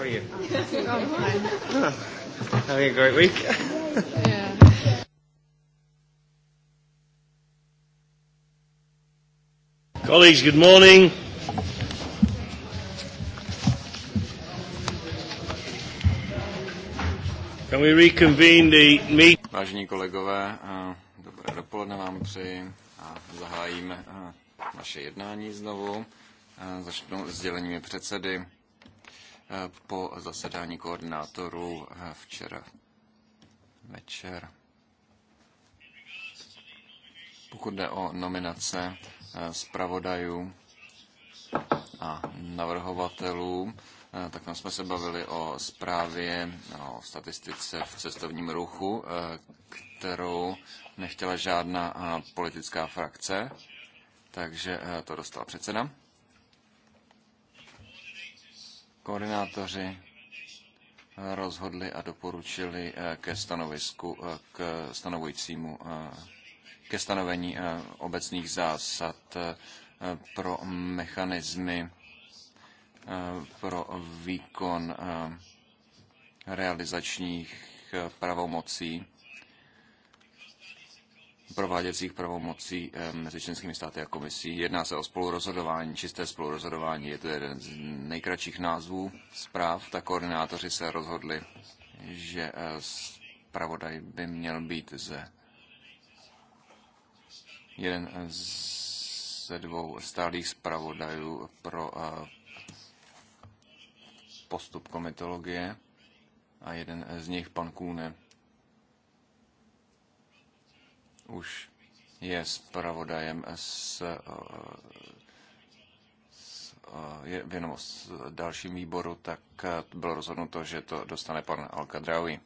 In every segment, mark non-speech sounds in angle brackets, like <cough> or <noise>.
are you? I'm fine. Oh, having a great week? yeah. Colleagues, good morning. Can we reconvene the meet? Vážení kolegové, eh, dobré dopoledne vám přeji a zahájíme eh, naše jednání znovu. Eh, začnu sděleními předsedy po zasedání koordinátorů eh, včera večer. Pokud jde o nominace eh, zpravodajů a navrhovatelů, eh, tak tam jsme se bavili o zprávě o statistice v cestovním ruchu, kterou nechtěla žádná politická frakce, takže to dostala předseda. Koordinátoři rozhodli a doporučili eh, ke stanovisku, eh, k stanovujícímu, eh, ke stanovení obecných zásad pro mechanismy pro výkon realizačních pravomocí prováděcích pravomocí mezi členskými státy a komisí. Jedná se o spolurozhodování, čisté spolurozhodování. Je to jeden z nejkratších názvů zpráv. Tak koordinátoři se rozhodli, že eh, zpravodaj by měl být ze jeden ze dvou stálých zpravodajů pro eh, postup komitologie a jeden z nich pan Kůne už je zpravodajem s, eh, s eh, je věnom s dalším výboru, tak eh, bylo rozhodnuto, že to dostane pan Alkadraui.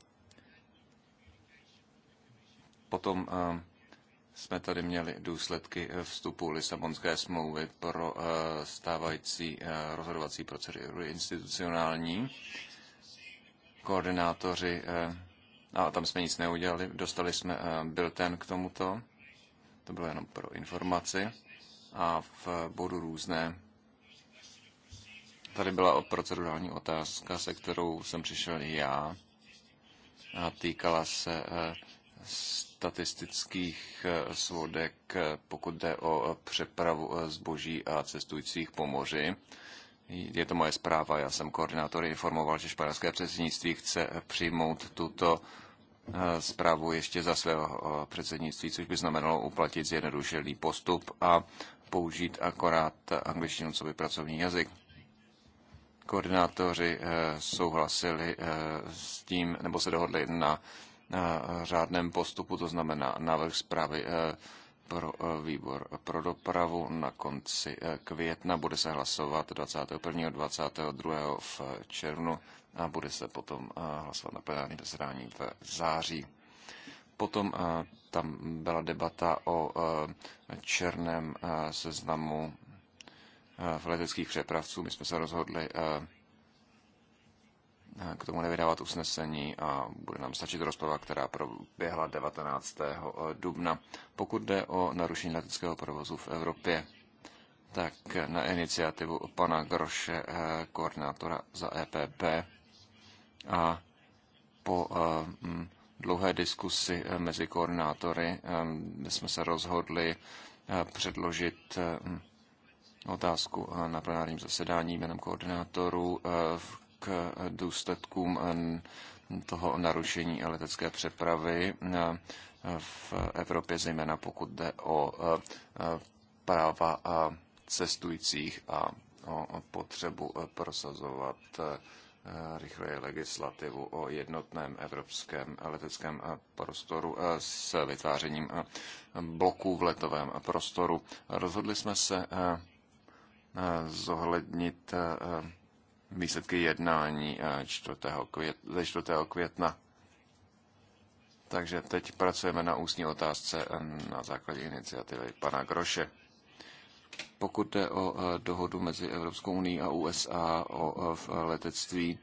Potom jsme tady měli důsledky vstupu Lisabonské smlouvy pro stávající rozhodovací procedury institucionální. Koordinátoři a tam jsme nic neudělali, dostali jsme eh, byl ten k tomuto, to bylo jenom pro informaci, a v bodu různé. Tady byla procedurální otázka, se kterou jsem přišel i já a týkala se eh, statistických eh, svodek, pokud jde o přepravu zboží a cestujících po moři. Je to moje zpráva, já jsem koordinátor informoval, že španělské předsednictví chce přijmout tuto zprávu ještě za svého eh, předsednictví, což by znamenalo uplatit zjednodušený postup a použít akorát angličtinu co by pracovní jazyk. Koordinátoři eh, souhlasili eh, s tím, nebo se dohodli na řádném postupu, to znamená návrh zprávy pro výbor pro dopravu na konci května. Bude se hlasovat 21. 22. v červnu a bude se potom eh, hlasovat na plenárním zasedání v září. Potom eh, tam byla debata o eh, černém seznamu v leteckých přepravců. My jsme se rozhodli k tomu nevydávat usnesení a bude nám stačit rozprava, která proběhla 19. dubna. Pokud jde o narušení leteckého provozu v Evropě, tak na iniciativu pana Groše, koordinátora za EPP, a po eh, mm, dlouhé diskusi eh, mezi koordinátory eh, jsme se rozhodli předložit mm, otázku na plenárním zasedání jménem koordinátorů k důsledkům toho narušení letecké přepravy v Evropě, zejména pokud jde o práva cestujících a o potřebu prosazovat Eh, rychleji legislativu o jednotném evropském leteckém eh, prostoru eh, s vytvářením bloků v letovém prostoru. Rozhodli jsme se zohlednit výsledky jednání 4. Května, 4. května. Takže teď pracujeme na ústní otázce na základě iniciativy pana Groše. Pokud jde o eh, dohodu mezi Evropskou unii a USA o eh, eh, letectví,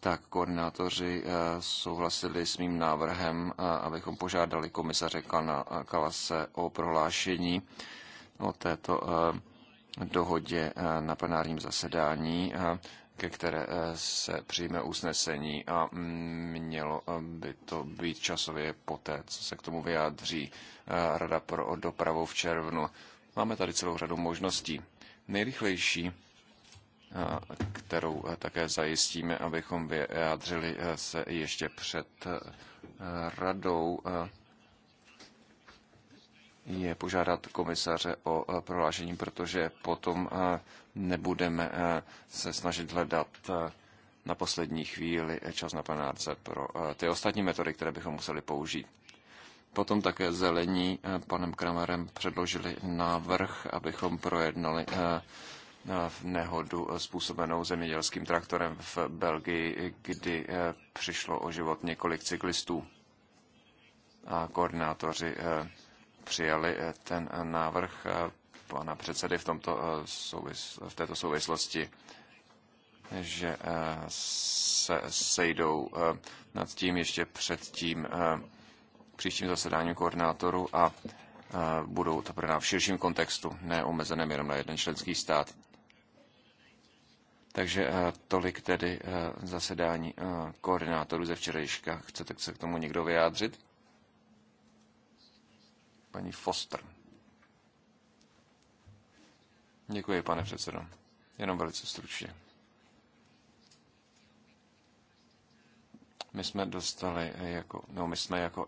tak koordinátoři souhlasili s mým návrhem, abychom požádali komisaře Kalase o prohlášení o této dohodě na plenárním zasedání, ke které se přijme usnesení a mm, mělo by to být časově poté, co se k tomu vyjádří Rada pro dopravu v červnu. Máme tady celou řadu možností. Nejrychlejší, kterou také zajistíme, abychom vyjádřili se ještě před radou, je požádat komisaře o prohlášení, protože potom nebudeme se snažit hledat na poslední chvíli čas na plenárce pro ty ostatní metody, které bychom museli použít. Potom také zelení eh, panem Kramerem předložili návrh, abychom projednali v eh, eh, nehodu způsobenou zemědělským traktorem v Belgii, kdy přišlo o život několik cyklistů. A koordinátoři přijali ten návrh pana předsedy v, tomto souvis, v této souvislosti, že se sejdou nad tím ještě předtím příštím zasedání koordinátoru a budou to pro nás v širším kontextu, neomezeném jenom na jeden členský stát. Takže e, tolik tedy e, zasedání e, koordinátorů ze včerejška. Chcete se k tomu někdo vyjádřit? Paní Foster. Děkuji, pane předsedo. Jenom velice stručně. My jsme dostali jako, no my jsme jako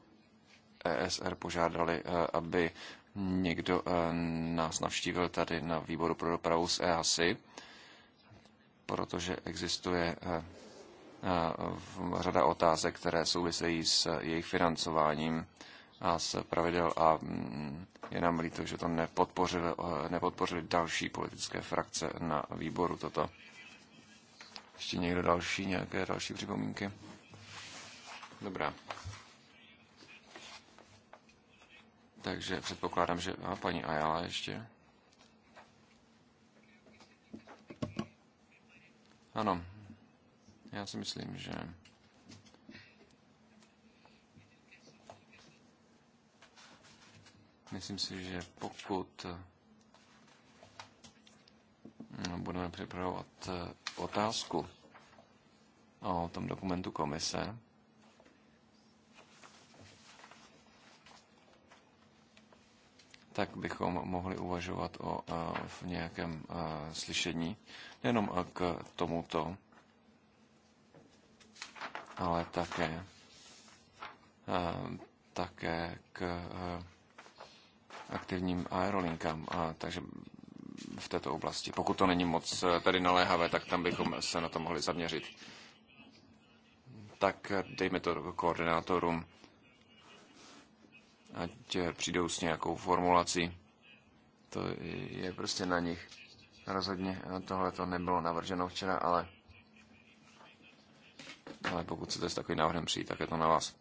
ESR požádali, eh, aby někdo eh, nás navštívil tady na výboru pro dopravu z EASI, protože existuje eh, řada otázek, které souvisejí s jejich financováním a s pravidel a mm, je nám líto, že to nepodpořili, nepodpořili další politické frakce na výboru toto. Ještě někdo další, nějaké další připomínky? Dobrá. Takže předpokládám, že a paní Ayala ještě. Ano, já si myslím, že myslím si, že pokud no, budeme připravovat eh, otázku o tom dokumentu komise, tak bychom mohli uvažovat o eh, v nějakém eh, slyšení, nejenom eh, k tomuto, ale také, také k aktivním aerolinkám. Takže v této oblasti. Pokud to není moc tady naléhavé, tak tam bychom se na to mohli zaměřit. Tak dejme to koordinátorům ať eh, přijdou s nějakou formulací. To je prostě na nich. Rozhodně eh, tohle to nebylo navrženo včera, ale, ale pokud chcete s takovým návrhem přijít, tak je to na vás.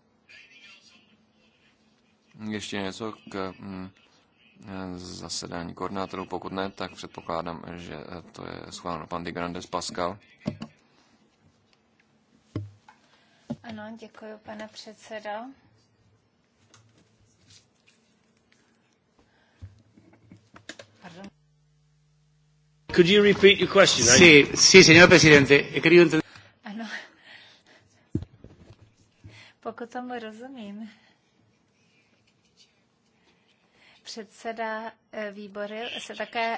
Ještě něco k mm, eh, zasedání koordinátorů. Pokud ne, tak předpokládám, že to je schváleno pan Grandes Pascal. Ano, děkuji, pane předsedo. Could you repeat your question? Sí, sí, señor presidente. He querido entender... Ano. Pokud tomu rozumím, předseda eh, výboru se také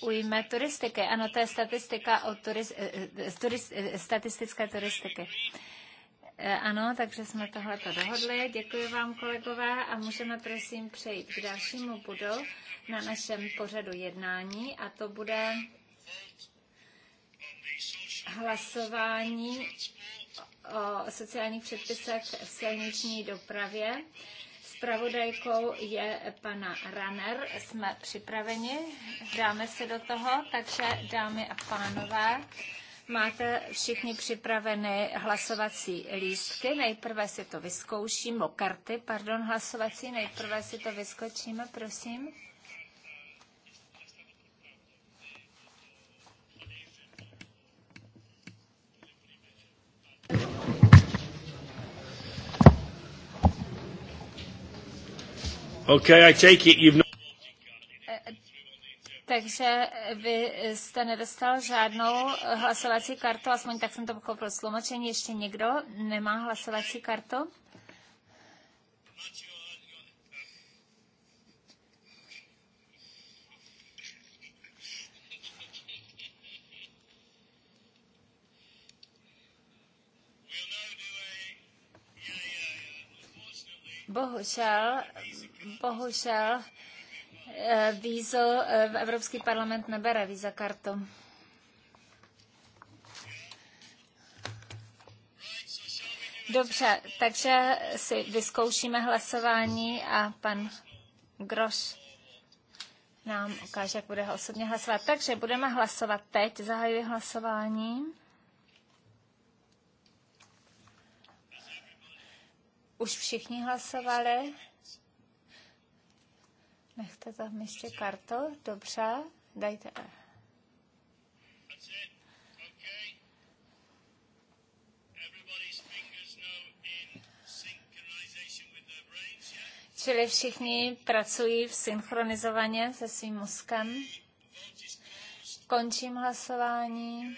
ujme turistiky. Ano, to je statistika o turist, eh, eh, turist, statistické turistiky. Eh, ano, takže jsme tohle dohodli. Děkuji vám, kolegové, a můžeme prosím přejít k dalšímu bodu na našem pořadu jednání a to bude hlasování o sociálních předpisech v silniční dopravě. Spravodajkou je pana Runner. Jsme připraveni, dáme se do toho, takže dámy a pánové, Máte všichni připraveny hlasovací lístky. Nejprve si to vyzkouším, o karty, pardon, hlasovací. Nejprve si to vyskočíme, prosím. Okay, I take it you've takže vy jste nedostal žádnou hlasovací kartu, aspoň tak jsem to pochopil z tlumočení. Ještě někdo nemá hlasovací kartu? Bohužel, bohužel, Eh, vízo, eh, Evropský parlament nebere víza kartu. Dobře, takže si vyzkoušíme hlasování a pan Groš nám ukáže, jak bude osobně hlasovat. Takže budeme hlasovat teď. Zahajuji hlasování. Už všichni hlasovali? Nechte tam ještě kartu, dobře, dajte. Čili všichni pracují v synchronizovaně se svým mozkem. Končím hlasování.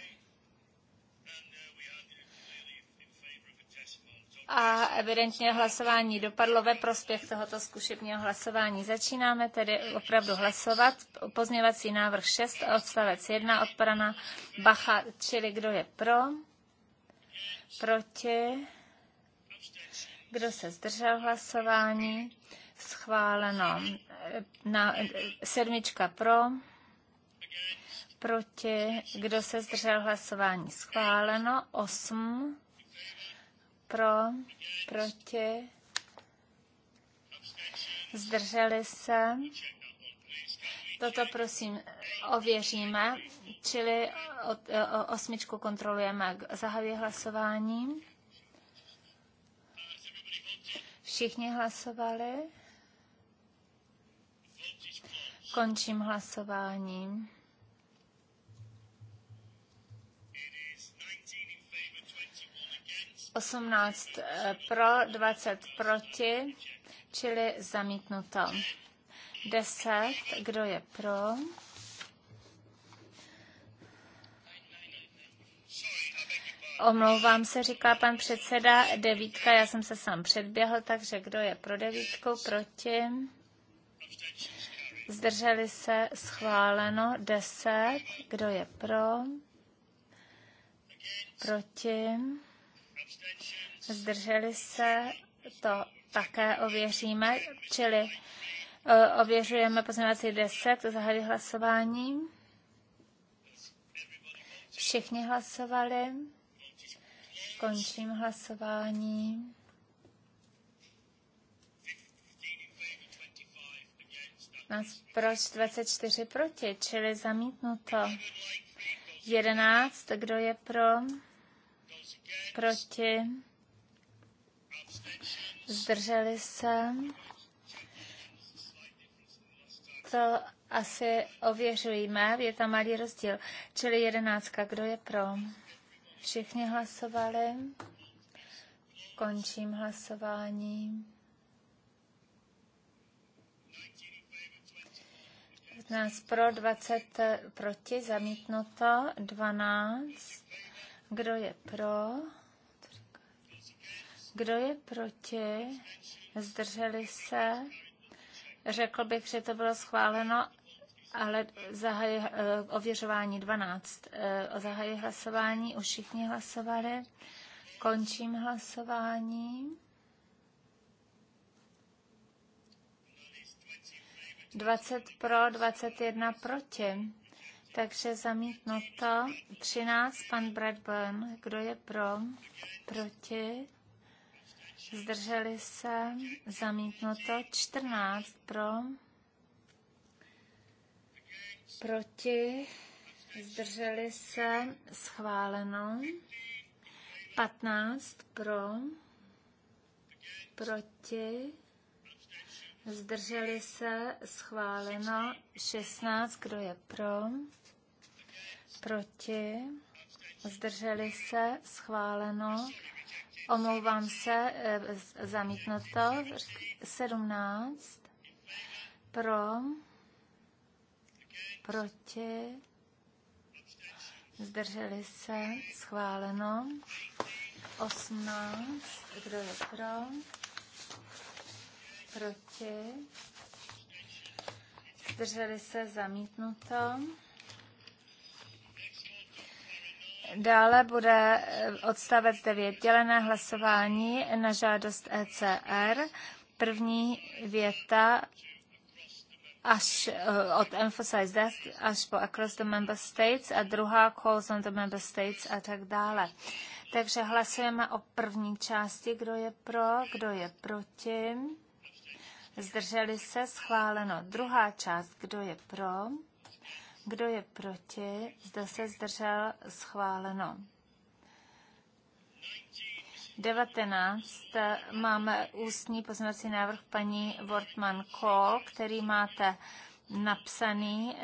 a evidentně hlasování dopadlo ve prospěch tohoto zkušebního hlasování. Začínáme tedy opravdu hlasovat. Pozměvací návrh 6, odstavec 1 od pana Bacha, čili kdo je pro, proti, kdo se zdržel hlasování, schváleno. Na, sedmička pro, proti, kdo se zdržel hlasování, schváleno. Osm pro, proti, zdrželi se. Toto prosím ověříme, čili od, o, osmičku kontrolujeme. Zahavě hlasování. Všichni hlasovali. Končím hlasováním. 18 eh, pro, 20 proti, čili zamítnuto. 10, kdo je pro? Omlouvám se, říká pan předseda. Devítka, já jsem se sám předběhl, takže kdo je pro devítku, proti? Zdrželi se, schváleno, deset. Kdo je pro? Proti? Zdrželi se, to také ověříme, čili eh, ověřujeme pozměňovací 10, zahájí hlasování. Všichni hlasovali. Končím hlasování. 15 proč, 24 proti, čili zamítnuto. 11, kdo je pro? proti, zdrželi se. To asi ověřujeme, je tam malý rozdíl. Čili jedenáctka, kdo je pro? Všichni hlasovali. Končím hlasování. 15 pro, 20 proti, zamítnuto, 12 kdo je pro? Kdo je proti? Zdrželi se? Řekl bych, že to bylo schváleno, ale zahaj, eh, ověřování 12. Eh, zahajuji hlasování, už všichni hlasovali. Končím hlasování. Dvacet pro, jedna proti. Takže zamítnuto. 13, pan Bradburn. Kdo je pro? Proti? Zdrželi se. Zamítnuto. 14, pro? Proti? Zdrželi se. Schváleno. 15, pro? Proti? Zdrželi se. Schváleno. 16, kdo je pro? proti, zdrželi se, schváleno, omlouvám se, e, zamítnuto, 17, pro, proti, zdrželi se, schváleno, 18, kdo je pro, proti, zdrželi se, zamítnuto, Dále bude eh, odstavec 9 dělené hlasování na žádost ECR. První věta až eh, od emphasize death až po across the member states a druhá calls on the member states a tak dále. Takže hlasujeme o první části, kdo je pro, kdo je proti. Zdrželi se, schváleno. Druhá část, kdo je pro, kdo je proti? Zde se zdržel schváleno. 19 máme ústní poznací návrh paní Wortman Kohl, který máte napsaný.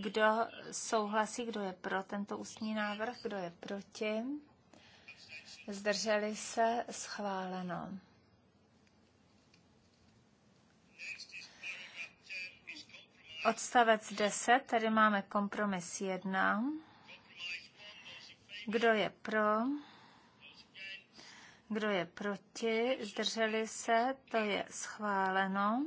Kdo souhlasí, kdo je pro tento ústní návrh, kdo je proti? Zdrželi se schváleno. odstavec 10, tady máme kompromis 1. Kdo je pro? Kdo je proti? Zdrželi se? To je schváleno.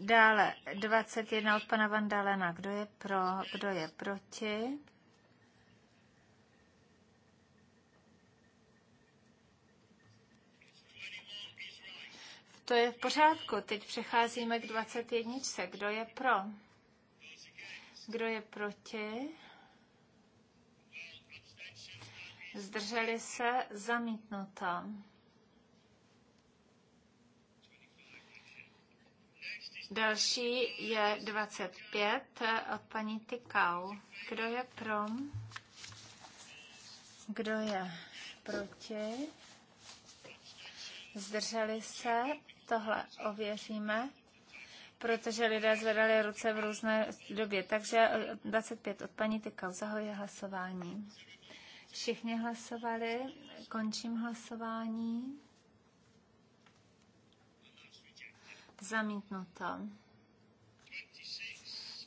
Dále 21 od pana Vandalena. Kdo je pro? Kdo je proti? To je v pořádku. Teď přecházíme k 21. Kdo je pro? Kdo je proti? Zdrželi se zamítnuto. Další je 25 od paní Tykau. Kdo je pro? Kdo je proti? Zdrželi se tohle ověříme, protože lidé zvedali ruce v různé době. Takže 25 eh, od paní Tykal zahojuje hlasování. Všichni hlasovali, končím hlasování. Zamítnuto.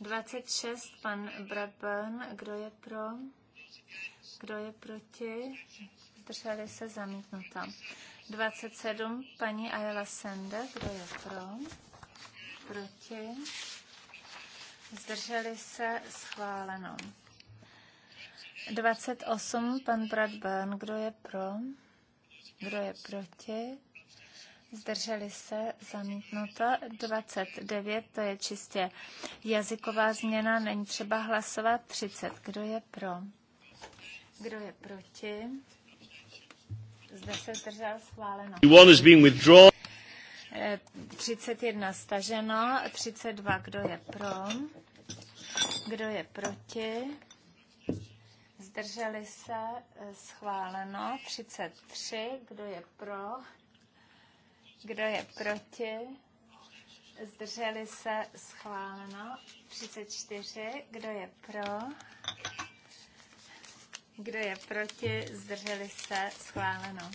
26, pan Brabben, kdo je pro? Kdo je proti? Drželi se zamítnuto. 27 paní Ayala Sende, kdo je pro? Proti? Zdrželi se schváleno. 28 pan Bradburn, kdo je pro? Kdo je proti? Zdrželi se, zamítnuto. 29, to je čistě jazyková změna, není třeba hlasovat. 30, kdo je pro? Kdo je proti? Zde se zdržel schváleno. One is being withdrawn. 31 eh, staženo, 32 eh, kdo je pro, kdo je proti, zdrželi se, schváleno, 33 kdo je pro, kdo je proti, zdrželi se, schváleno, 34 kdo je pro, kdo je proti? Zdrželi se? Schváleno.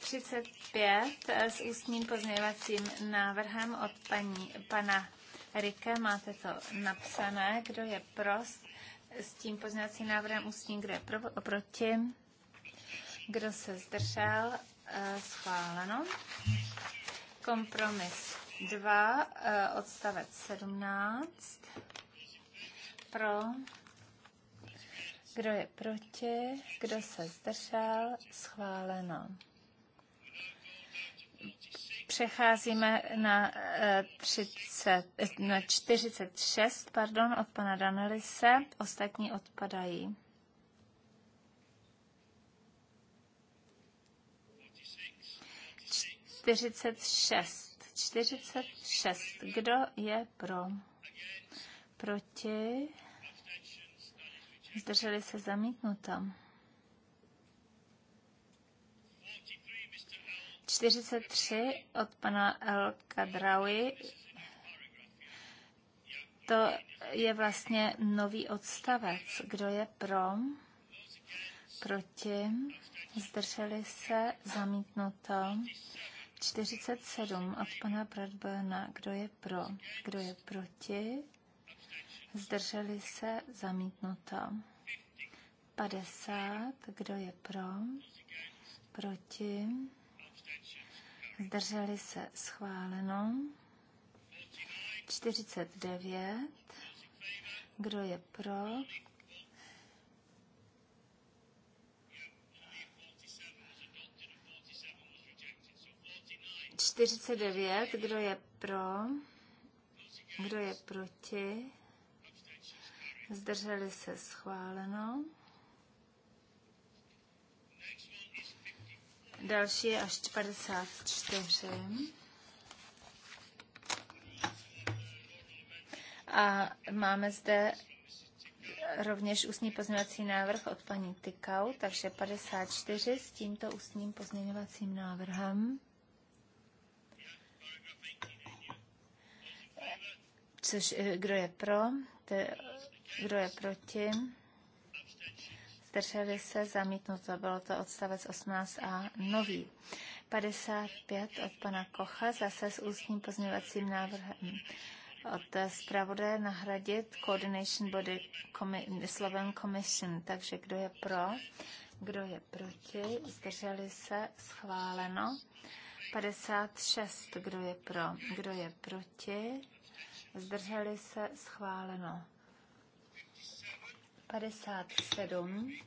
35 eh, s ústním pozměňovacím návrhem od paní, pana Rike. Máte to napsané. Kdo je prost? S tím pozměňovacím návrhem ústním, kdo je pro, proti? Kdo se zdržel? Eh, schváleno. Kompromis 2, eh, odstavec 17. Pro kdo je proti? Kdo se zdržel? Schváleno. Přecházíme na, 30, eh, eh, na 46 pardon, od pana Danelise. Ostatní odpadají. Čtyřicet šest. Kdo je pro? Proti? zdrželi se zamítnuto. 43 od pana El Kadrawi. To je vlastně nový odstavec. Kdo je pro? Proti? Zdrželi se? Zamítnuto. 47 od pana Bradburna. Kdo je pro? Kdo je proti? zdrželi se, zamítnuto. 50, kdo je pro, proti, zdrželi se, schváleno. 49, kdo je pro, Čtyřicet devět, kdo je pro, kdo je proti, zdrželi se schváleno. Další je až 54. A máme zde rovněž ústní pozměňovací návrh od paní Tykau, takže 54 s tímto ústním pozměňovacím návrhem. Což, eh, kdo je pro? To je kdo je proti? Zdrželi se zamítnuto. Bylo to odstavec 18a nový. 55 od pana Kocha, zase s ústním pozměvacím návrhem od zpravodaje nahradit Coordination Body komi- slovem Commission. Takže kdo je pro, kdo je proti, zdrželi se, schváleno. 56, kdo je pro, kdo je proti, zdrželi se, schváleno. 57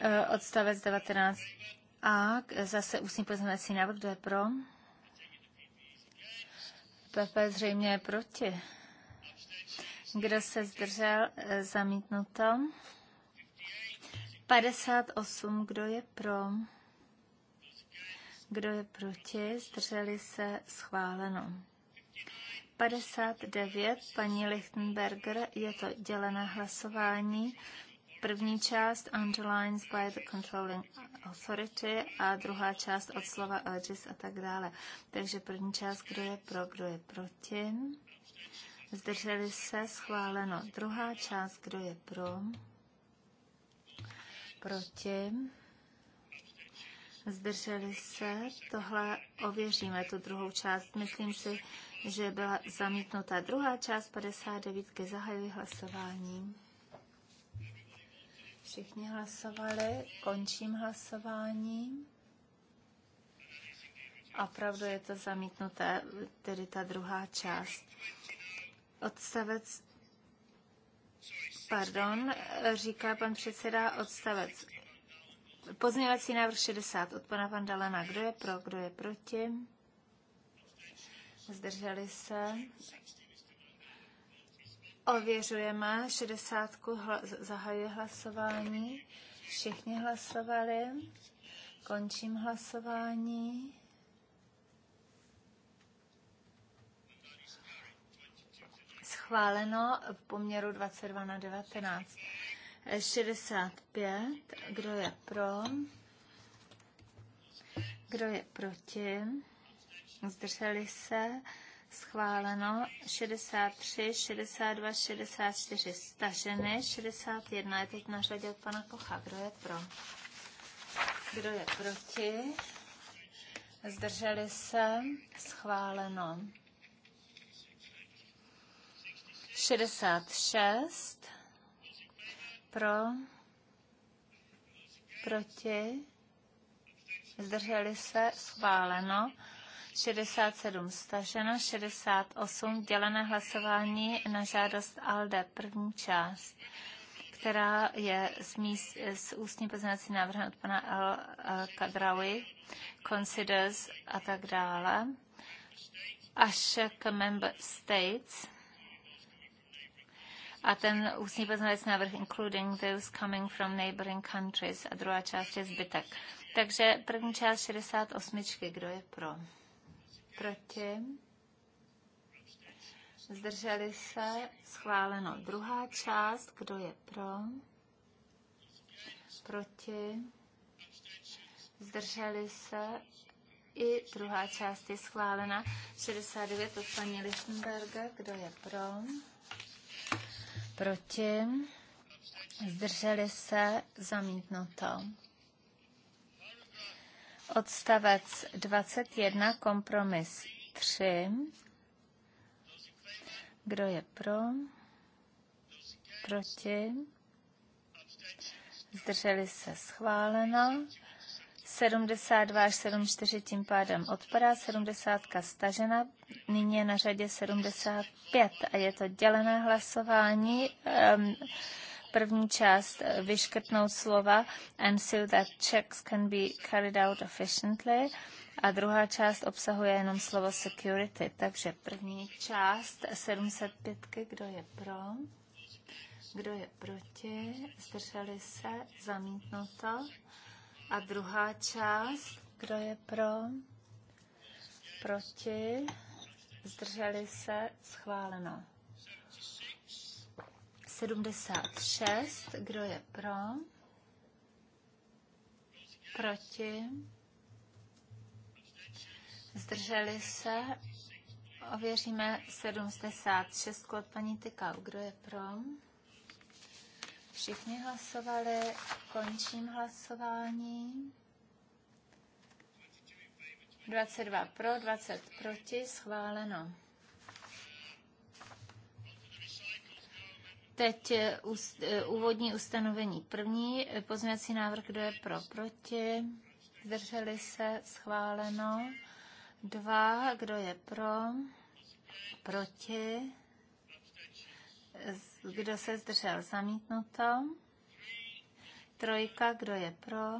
e, odstavec 19 a zase ústní pozměňovací návrh, kdo je pro? PP zřejmě je proti. Kdo se zdržel? E, zamítnuto. 58, kdo je pro? Kdo je proti? Zdrželi se? Schváleno. 59, paní Lichtenberger, je to dělené hlasování. První část underlines by the controlling authority a druhá část od slova urges a tak dále. Takže první část, kdo je pro, kdo je proti. Zdrželi se, schváleno. Druhá část, kdo je pro, proti. Zdrželi se, tohle ověříme, tu druhou část. Myslím si, že byla zamítnuta druhá část 59. Zahajuji hlasování. Všichni hlasovali, končím hlasování. A pravdu je to zamítnuté, tedy ta druhá část. Odstavec, pardon, říká pan předseda, odstavec. Pozměňovací návrh 60 od pana Vandalena. Kdo je pro, kdo je proti? zdrželi se. Ověřujeme 60. Hla, zahajuje hlasování. Všichni hlasovali. Končím hlasování. Schváleno v poměru 22 na 19. 65. Kdo je pro? Kdo je proti? zdrželi se, schváleno 63, 62, 64 staženy, 61 je teď na řadě od pana Kocha. Kdo je pro? Kdo je proti? Zdrželi se, schváleno. 66 pro, proti, zdrželi se, schváleno. 67 staženo, 68 dělené hlasování na žádost ALDE, první část, která je z, míst, z ústní pozměnací návrh od pana El Kadrawi, considers a tak dále, až k member states, a ten ústní pozměnací návrh including those coming from neighboring countries a druhá část je zbytek. Takže první část 68. Kdo je pro? proti, zdrželi se, schváleno. Druhá část, kdo je pro, proti, zdrželi se, i druhá část je schválena. 69 od paní Lichtenberga, kdo je pro, proti, zdrželi se, zamítnuto. Odstavec 21, kompromis 3. Kdo je pro? Proti? Zdrželi se schváleno. 72 až 74 tím pádem odpadá, 70 stažena, nyní je na řadě 75 a je to dělené hlasování. Um, první část eh, vyškrtnout slova and so that checks can be carried out efficiently a druhá část obsahuje jenom slovo security. Takže první část 705, kdo je pro, kdo je proti, zdrželi se, zamítnuto. A druhá část, kdo je pro, proti, zdrželi se, schváleno. 76. Kdo je pro? Proti? Zdrželi se? Ověříme 76 od paní Tykal. Kdo je pro? Všichni hlasovali. Končím hlasování. 22 pro, 20 proti, schváleno. Teď eh, eh, úvodní ustanovení první, eh, pozměňovací návrh, kdo je pro, proti, zdrželi se, schváleno. Dva, kdo je pro, proti, kdo se zdržel, zamítnuto. Trojka, kdo je pro,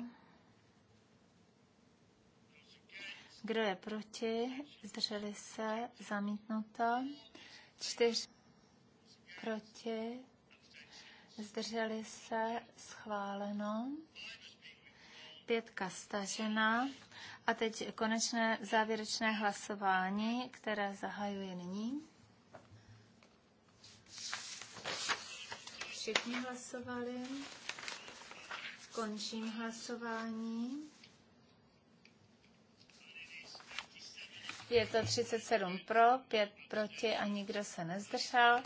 kdo je proti, zdrželi se, zamítnuto. Čtyř, proti, zdrželi se, schváleno. Pětka stažena. A teď konečné závěrečné hlasování, které zahajuje nyní. Všichni hlasovali. Končím hlasování. Je to 37 pro, 5 proti a nikdo se nezdržel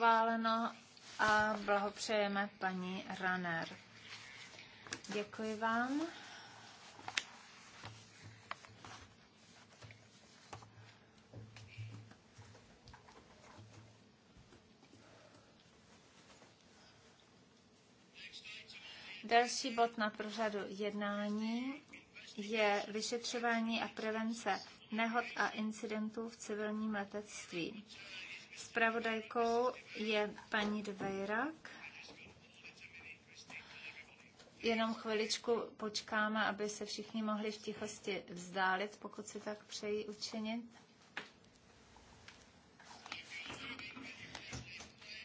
schváleno a blahopřejeme paní Runner. Děkuji vám. Další bod na pořadu jednání je vyšetřování a prevence nehod a incidentů v civilním letectví. Spravodajkou je paní Dvejrak. Jenom chviličku počkáme, aby se všichni mohli v tichosti vzdálit, pokud si tak přejí učinit.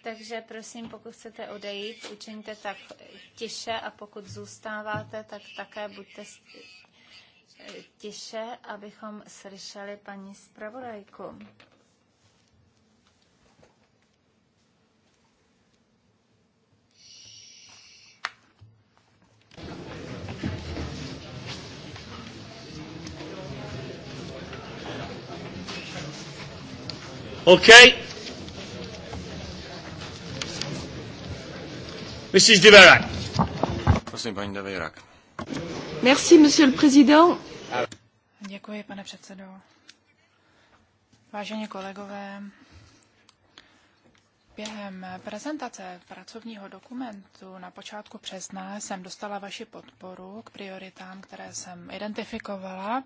Takže prosím, pokud chcete odejít, učiňte tak tiše a pokud zůstáváte, tak také buďte tiše, abychom slyšeli paní zpravodajku. Okay. Mrs. de Verac. Prosím, paní de Verac. Merci, monsieur le président. Děkuji, pane předsedo. Vážení kolegové, Během prezentace pracovního dokumentu na počátku března jsem dostala vaši podporu k prioritám, které jsem identifikovala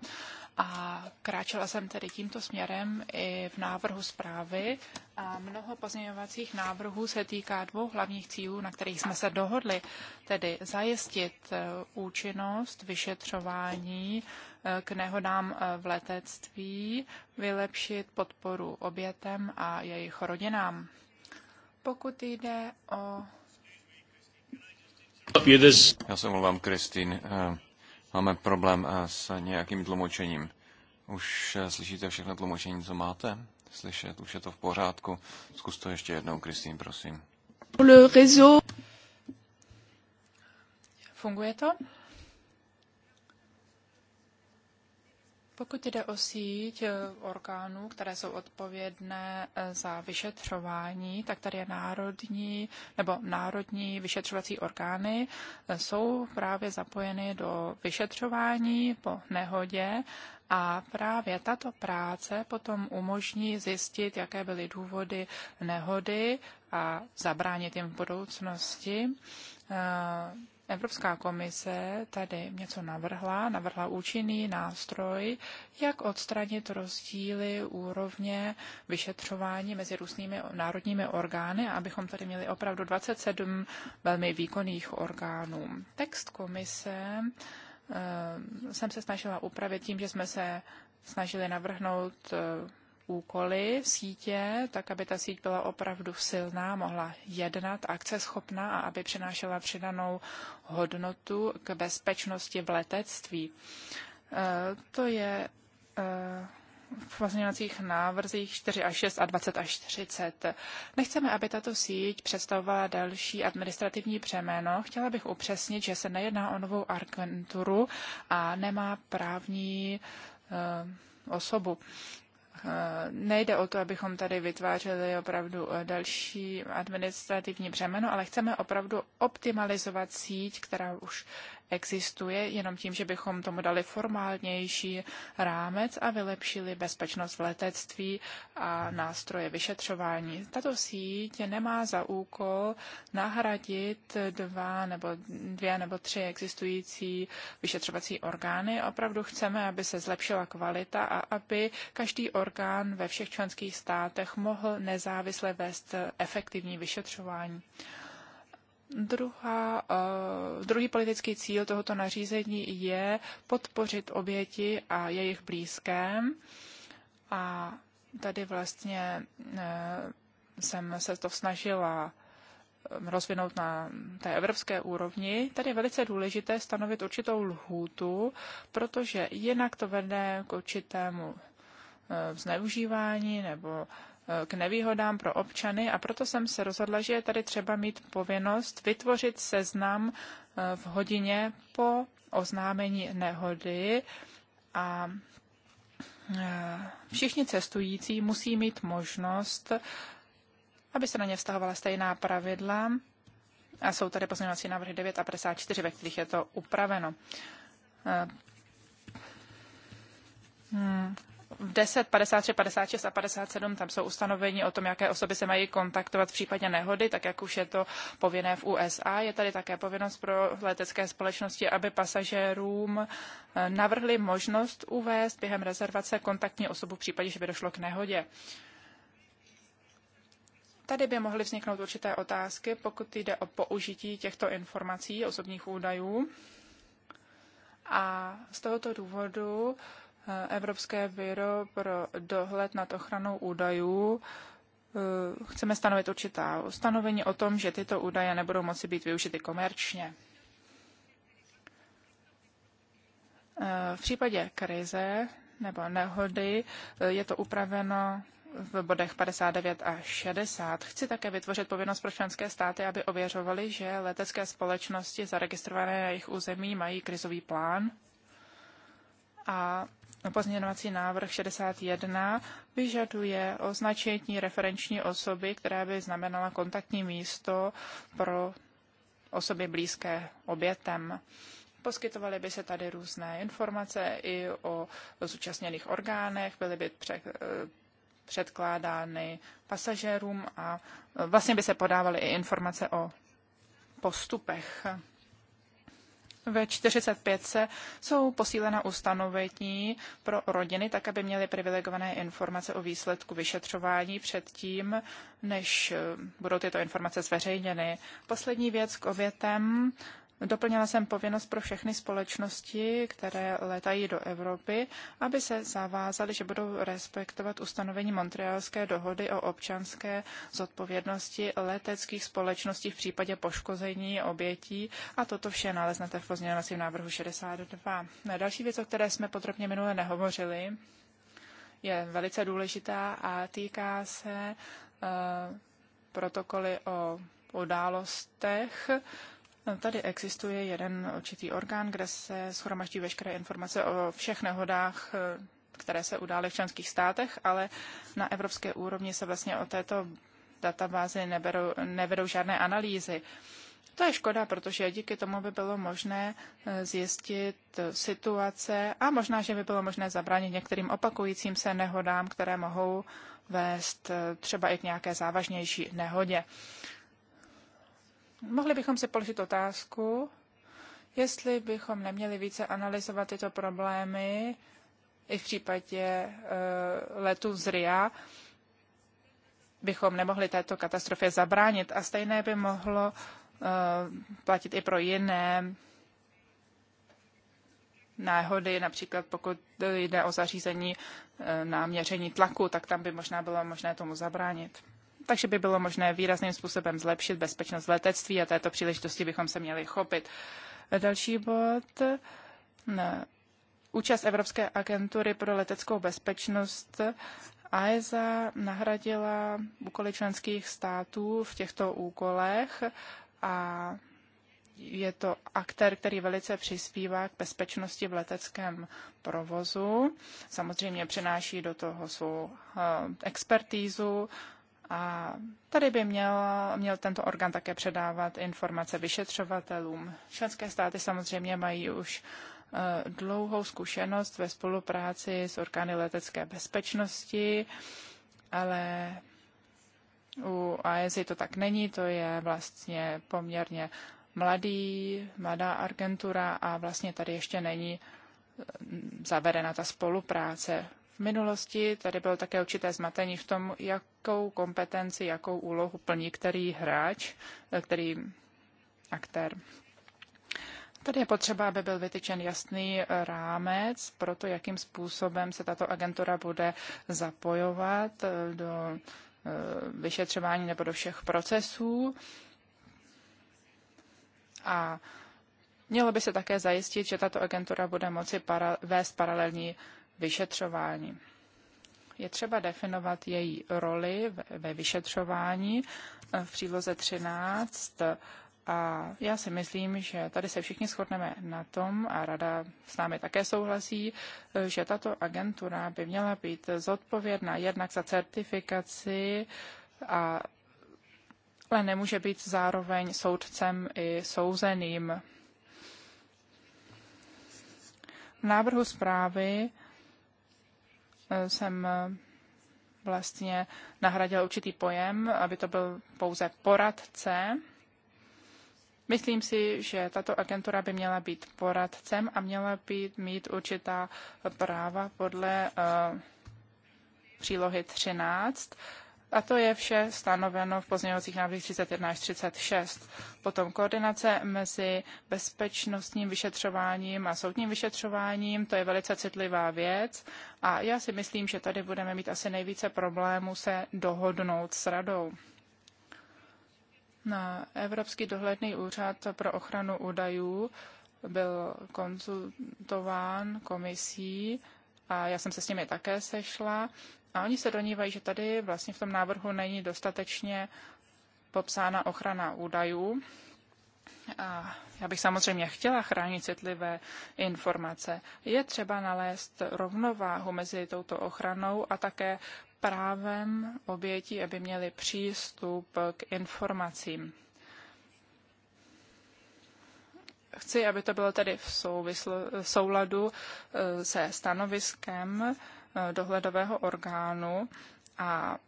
a kráčela jsem tedy tímto směrem i v návrhu zprávy. A mnoho pozměňovacích návrhů se týká dvou hlavních cílů, na kterých jsme se dohodli, tedy zajistit eh, účinnost vyšetřování eh, k nehodám eh, v letectví, vylepšit podporu obětem a jejich rodinám. Pokud jde o... Já se omlouvám, Kristýn. Eh, máme problém eh, s nějakým tlumočením. Už eh, slyšíte všechno tlumočení, co máte? Slyšet, už je to v pořádku. Zkus to ještě jednou, Kristýn, prosím. Funguje to? Pokud jde o síť eh, orgánů, které jsou odpovědné eh, za vyšetřování, tak tady je národní nebo národní vyšetřovací orgány eh, jsou právě zapojeny do vyšetřování po nehodě a právě tato práce potom umožní zjistit, jaké byly důvody nehody a zabránit jim v budoucnosti. Evropská komise tady něco navrhla, navrhla účinný nástroj, jak odstranit rozdíly úrovně vyšetřování mezi různými národními orgány, abychom tady měli opravdu 27 velmi výkonných orgánů. Text komise eh, jsem se snažila upravit tím, že jsme se snažili navrhnout eh, úkoly v sítě, tak aby ta síť byla opravdu silná, mohla jednat, akceschopná a aby přinášela přidanou hodnotu k bezpečnosti v letectví. Eh, to je eh, v pozměňovacích návrzích 4 až 6 a 20 až 30. Nechceme, aby tato síť představovala další administrativní přeméno. Chtěla bych upřesnit, že se nejedná o novou agenturu a nemá právní eh, osobu. Eh, nejde o to, abychom tady vytvářeli opravdu eh, další administrativní břemeno, ale chceme opravdu optimalizovat síť, která už existuje, jenom tím, že bychom tomu dali formálnější rámec a vylepšili bezpečnost v letectví a nástroje vyšetřování. Tato síť nemá za úkol nahradit dva nebo dvě nebo tři existující vyšetřovací orgány. Opravdu chceme, aby se zlepšila kvalita a aby každý orgán ve všech členských státech mohl nezávisle vést efektivní vyšetřování. Druhá, uh, druhý politický cíl tohoto nařízení je podpořit oběti a jejich blízké. A tady vlastně uh, jsem se to snažila eh, rozvinout na té evropské úrovni, tady je velice důležité stanovit určitou lhůtu, protože jinak to vede k určitému zneužívání nebo Eh, k nevýhodám pro občany a proto jsem se rozhodla, že je tady třeba mít povinnost vytvořit seznam eh, v hodině po oznámení nehody a eh, všichni cestující musí mít možnost, aby se na ně vztahovala stejná pravidla. A jsou tady pozměňovací návrhy 9 a 54, ve kterých je to upraveno. Hmm. 10, 53, 56 a 57 tam jsou ustanovení o tom, jaké osoby se mají kontaktovat v případě nehody, tak jak už je to povinné v USA. Je tady také povinnost pro letecké společnosti, aby pasažérům eh, navrhli možnost uvést během rezervace kontaktní osobu v případě, že by došlo k nehodě. Tady by mohly vzniknout určité otázky, pokud jde o použití těchto informací, osobních údajů. A z tohoto důvodu Evropské bíro pro dohled nad ochranou údajů eh, chceme stanovit určitá ustanovení o tom, že tyto údaje nebudou moci být využity komerčně. Eh, v případě krize nebo nehody eh, je to upraveno v bodech 59 a 60. Chci také vytvořit povinnost pro členské státy, aby ověřovali, že letecké společnosti zaregistrované na jejich území mají krizový plán a pozměňovací návrh 61 vyžaduje označení referenční osoby, která by znamenala kontaktní místo pro osoby blízké obětem. Poskytovaly by se tady různé informace i o zúčastněných orgánech, byly by pře- předkládány pasažérům a vlastně by se podávaly i informace o postupech ve 45 jsou posílena ustanovení pro rodiny, tak aby měly privilegované informace o výsledku vyšetřování předtím, než eh, budou tyto informace zveřejněny. Poslední věc k obětem. Doplnila jsem povinnost pro všechny společnosti, které letají do Evropy, aby se zavázaly, že budou respektovat ustanovení Montrealské dohody o občanské zodpovědnosti leteckých společností v případě poškození obětí a toto vše naleznete v pozměňovacím návrhu 62. Další věc, o které jsme podrobně minule nehovořili, je velice důležitá a týká se eh, protokoly o událostech, Tady existuje jeden určitý orgán, kde se schromaždí veškeré informace o všech nehodách, eh, které se udály v členských státech, ale na evropské úrovni se vlastně o této databázi neberou, nevedou žádné analýzy. To je škoda, protože díky tomu by bylo možné eh, zjistit eh, situace a možná, že by bylo možné zabránit některým opakujícím se nehodám, které mohou vést třeba i k nějaké závažnější nehodě. Mohli bychom si položit otázku, jestli bychom neměli více analyzovat tyto problémy i v případě uh, letu z RIA, bychom nemohli této katastrofě zabránit. A stejné by mohlo uh, platit i pro jiné náhody, například pokud jde o zařízení uh, na měření tlaku, tak tam by možná bylo možné tomu zabránit takže by bylo možné výrazným způsobem zlepšit bezpečnost letectví a této příležitosti bychom se měli chopit. Další bod. Ne. Účast Evropské agentury pro leteckou bezpečnost AESA e nahradila úkoly členských států v těchto úkolech a je to aktér, který velice přispívá k bezpečnosti v leteckém provozu. Samozřejmě přináší do toho svou eh, expertízu a tady by měl, měl tento orgán také předávat informace vyšetřovatelům. Členské státy samozřejmě mají už eh, dlouhou zkušenost ve spolupráci s orgány letecké bezpečnosti, ale u AESI to tak není, to je vlastně poměrně mladý, mladá agentura a vlastně tady ještě není eh, zavedena ta spolupráce minulosti tady bylo také určité zmatení v tom, jakou kompetenci, jakou úlohu plní který hráč, eh, který aktér. Tady je potřeba, aby byl vytyčen jasný eh, rámec pro to, jakým způsobem se tato agentura bude zapojovat eh, do vyšetřování nebo do všech procesů. A mělo by se také zajistit, že tato agentura bude moci para- vést paralelní vyšetřování. Je třeba definovat její roli ve vyšetřování eh, v příloze 13 a já si myslím, že tady se všichni shodneme na tom, a rada s námi také souhlasí, eh, že tato agentura by měla být zodpovědná jednak za certifikaci a ale nemůže být zároveň soudcem i souzeným. V návrhu zprávy jsem eh, vlastně nahradil určitý pojem, aby to byl pouze poradce. Myslím si, že tato agentura by měla být poradcem a měla by mít určitá práva podle uh, přílohy 13 a to je vše stanoveno v pozměňovacích návrzích 31 až 36. Potom koordinace mezi bezpečnostním vyšetřováním a soudním vyšetřováním, to je velice citlivá věc a já si myslím, že tady budeme mít asi nejvíce problémů se dohodnout s radou. Na Evropský dohledný úřad pro ochranu údajů byl konzultován komisí a já jsem se s nimi také sešla. A oni se donívají, že tady vlastně v tom návrhu není dostatečně popsána ochrana údajů. A já bych samozřejmě chtěla chránit citlivé informace. Je třeba nalézt rovnováhu mezi touto ochranou a také právem obětí, aby měli přístup k informacím chci, aby to bylo tedy v, souvisl, souladu e, se stanoviskem e, dohledového orgánu a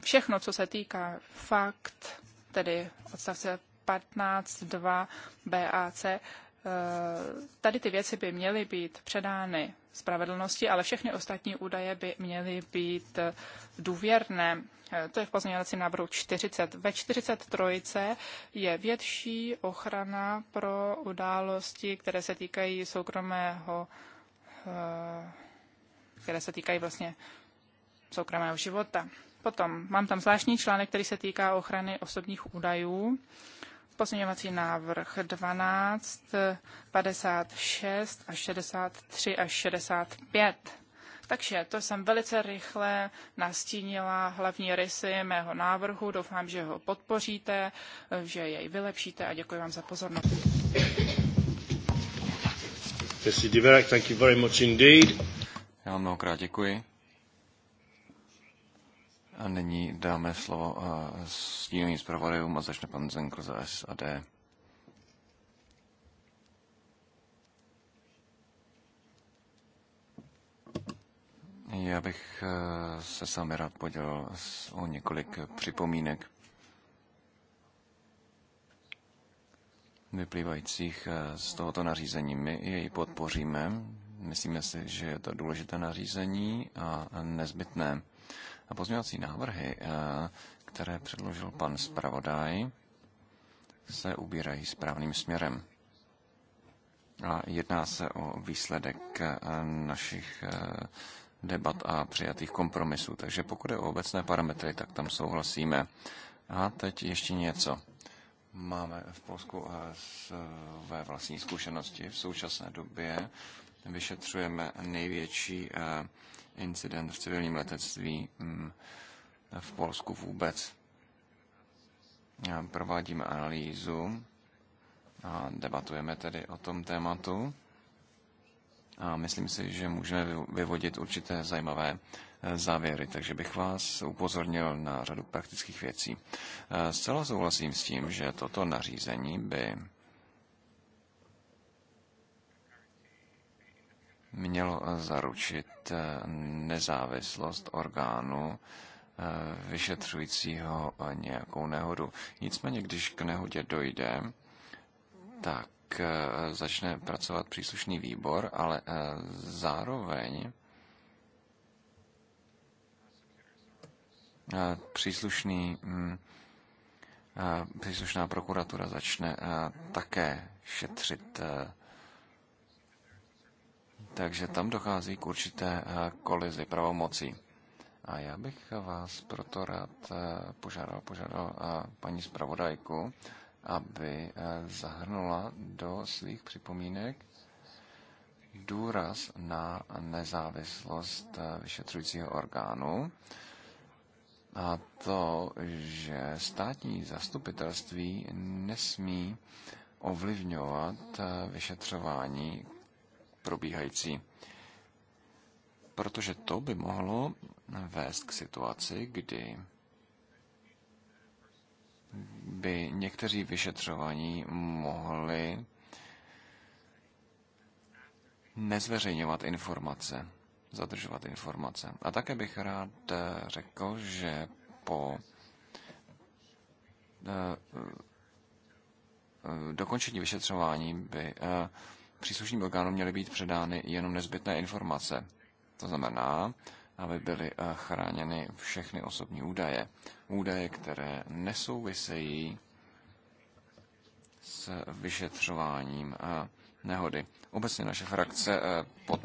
všechno, co se týká fakt, tedy odstavce 15.2 BAC, tady ty věci by měly být předány spravedlnosti, ale všechny ostatní údaje by měly být důvěrné. To je v pozměňovacím návrhu 40. Ve 43. je větší ochrana pro události, které se týkají soukromého, eh, které se týkají vlastně soukromého života. Potom mám tam zvláštní článek, který se týká ochrany osobních údajů. Pozměňovací návrh 12, 56 a 63 až 65. Takže to jsem velice rychle nastínila hlavní rysy mého návrhu. Doufám, že ho podpoříte, že jej vylepšíte a děkuji vám za pozornost. Já vám mnohokrát děkuji. A nyní dáme slovo eh, tím zpravodajům a začne pan Zenkl za SAD. Já bych eh, se sami rád podělil o několik připomínek vyplývajících eh, z tohoto nařízení. My jej podpoříme. Myslíme si, že je to důležité nařízení a nezbytné. A pozměňovací návrhy, eh, které předložil pan zpravodaj, se ubírají správným směrem. A jedná se o výsledek eh, našich eh, debat a přijatých kompromisů. Takže pokud je o obecné parametry, tak tam souhlasíme. A teď ještě něco. Máme v Polsku své vlastní zkušenosti. V současné době vyšetřujeme největší incident v civilním letectví mm, v Polsku vůbec. Provádíme analýzu a debatujeme tedy o tom tématu. A myslím si, že můžeme vyvodit určité zajímavé e, závěry, takže bych vás upozornil na řadu praktických věcí. E, zcela souhlasím s tím, že toto nařízení by mělo eh, zaručit eh, nezávislost orgánu eh, vyšetřujícího nějakou nehodu. Nicméně, když k nehodě dojde, tak začne pracovat příslušný výbor, ale zároveň příslušný, mm, příslušná prokuratura začne také šetřit takže tam dochází k určité eh, kolizi pravomocí. A já bych vás proto rád eh, požádal, požádal eh, paní zpravodajku, aby zahrnula do svých připomínek důraz na nezávislost vyšetřujícího orgánu a to, že státní zastupitelství nesmí ovlivňovat vyšetřování probíhající. Protože to by mohlo vést k situaci, kdy by někteří vyšetřování mohli nezveřejňovat informace, zadržovat informace. A také bych rád eh, řekl, že po eh, eh, dokončení vyšetřování by příslušným orgánům měly být předány jenom nezbytné informace. To znamená, aby byly eh, chráněny všechny osobní údaje. Údaje, které nesouvisejí s vyšetřováním eh, nehody. Obecně naše frakce eh, pod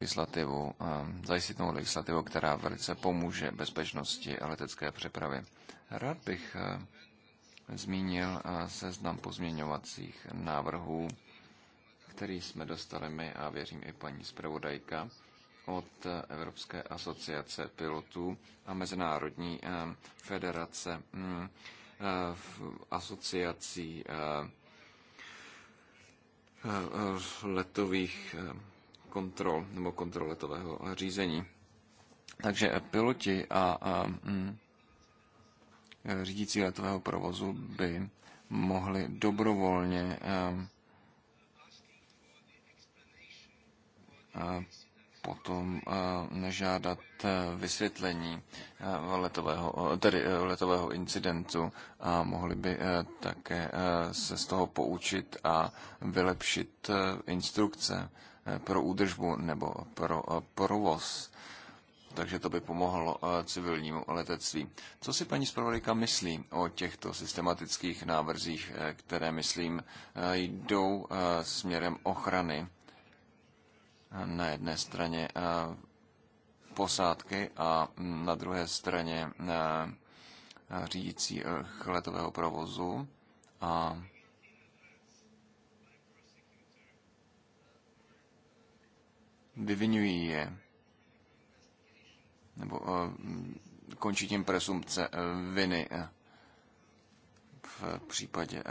legislativu, novou legislativu, která velice pomůže bezpečnosti letecké přepravy. Rád bych zmínil seznam pozměňovacích návrhů, který jsme dostali my a věřím i paní zpravodajka od Evropské asociace pilotů a Mezinárodní federace mm, asociací letových kontrol nebo kontrol letového řízení. Takže piloti a, a mm, řídící letového provozu by mohli dobrovolně a, a potom nežádat e, vysvětlení e, letového, tedy e, letového incidentu a mohli by také se z toho poučit a vylepšit instrukce pro údržbu nebo pro eh, provoz. Takže to by pomohlo eh, civilnímu letectví. Co si paní zpravodajka myslí o těchto systematických návrzích, eh, které, myslím, jdou směrem ochrany na jedné straně posádky a mm, na druhé straně řídící letového provozu a vyvinují je, nebo eh, končí tím presumpce eh, viny eh, v případě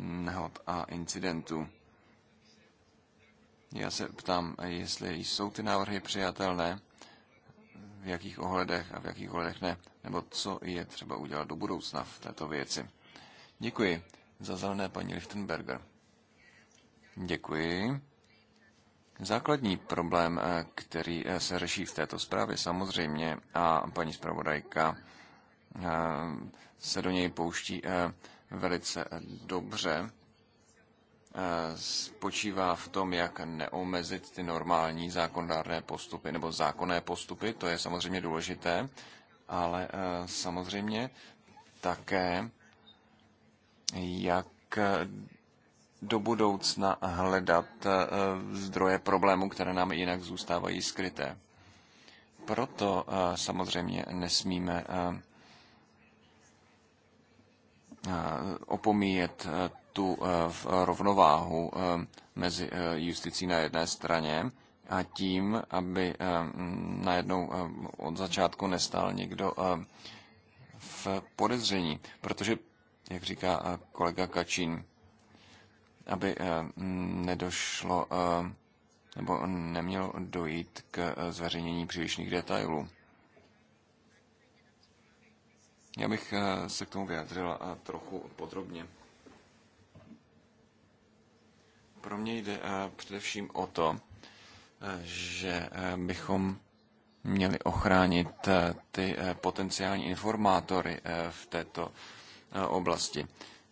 nehod a incidentů. Já se ptám, jestli jsou ty návrhy přijatelné, v jakých ohledech a v jakých ohledech ne, nebo co je třeba udělat do budoucna v této věci. Děkuji za zelené paní Lichtenberger. Děkuji. Základní problém, eh, který eh, se řeší v této zprávě samozřejmě, a paní zpravodajka eh, se do něj pouští velice dobře, spočívá v tom, jak neomezit ty normální zákonodárné postupy nebo zákonné postupy, to je samozřejmě důležité, ale samozřejmě také, jak do budoucna hledat eh, zdroje problémů, které nám jinak zůstávají skryté. Proto eh, samozřejmě nesmíme eh, opomíjet tu rovnováhu mezi justicí na jedné straně a tím, aby najednou od začátku nestál někdo v podezření. Protože, jak říká kolega Kačín, aby eh, nedošlo eh, nebo nemělo dojít k eh, zveřejnění přílišných detailů. Já bych se k tomu vyjádřila trochu podrobně. Pro mě jde především o to, že bychom měli ochránit ty potenciální informátory v této oblasti.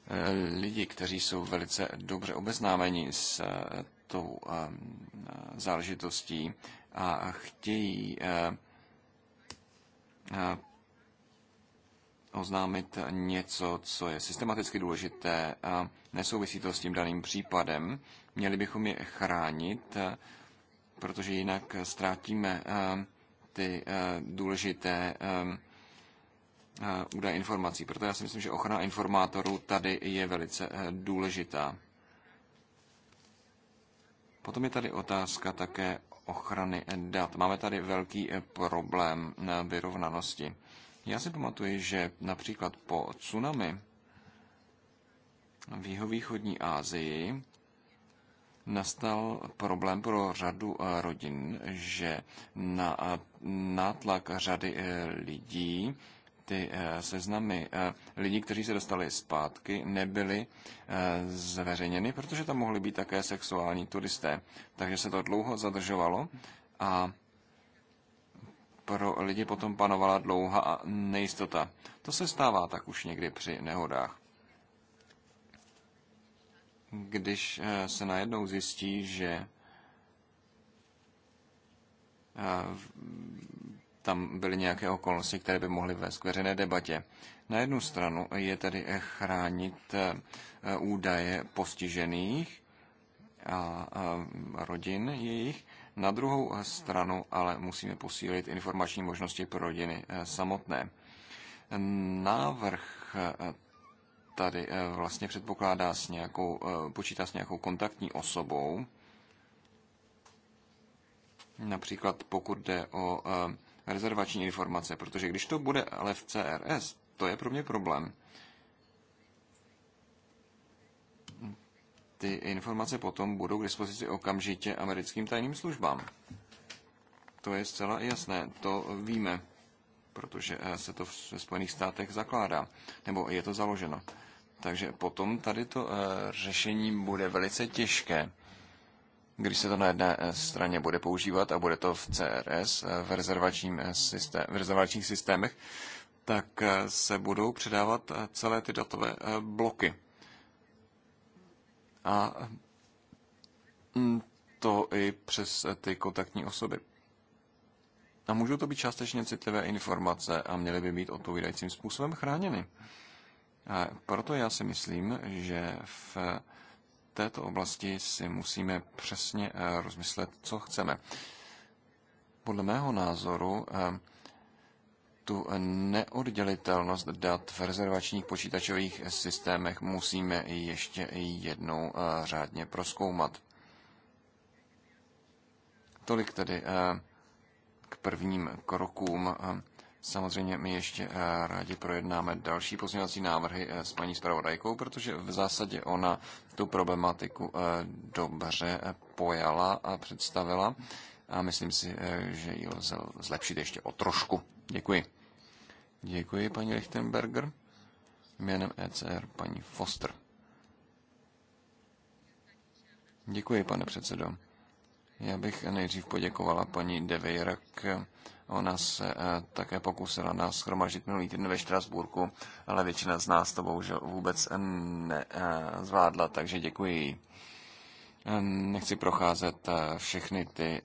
Eh, lidi, kteří jsou velice dobře obeznámeni s eh, tou eh, záležitostí a chtějí oznámit něco, co je systematicky důležité a nesouvisí to s tím daným případem. Měli bychom je chránit, protože jinak ztrátíme ty důležité Eh, údaj informací. Proto já si myslím, že ochrana informátorů tady je velice eh, důležitá. Potom je tady otázka také ochrany dat. Máme tady velký eh, problém na vyrovnanosti. Já si pamatuji, že například po tsunami v jihovýchodní Ázii nastal problém pro řadu rodin, že na nátlak řady lidí ty eh, seznamy eh, lidí, kteří se dostali zpátky, nebyly eh, zveřejněny, protože tam mohli být také sexuální turisté. Takže se to dlouho zadržovalo a pro lidi potom panovala dlouhá a nejistota. To se stává tak už někdy při nehodách. Když se najednou zjistí, že tam byly nějaké okolnosti, které by mohly vést k veřejné debatě. Na jednu stranu je tedy eh, chránit eh, údaje postižených a eh, rodin jejich, na druhou stranu ale musíme posílit informační možnosti pro rodiny samotné. Návrh tady vlastně předpokládá s nějakou, počítá s nějakou kontaktní osobou, Například pokud jde o rezervační informace, protože když to bude ale v CRS, to je pro mě problém. Ty informace potom budou k dispozici okamžitě americkým tajným službám. To je zcela jasné, to víme, protože eh, se to ve Spojených státech zakládá, nebo je to založeno. Takže potom tady to eh, řešení bude velice těžké když se to na jedné eh, straně bude používat a bude to v CRS, eh, v, rezervačním eh, systém, v rezervačních systémech, tak se budou předávat celé ty datové bloky. A hm, to i přes ty kontaktní osoby. A můžou to být částečně citlivé informace a měly by být odpovídajícím způsobem chráněny. A proto já si myslím, že v této oblasti si musíme přesně eh, rozmyslet, co chceme. Podle mého názoru eh, tu neoddělitelnost dat v rezervačních počítačových systémech musíme ještě jednou eh, řádně proskoumat. Tolik tedy k prvním krokům Samozřejmě my ještě eh, rádi projednáme další pozměňovací návrhy eh, s paní zpravodajkou, protože v zásadě ona tu problematiku eh, dobře pojala a představila a myslím si, že ji lze zlepšit ještě o trošku. Děkuji. Děkuji, paní Lichtenberger. Jménem ECR paní Foster. Děkuji, pane předsedo. Já bych nejdřív poděkovala paní De Ona se eh, také pokusila nás schromažit minulý týden ve Štrasburku, ale většina z nás to bohužel vůbec nezvládla, eh, takže děkuji jí. Eh, nechci procházet všechny ty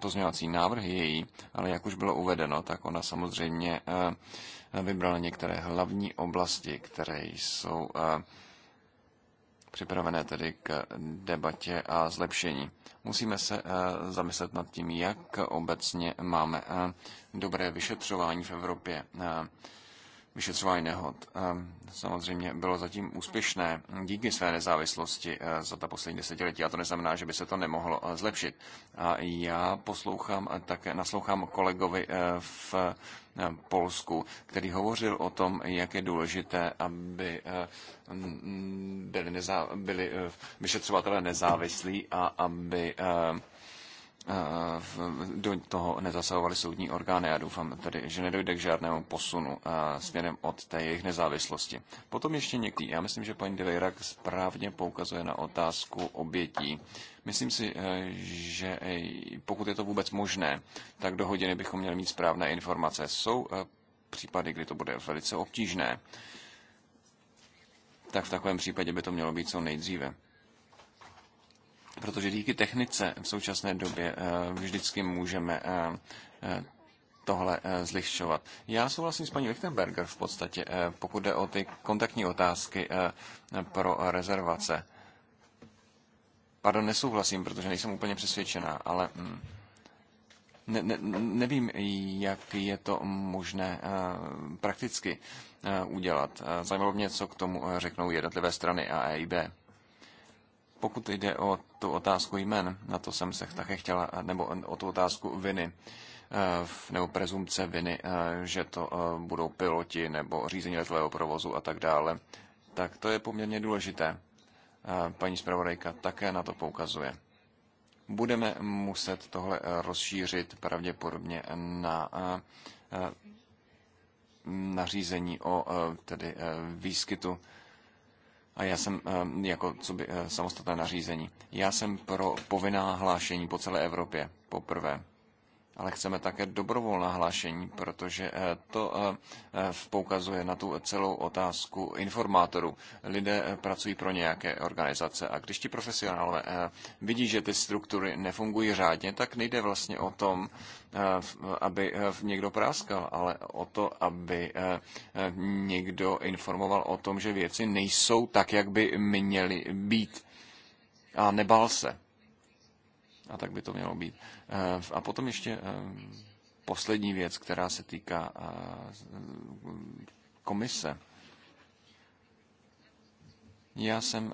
pozměňovací návrhy její, ale jak už bylo uvedeno, tak ona samozřejmě vybrala některé hlavní oblasti, které jsou připravené tedy k debatě a zlepšení. Musíme se eh, zamyslet nad tím, jak obecně máme eh, dobré vyšetřování v Evropě. Eh, vyšetřování nehod eh, samozřejmě bylo zatím úspěšné díky své nezávislosti eh, za ta poslední desetiletí a to neznamená, že by se to nemohlo eh, zlepšit. A já poslouchám také, naslouchám kolegovi v Polsku, který hovořil o tom, jak je důležité, aby byli, nezá, byli vyšetřovatelé nezávislí a aby do toho nezasahovaly soudní orgány. Já doufám tedy, že nedojde k žádnému posunu směrem od té jejich nezávislosti. Potom ještě někdy. Já myslím, že paní De správně poukazuje na otázku obětí. Myslím si, e, že e, pokud je to vůbec možné, tak do hodiny bychom měli mít správné informace. Jsou e, případy, kdy to bude velice obtížné. Tak v takovém případě by to mělo být co nejdříve protože díky technice v současné době eh, vždycky můžeme eh, eh, tohle zlišťovat. Já souhlasím s paní Lichtenberger v podstatě, pokud jde o ty kontaktní otázky pro rezervace. Pardon, nesouhlasím, protože nejsem úplně přesvědčená, ale mm, ne, ne, nevím, jak je to možné prakticky udělat. Zajímalo mě, co k tomu řeknou jednotlivé strany a EIB. Pokud jde o tu otázku jmen, na to jsem se také chtěla, nebo o tu otázku viny, eh, nebo prezumce viny, eh, že to eh, budou piloti nebo řízení letového provozu a tak dále, tak to je poměrně důležité. Paní zpravodajka také na to poukazuje. Budeme muset tohle rozšířit pravděpodobně na nařízení o tedy výskytu a já jsem ehm, jako co by, eh, samostatné nařízení. Já jsem pro povinná hlášení po celé Evropě poprvé ale chceme také dobrovolná hlášení, protože eh, to eh, eh, poukazuje na tu celou otázku informátorů. Lidé pracují pro nějaké organizace a když ti profesionálové vidí, že ty struktury nefungují řádně, tak nejde vlastně o tom, aby někdo práskal, ale o to, aby někdo informoval o tom, že věci nejsou tak, jak by měly být. A nebál se. A tak by to mělo být. Eh, a potom ještě eh, poslední věc, která se týká eh, komise. Já jsem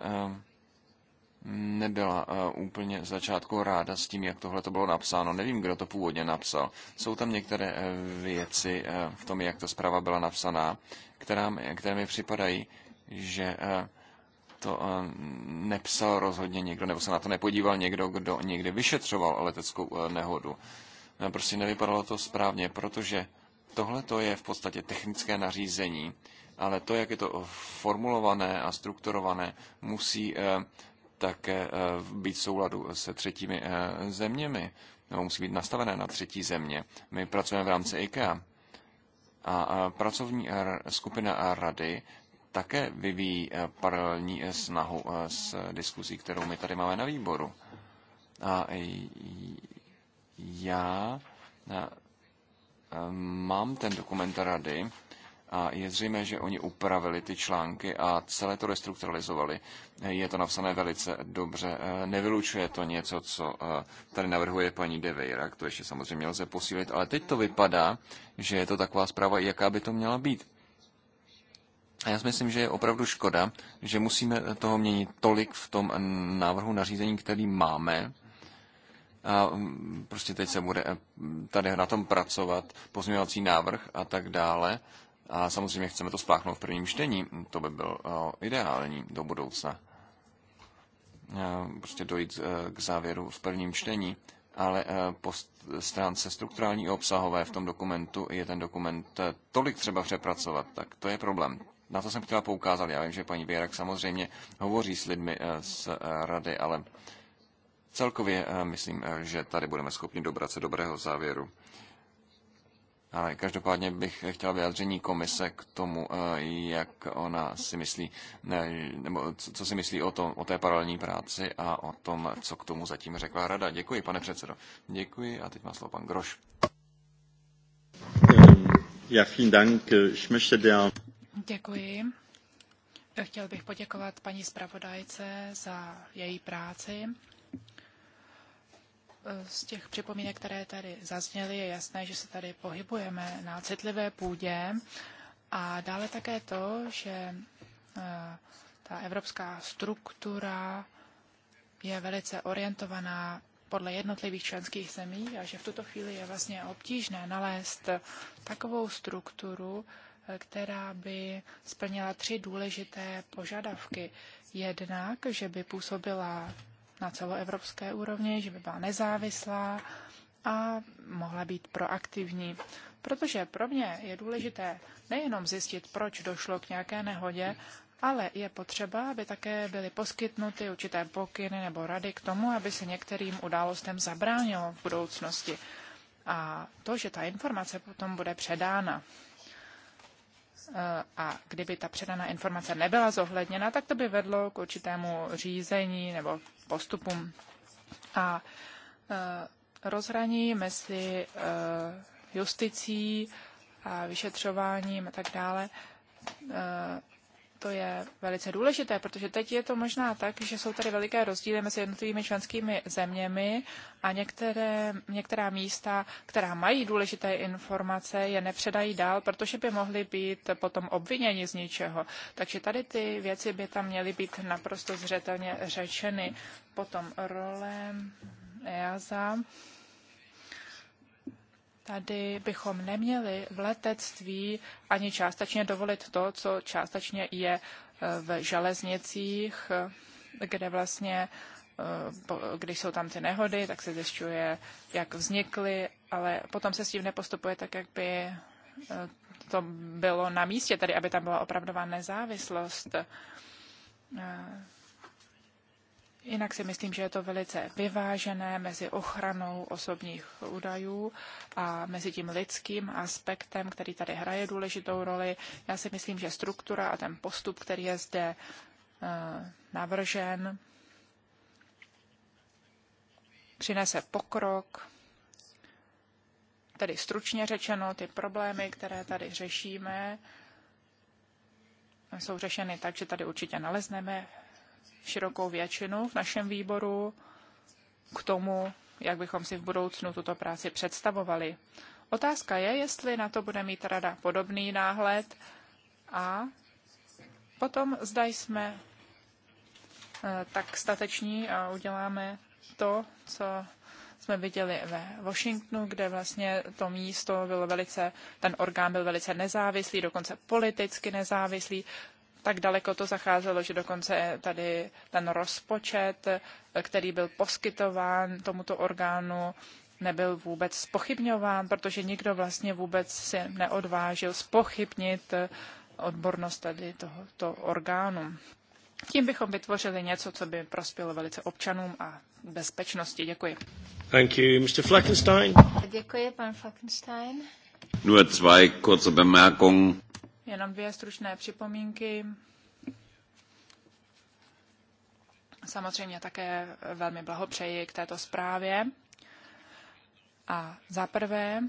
nebyla úplně z začátku ráda s tím, jak tohle to bylo napsáno. Nevím, kdo to původně napsal. Jsou tam některé věci v tom, jak ta zpráva byla napsaná, která, které mi připadají, že uh, to eh, nepsal rozhodně někdo, nebo se na to nepodíval někdo, kdo někdy vyšetřoval leteckou eh, nehodu. Eh, prostě nevypadalo to správně, protože tohle to je v podstatě technické nařízení, ale to, jak je to formulované a strukturované, musí také být v souladu se třetími zeměmi, nebo musí být nastavené na třetí země. My pracujeme v rámci IKEA. A pracovní skupina rady také vyvíjí eh, paralelní eh, snahu eh, s diskuzí, kterou my tady máme na výboru. A já mám ten dokument rady a je zřejmé, že oni upravili ty články a celé to restrukturalizovali. Je to napsané velice dobře. Nevylučuje to něco, co tady navrhuje paní De Veyrak, to ještě samozřejmě lze posílit, ale teď to vypadá, že je to taková zpráva, jaká by to měla být. A já si myslím, že je opravdu škoda, že musíme toho měnit tolik v tom návrhu nařízení, který máme. A mm, prostě teď se bude eh, tady na tom pracovat pozměňovací návrh a tak dále. A samozřejmě chceme to spáchnout v prvním čtení. To by bylo eh, ideální do budoucna. Eh, prostě dojít k závěru v prvním čtení. Ale po stránce strukturální a obsahové v tom dokumentu je ten dokument tolik třeba přepracovat. Tak to je problém na to jsem chtěla poukázat. Já vím, že paní Věrak samozřejmě hovoří s lidmi eh, z eh, rady, ale celkově eh, myslím, že tady budeme schopni dobrat se dobrého závěru. Ale každopádně bych chtěl vyjádření komise k tomu, jak ona si myslí, ne, nebo co si myslí o, tom, o té paralelní práci a o tom, co k tomu zatím řekla rada. Děkuji, pane předsedo. Děkuji a teď má slovo pan Groš. Ja, vielen Dank. Ich möchte der... Děkuji. Chtěl bych poděkovat paní zpravodajce za její práci. Z těch připomínek, které tady zazněly, je jasné, že se tady pohybujeme na citlivé půdě a dále také to, že eh, ta evropská struktura je velice orientovaná podle jednotlivých členských zemí a že v tuto chvíli je vlastně obtížné nalézt takovou strukturu, která by splnila tři důležité požadavky. Jednak, že by působila na celoevropské úrovni, že by byla nezávislá a mohla být proaktivní. Protože pro mě je důležité nejenom zjistit, proč došlo k nějaké nehodě, ale je potřeba, aby také byly poskytnuty určité pokyny nebo rady k tomu, aby se některým událostem zabránilo v budoucnosti. A to, že ta informace potom bude předána Eh, a kdyby ta předaná informace nebyla zohledněna, tak to by vedlo k určitému řízení nebo postupům. A eh, rozhraní mezi eh, justicí a vyšetřováním a tak dále to je velice důležité, protože teď je to možná tak, že jsou tady veliké rozdíly mezi jednotlivými členskými zeměmi a některé, některá místa, která mají důležité informace, je nepředají dál, protože by mohly být potom obviněni z ničeho. Takže tady ty věci by tam měly být naprosto zřetelně řečeny. Potom role EASA. Tady bychom neměli v letectví ani částečně dovolit to, co částečně je e, v železnicích, kde vlastně, e, když jsou tam ty nehody, tak se zjišťuje, jak vznikly, ale potom se s tím nepostupuje tak, jak by e, to bylo na místě, tady, aby tam byla opravdová nezávislost. Jinak si myslím, že je to velice vyvážené mezi ochranou osobních údajů a mezi tím lidským aspektem, který tady hraje důležitou roli. Já si myslím, že struktura a ten postup, který je zde eh, navržen, přinese pokrok. Tedy stručně řečeno, ty problémy, které tady řešíme, jsou řešeny tak, že tady určitě nalezneme širokou většinu v našem výboru k tomu, jak bychom si v budoucnu tuto práci představovali. Otázka je, jestli na to bude mít rada podobný náhled a potom zda jsme eh, tak stateční a uděláme to, co jsme viděli ve Washingtonu, kde vlastně to místo bylo velice, ten orgán byl velice nezávislý, dokonce politicky nezávislý, tak daleko to zacházelo, že dokonce tady ten rozpočet, který byl poskytován tomuto orgánu, nebyl vůbec spochybňován, protože nikdo vlastně vůbec si neodvážil spochybnit odbornost tady tohoto orgánu. Tím bychom vytvořili něco, co by prospělo velice občanům a bezpečnosti. Děkuji. Thank you, Mr. Fleckenstein. Děkuji, pan Fleckenstein. Nur zwei kurze Bemerkungen. Jenom dvě stručné připomínky. Samozřejmě také velmi blahopřeji k této zprávě. A za prvé,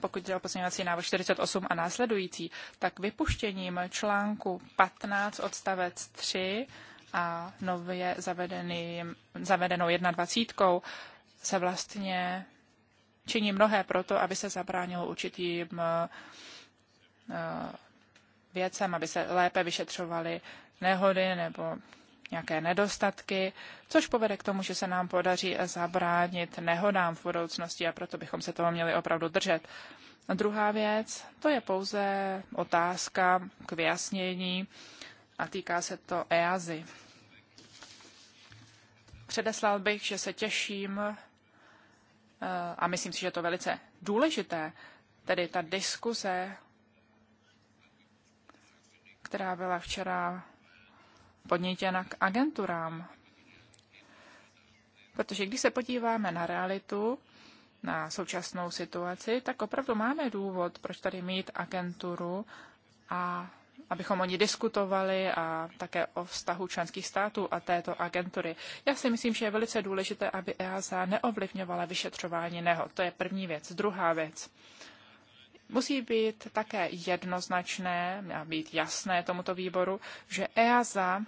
pokud jde o pozměňovací návrh 48 a následující, tak vypuštěním článku 15 odstavec 3 a nově zavedený, zavedenou 21 se vlastně činí mnohé proto, aby se zabránilo určitým Eh, věcem, aby se lépe vyšetřovaly nehody nebo nějaké nedostatky, což povede k tomu, že se nám podaří zabránit nehodám v budoucnosti a proto bychom se toho měli opravdu držet. A druhá věc, to je pouze otázka k vyjasnění a týká se to EASY. Předeslal bych, že se těším eh, a myslím si, že je to velice důležité, tedy ta diskuze která byla včera podnětěna k agenturám. Protože když se podíváme na realitu, na současnou situaci, tak opravdu máme důvod, proč tady mít agenturu a abychom o ní diskutovali a také o vztahu členských států a této agentury. Já si myslím, že je velice důležité, aby EASA neovlivňovala vyšetřování neho. To je první věc. Druhá věc. Musí být také jednoznačné a být jasné tomuto výboru, že EASA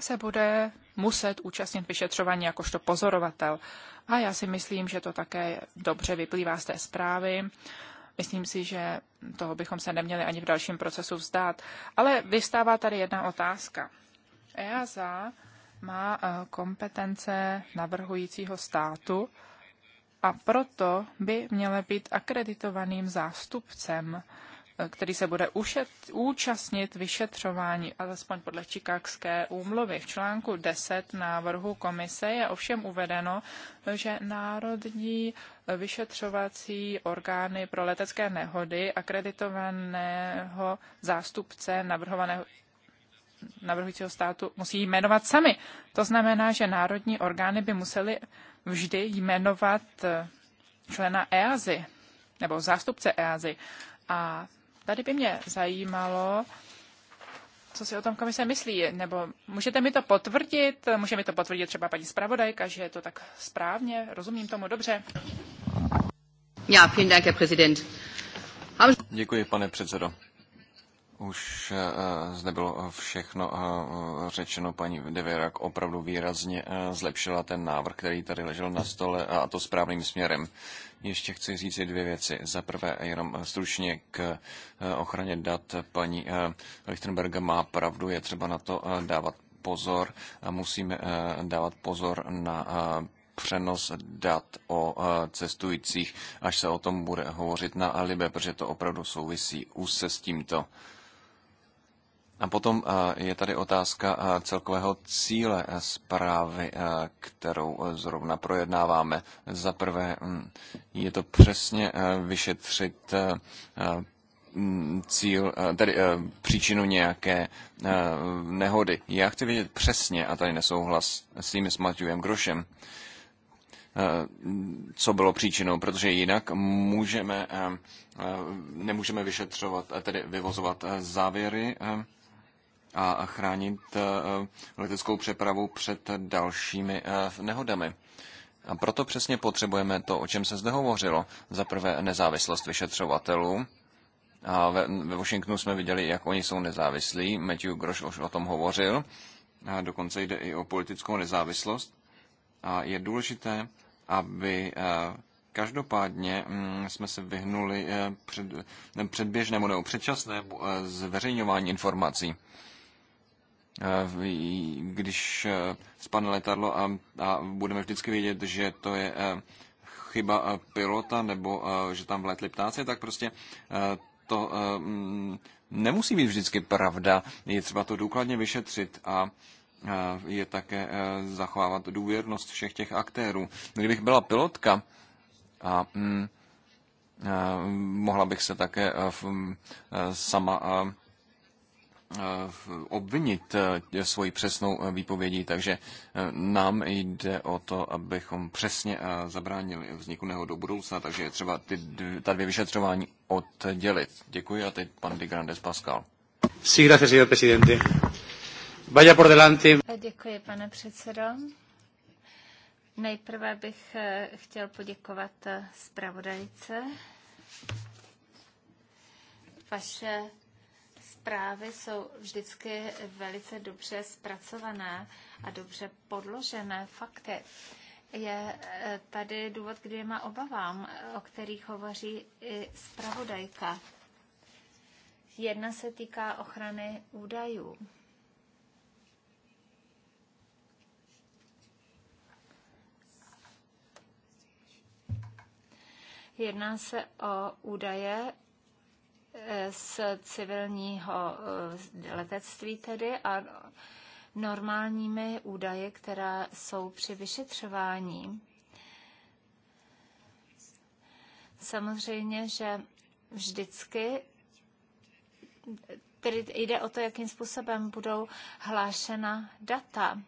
se bude muset účastnit vyšetřování jakožto pozorovatel. A já si myslím, že to také dobře vyplývá z té zprávy. Myslím si, že toho bychom se neměli ani v dalším procesu vzdát. Ale vystává tady jedna otázka. EASA má eh, kompetence navrhujícího státu a proto by měla být akreditovaným zástupcem, eh, který se bude ušet, účastnit vyšetřování, alespoň podle Čikákské úmluvy. V článku 10 návrhu komise je ovšem uvedeno, že národní vyšetřovací orgány pro letecké nehody akreditovaného zástupce navrhovaného navrhujícího státu musí jmenovat sami. To znamená, že národní orgány by musely vždy jmenovat eh, člena EASY nebo zástupce EASY. A tady by mě zajímalo, co si o tom komise myslí, nebo můžete mi to potvrdit, může mi to potvrdit třeba paní zpravodajka, že je to tak správně, rozumím tomu dobře. Děkuji, pane předsedo. Už eh, zde bylo všechno eh, řečeno, paní Deverak opravdu výrazně eh, zlepšila ten návrh, který tady ležel na stole a to správným směrem. Ještě chci říct dvě věci. Za prvé, jenom stručně k ochraně dat paní Lichtenberga má pravdu, je třeba na to dávat pozor. Musíme dávat pozor na přenos dat o cestujících, až se o tom bude hovořit na Alibe, protože to opravdu souvisí už se s tímto. A potom eh, je tady otázka eh, celkového cíle eh, zprávy, kterou zrovna projednáváme. Za prvé hm, je to přesně vyšetřit hm, cíl, tedy příčinu nějaké nehody. Já chci vědět přesně, a tady nesouhlas s tím s Matějem Grošem, co bylo příčinou, protože jinak můžeme, nemůžeme vyšetřovat, tedy vyvozovat závěry a chránit eh, leteckou přepravu před dalšími eh, nehodami. A proto přesně potřebujeme to, o čem se zde hovořilo. Za prvé nezávislost vyšetřovatelů. A ve, Washingtonu jsme viděli, jak oni jsou nezávislí. Matthew Grosh už o tom hovořil. A dokonce jde i o politickou nezávislost. A je důležité, aby eh, každopádně mm, jsme se vyhnuli před, předběžnému nebo předčasnému zveřejňování informací. Eh, když eh, spadne letadlo a, a budeme vždycky vědět, že to je eh, chyba pilota nebo že tam vletli ptáci, tak prostě to mm, nemusí být vždycky pravda. Je třeba to důkladně vyšetřit a je také zachovávat důvěrnost všech těch aktérů. Kdybych byla pilotka a mm, mohla bych se také mm, sama Eh, obvinit eh, svoji přesnou eh, výpovědí, takže nám jde o to, abychom přesně zabránili vzniku neho do budoucna, takže je třeba ty, ta dvě vyšetřování oddělit. Děkuji a teď pan de Grandes Pascal. Sí, gracias, señor presidente. Vaya por delante. Děkuji, pane předsedo. Nejprve bych chtěl poděkovat zpravodajce. Vaše zprávy jsou vždycky velice dobře zpracované a dobře podložené fakty. Je eh, tady důvod k dvěma obavám, o kterých hovoří i zpravodajka. Jedna se týká ochrany údajů. Jedná se o údaje z civilního eh, letectví tedy a normálními údaje, která jsou při vyšetřování. Samozřejmě, že vždycky tedy jde o to, jakým způsobem budou hlášena data.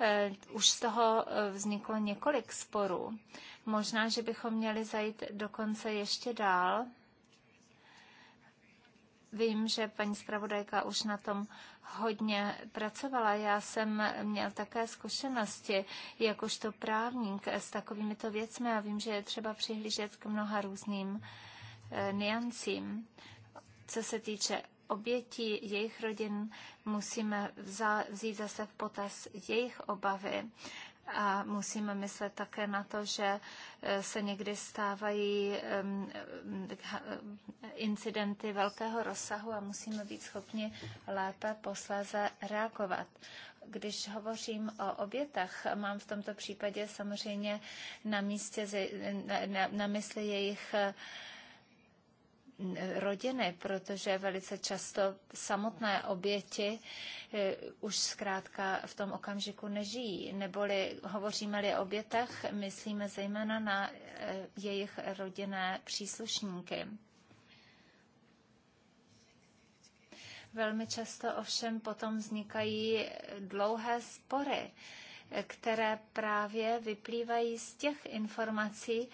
Eh, už z toho eh, vzniklo několik sporů. Možná, že bychom měli zajít dokonce ještě dál Vím, že paní zpravodajka už na tom hodně pracovala. Já jsem měl také zkušenosti jakožto právník s takovými to věcmi a vím, že je třeba přihlížet k mnoha různým eh, niancím. Co se týče obětí, jejich rodin, musíme vzít zase v potaz jejich obavy a musíme myslet také na to, že e, se někdy stávají e, incidenty velkého rozsahu a musíme být schopni lépe posléze reagovat. Když hovořím o obětech, mám v tomto případě samozřejmě na, místě, na, na mysli jejich rodiny, protože velice často samotné oběti eh, už zkrátka v tom okamžiku nežijí. Neboli hovoříme-li o obětech, myslíme zejména na eh, jejich rodinné příslušníky. Velmi často ovšem potom vznikají dlouhé spory které právě vyplývají z těch informací,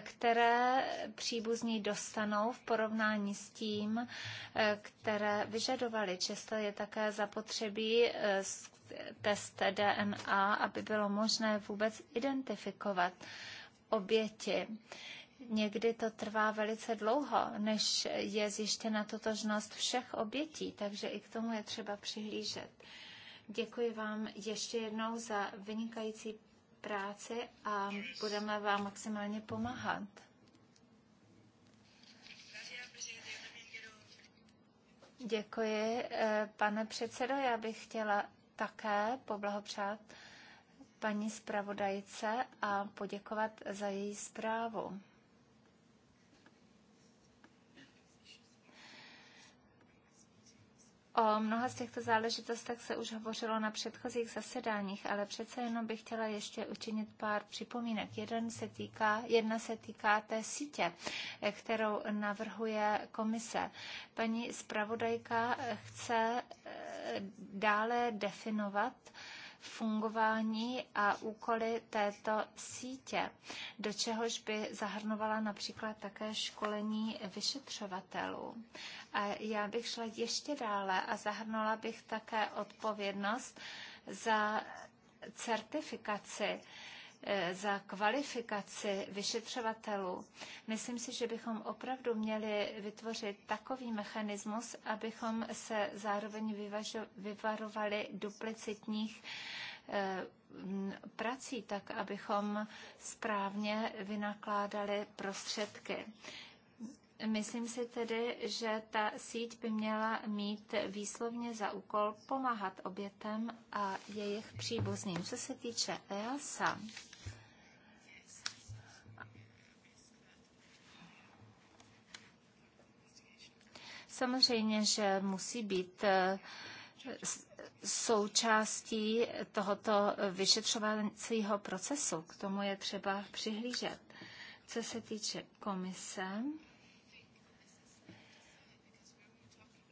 které příbuzní dostanou v porovnání s tím, které vyžadovali. Často je také zapotřebí eh, test DNA, aby bylo možné vůbec identifikovat oběti. Někdy to trvá velice dlouho, než je zjištěna totožnost všech obětí, takže i k tomu je třeba přihlížet. Děkuji vám ještě jednou za vynikající práci a budeme vám maximálně pomáhat. Děkuji, eh, pane předsedo. Já bych chtěla také poblahopřát paní zpravodajce a poděkovat za její zprávu. O mnoha z těchto záležitostech se už hovořilo na předchozích zasedáních, ale přece jenom bych chtěla ještě učinit pár připomínek. Jeden se týká, jedna se týká té sítě, kterou navrhuje komise. Paní zpravodajka chce eh, dále definovat fungování a úkoly této sítě, do čehož by zahrnovala například také školení vyšetřovatelů. A já bych šla ještě dále a zahrnula bych také odpovědnost za certifikaci Eh, za kvalifikaci vyšetřovatelů, myslím si, že bychom opravdu měli vytvořit takový mechanismus, abychom se zároveň vyvažo, vyvarovali duplicitních eh, prací, tak abychom správně vynakládali prostředky. Myslím si tedy, že ta síť by měla mít výslovně za úkol pomáhat obětem a jejich příbuzným. Co se týče EASA, Samozřejmě, že musí být eh, součástí tohoto vyšetřovacího procesu. K tomu je třeba přihlížet. Co se týče komise,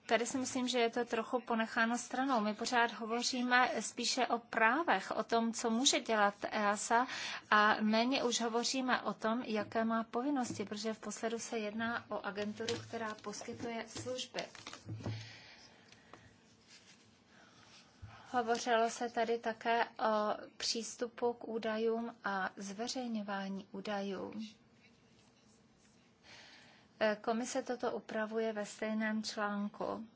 Tady si myslím, že je to trochu ponecháno stranou. My pořád hovoříme spíše o právech, o tom, co může dělat EASA a méně už hovoříme o tom, jaké má povinnosti, protože v posledu se jedná o agenturu, která poskytuje služby. Hovořilo se tady také o přístupu k údajům a zveřejňování údajů. E, komise toto upravuje ve stejném článku,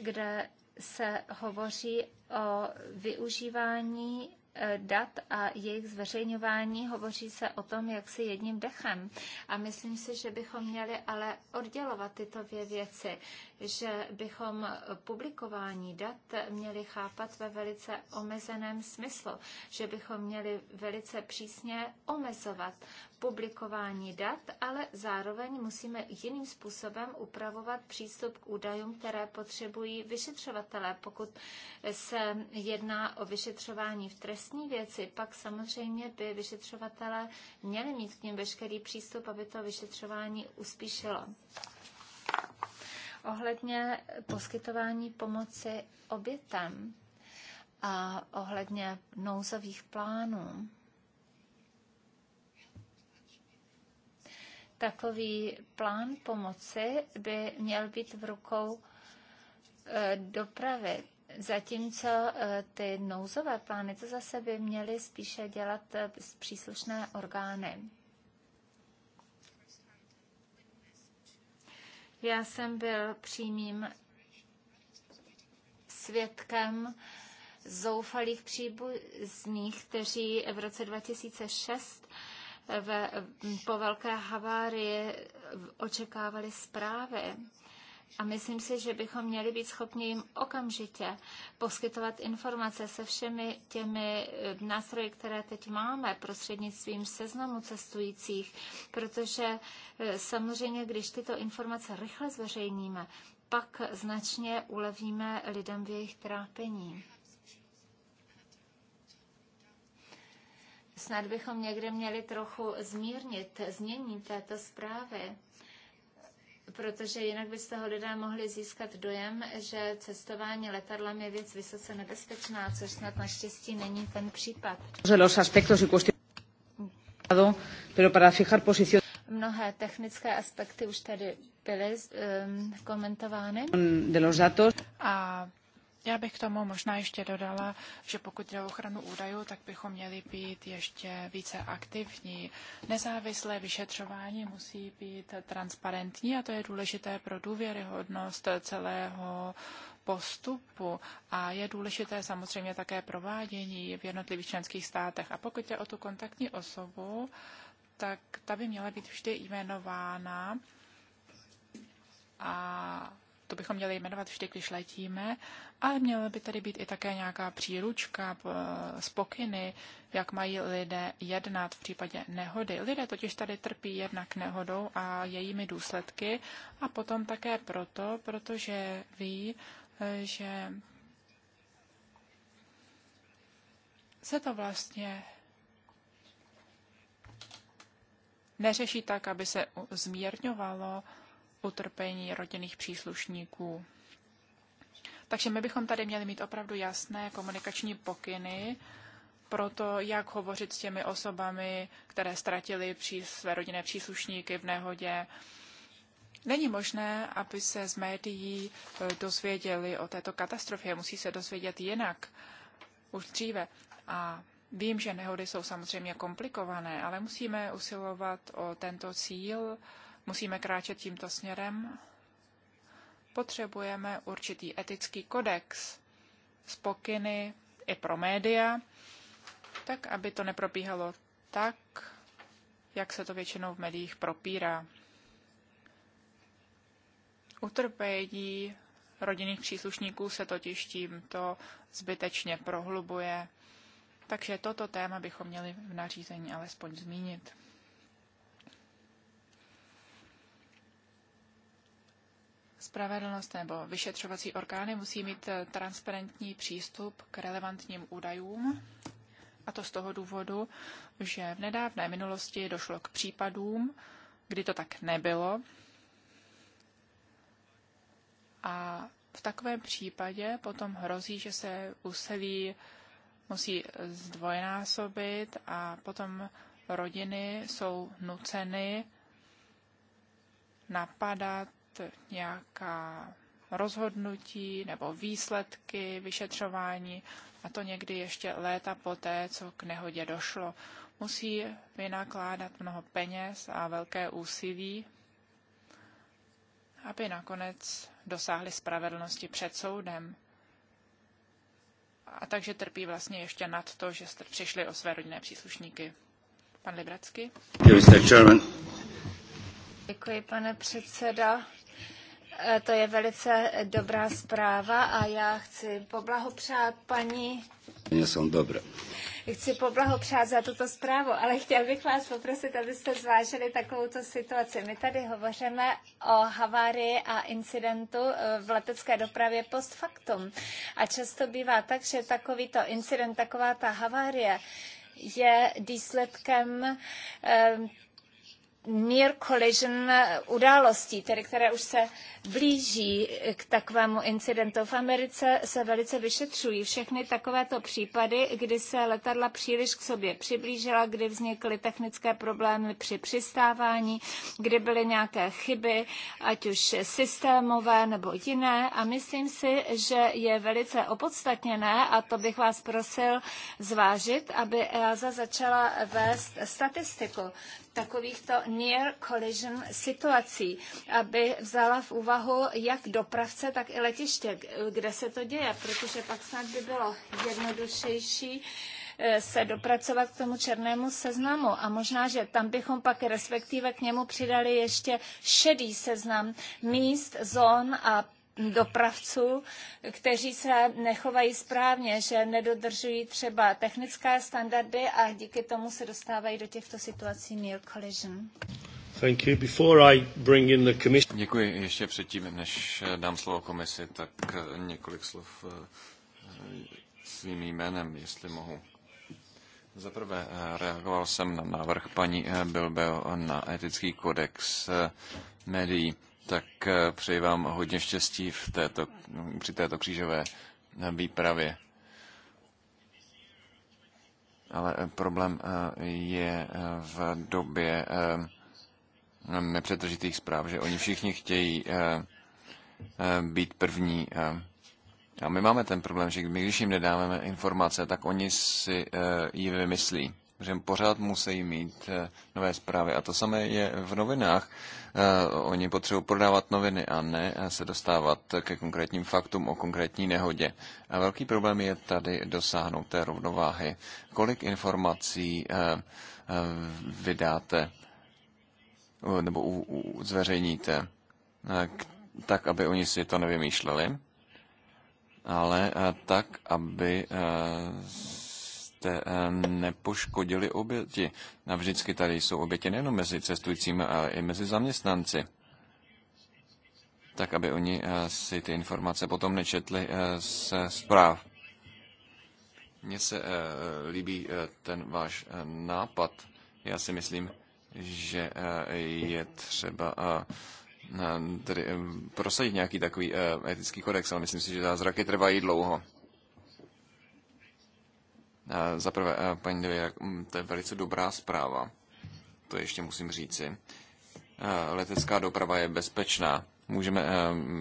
kde se hovoří o využívání e, dat a jejich zveřejňování hovoří se o tom, jak si jedním dechem. A myslím si, že bychom měli ale oddělovat tyto dvě věci, že bychom publikování dat měli chápat ve velice omezeném smyslu, že bychom měli velice přísně omezovat publikování dat, ale zároveň musíme jiným způsobem upravovat přístup k údajům, které potřebují vyšetřovatelé. Pokud se jedná o vyšetřování v trestní věci, pak samozřejmě by vyšetřovatelé měli mít k ním veškerý přístup, aby to vyšetřování uspíšilo ohledně poskytování pomoci obětem a ohledně nouzových plánů. Takový plán pomoci by měl být v rukou e, dopravy. Zatímco e, ty nouzové plány, to zase by měly spíše dělat e, příslušné orgány. Já jsem byl přímým svědkem zoufalých příbuzných, kteří v roce 2006 ve, po velké havárii očekávali zprávy. A myslím si, že bychom měli být schopni jim okamžitě poskytovat informace se všemi těmi eh, nástroji, které teď máme prostřednictvím seznamu cestujících, protože eh, samozřejmě, když tyto informace rychle zveřejníme, pak značně ulevíme lidem v jejich trápení. Snad bychom někde měli trochu zmírnit znění této zprávy protože jinak by z toho lidé mohli získat dojem, že cestování letadlem je věc vysoce nebezpečná, což snad naštěstí není ten případ. Mnohé technické aspekty už tady byly um, komentovány. A já bych k tomu možná ještě dodala, že pokud jde o ochranu údajů, tak bychom měli být ještě více aktivní. Nezávislé vyšetřování musí být transparentní a to je důležité pro důvěryhodnost celého postupu a je důležité samozřejmě také provádění v jednotlivých členských státech. A pokud jde o tu kontaktní osobu, tak ta by měla být vždy jmenována a to bychom měli jmenovat vždy, když letíme, ale měla by tady být i také nějaká příručka eh, z pokyny, jak mají lidé jednat v případě nehody. Lidé totiž tady trpí jednak nehodou a jejími důsledky a potom také proto, protože ví, eh, že se to vlastně neřeší tak, aby se zmírňovalo utrpení rodinných příslušníků. Takže my bychom tady měli mít opravdu jasné komunikační pokyny pro to, jak hovořit s těmi osobami, které ztratili pří, své rodinné příslušníky v nehodě. Není možné, aby se z médií eh, dozvěděli o této katastrofě. Musí se dozvědět jinak, už dříve. A vím, že nehody jsou samozřejmě komplikované, ale musíme usilovat o tento cíl Musíme kráčet tímto směrem. Potřebujeme určitý etický kodex z pokyny i pro média, tak aby to nepropíhalo tak, jak se to většinou v médiích propírá. Utrpení rodinných příslušníků se totiž tímto zbytečně prohlubuje. Takže toto téma bychom měli v nařízení alespoň zmínit. Spravedlnost nebo vyšetřovací orgány musí mít eh, transparentní přístup k relevantním údajům, a to z toho důvodu, že v nedávné minulosti došlo k případům, kdy to tak nebylo. A v takovém případě potom hrozí, že se úsilí musí zdvojnásobit a potom rodiny jsou nuceny napadat nějaká rozhodnutí nebo výsledky vyšetřování, a to někdy ještě léta poté, co k nehodě došlo. Musí vynakládat mnoho peněz a velké úsilí, aby nakonec dosáhli spravedlnosti před soudem. A takže trpí vlastně ještě nad to, že jste přišli o své rodinné příslušníky. Pan Libracky. Děkuji, pane předseda. To je velice dobrá zpráva a já chci poblahopřát paní. jsem dobré. Chci poblahopřát za tuto zprávu, ale chtěl bych vás poprosit, abyste zvážili takovouto situaci. My tady hovoříme o havárii a incidentu eh, v letecké dopravě post factum. A často bývá tak, že takovýto incident, taková ta havárie je výsledkem eh, near collision eh, událostí, tedy které už se blíží k takovému incidentu. V Americe se velice vyšetřují všechny takovéto případy, kdy se letadla příliš k sobě přiblížila, kdy vznikly technické problémy při přistávání, kdy byly nějaké chyby, ať už systémové nebo jiné. A myslím si, že je velice opodstatněné, a to bych vás prosil zvážit, aby EASA začala vést statistiku takovýchto near collision situací, aby vzala v úvahu jak dopravce, tak i letiště, kde se to děje, protože pak snad by bylo jednodušejší eh, se dopracovat k tomu černému seznamu. A možná, že tam bychom pak respektive k němu přidali ještě šedý seznam míst, zón a dopravců, kteří se nechovají správně, že nedodržují třeba technické standardy a díky tomu se dostávají do těchto situací near collision. Thank you. Before I bring in the commission... Děkuji. Ještě předtím, než dám slovo komisi, tak několik slov eh, svým jménem, jestli mohu. Za prvé eh, reagoval jsem na návrh paní eh, Bilbeo na etický kodex médií tak eh, přeji vám hodně štěstí v této, při této křížové výpravě. Ale eh, problém eh, je v době nepřetržitých zpráv, že oni všichni chtějí být první. A my máme ten problém, že my, když jim nedáváme informace, tak oni si ji vymyslí že pořád musí mít eh, nové zprávy. A to samé je v novinách. Eh, oni potřebují prodávat noviny a ne eh, se dostávat ke konkrétním faktům o konkrétní nehodě. A velký problém je tady dosáhnout té rovnováhy. Kolik informací vydáte nebo zveřejníte, tak, aby oni si to nevymýšleli, ale tak, aby abyste eh, nepoškodili oběti. A vždycky tady jsou oběti nejen mezi cestujícími, ale i mezi zaměstnanci. Tak, aby oni eh, si ty informace potom nečetli eh, z zpráv. Mně se líbí ten váš nápad. Já si myslím, že je třeba tedy prosadit nějaký takový etický kodex, ale myslím si, že zázraky trvají dlouho. Za prvé, paní Devě, mm, to je velice dobrá zpráva, to ještě musím říci. Letecká doprava je bezpečná. Můžeme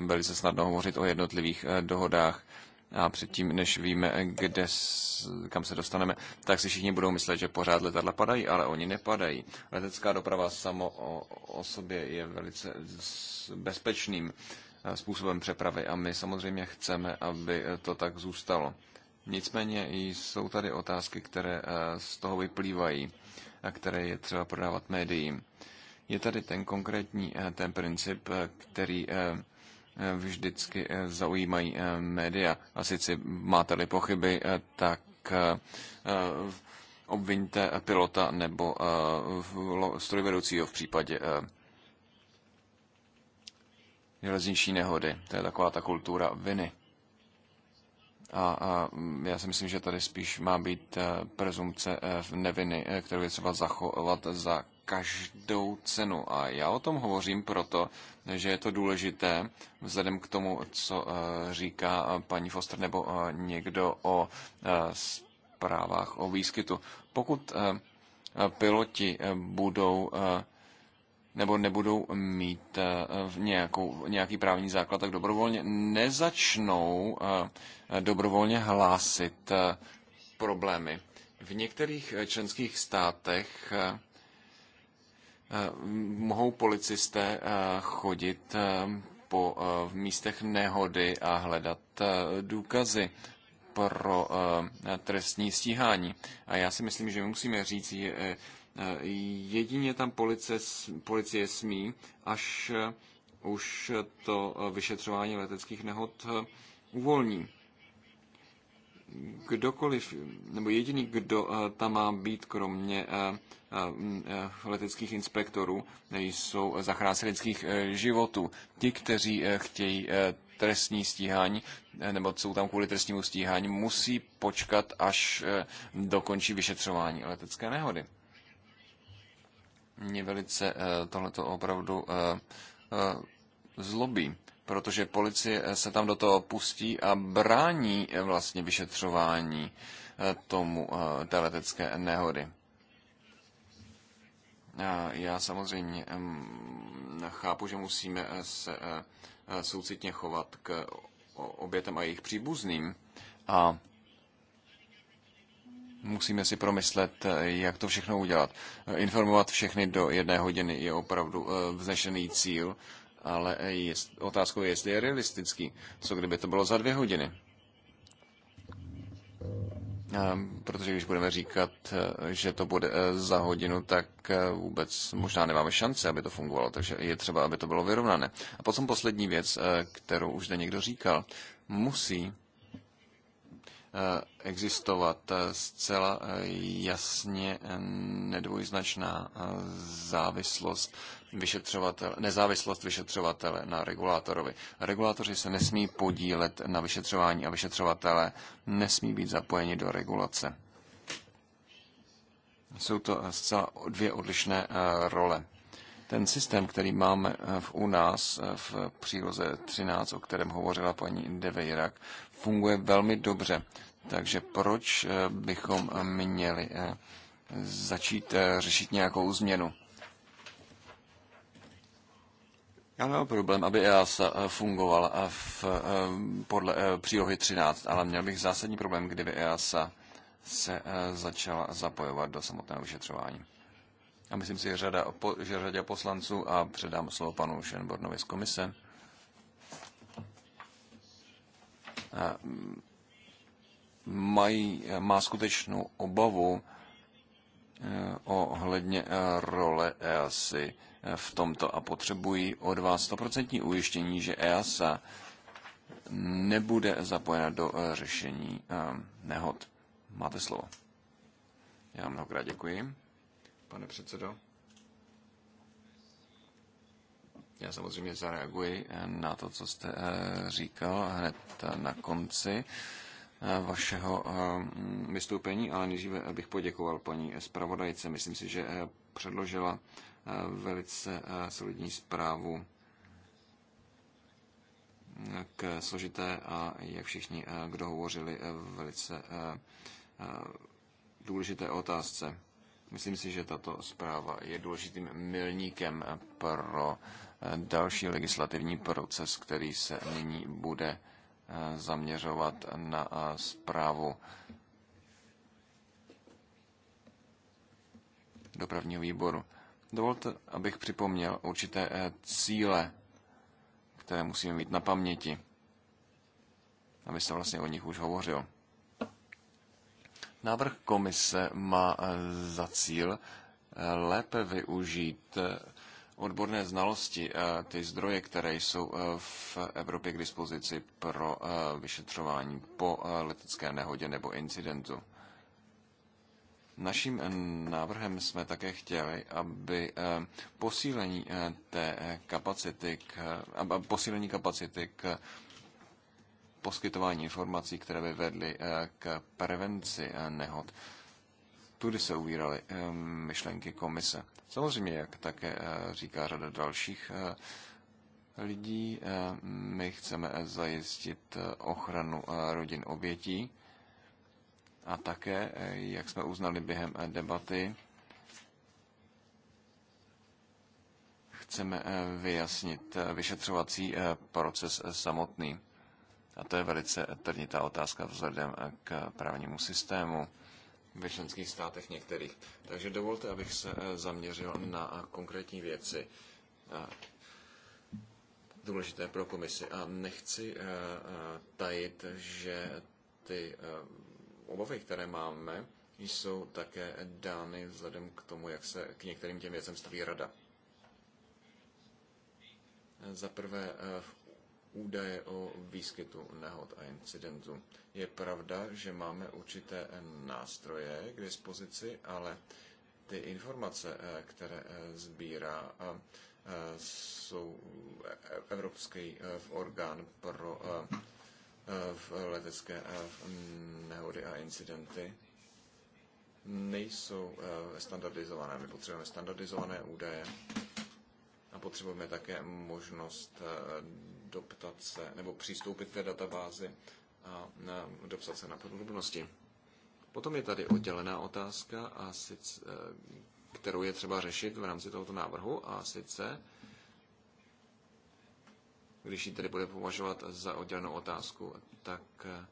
velice snadno hovořit o jednotlivých dohodách a předtím, než víme, kde, kam se dostaneme, tak si všichni budou myslet, že pořád letadla padají, ale oni nepadají. Letecká doprava samo o, o sobě je velice bezpečným způsobem přepravy a my samozřejmě chceme, aby to tak zůstalo. Nicméně jsou tady otázky, které eh, z toho vyplývají a které je třeba prodávat médiím. Je tady ten konkrétní eh, ten princip, eh, který vždycky zaujímají média. A sice máte-li pochyby, tak obviňte pilota nebo strojvedoucího v případě železniční nehody. To je taková ta kultura viny. A, a já si myslím, že tady spíš má být eh, prezumce eh, v neviny, eh, kterou je třeba zachovat za každou cenu. A já o tom hovořím proto, že je to důležité vzhledem k tomu, co říká paní Foster nebo někdo o zprávách o výskytu. Pokud piloti budou nebo nebudou mít eh, nějakou, nějaký právní základ, tak dobrovolně nezačnou eh, dobrovolně hlásit eh, problémy. V některých členských státech mohou policisté chodit po místech nehody a hledat důkazy pro trestní stíhání. A já si myslím, že musíme říct Eh, jedině tam policie, policie smí, až eh, už to eh, vyšetřování leteckých nehod uvolní. Kdokoliv, nebo jediný, kdo tam má být, kromě leteckých inspektorů, jsou zachránci lidských životů. Ti, kteří chtějí trestní stíhání, nebo jsou tam kvůli trestnímu stíhání, musí počkat, až dokončí vyšetřování letecké nehody mě velice eh, tohleto opravdu eh, eh, zlobí, protože policie se tam do toho pustí a brání vlastně vyšetřování tomu té letecké nehody. Já samozřejmě chápu, že musíme se soucitně chovat k obětem a jejich příbuzným a musíme si promyslet, eh, jak to všechno udělat. Eh, informovat všechny do jedné hodiny je opravdu eh, vznešený cíl, ale otázkou je, jestli je realistický. Co kdyby to bylo za dvě hodiny? Ehm, protože když budeme říkat, že to bude za hodinu, tak vůbec možná nemáme šance, aby to fungovalo, takže je třeba, aby to bylo vyrovnané. A potom poslední věc, kterou už zde někdo říkal, musí existovat zcela jasně nedvojznačná závislost vyšetřovatel nezávislost vyšetřovatele na regulátorovi. Regulátoři se nesmí podílet na vyšetřování a vyšetřovatele nesmí být zapojeni do regulace. Jsou to zcela dvě odlišné eh, role. Ten systém, který máme eh, v, u nás eh, v příloze 13, o kterém hovořila paní De funguje velmi dobře. Takže proč eh, bychom eh, měli eh, začít řešit nějakou změnu? Já měl problém, aby EASA fungovala v, podle přílohy 13, ale měl bych zásadní problém, kdyby EASA se začala zapojovat do samotného vyšetřování. A myslím si, že řada, že řada poslanců, a předám slovo panu Šenbornovi z komise, mají, má skutečnou obavu eh, ohledně eh, role EASY eh, v tomto a potřebují od vás 100% ujištění, že EASA nebude zapojena do řešení nehod. Máte slovo. Já mnohokrát děkuji, pane předsedo. Já samozřejmě zareaguji na to, co jste říkal hned na konci vašeho eh, vystoupení, ale nejdříve bych poděkoval paní zpravodajce. Myslím si, že eh, předložila eh, velice solidní zprávu k složité a jak všichni, kdo hovořili, velice důležité otázce. Myslím si, že tato zpráva je důležitým milníkem pro další legislativní proces, který se nyní bude zaměřovat na zprávu dopravního výboru. Dovolte, abych připomněl určité e, cíle, které musíme mít na paměti, aby se vlastně o nich už hovořil. Návrh komise má e, za cíl e, lépe využít odborné znalosti, eh, ty zdroje, které jsou eh, v Evropě k dispozici pro eh, vyšetřování po letecké nehodě nebo incidentu. Naším návrhem jsme také chtěli, aby posílení té kapacity k, posílení kapacity k poskytování informací, které by vedly k prevenci nehod, tudy se uvíraly ehm, myšlenky komise. Samozřejmě, jak také eh, říká řada dalších eh, lidí, eh, my chceme zajistit ochranu rodin obětí a také, jak jsme uznali během debaty, chceme vyjasnit vyšetřovací proces samotný. A to je velice trnitá otázka vzhledem k právnímu systému ve členských státech některých. Takže dovolte, abych se eh, zaměřil na eh, konkrétní věci eh, důležité pro komisi. A nechci tajit, že ty obavy, které máme, jsou také dány vzhledem k tomu, jak se k některým těm věcem staví rada. Za prvé údaje o výskytu nehod a incidentů. Je pravda, že máme určité nástroje k dispozici, ale ty informace, eh, které eh, sbírá, eh, jsou Evropský orgán pro letecké nehody a incidenty, nejsou standardizované. My potřebujeme standardizované údaje a potřebujeme také možnost doptat se, nebo přistoupit k té databázi a dopsat se na podrobnosti. Potom je tady oddělená otázka, a sice, eh, kterou je třeba řešit v rámci tohoto návrhu, a sice, když ji tedy bude považovat za oddělenou otázku, tak eh,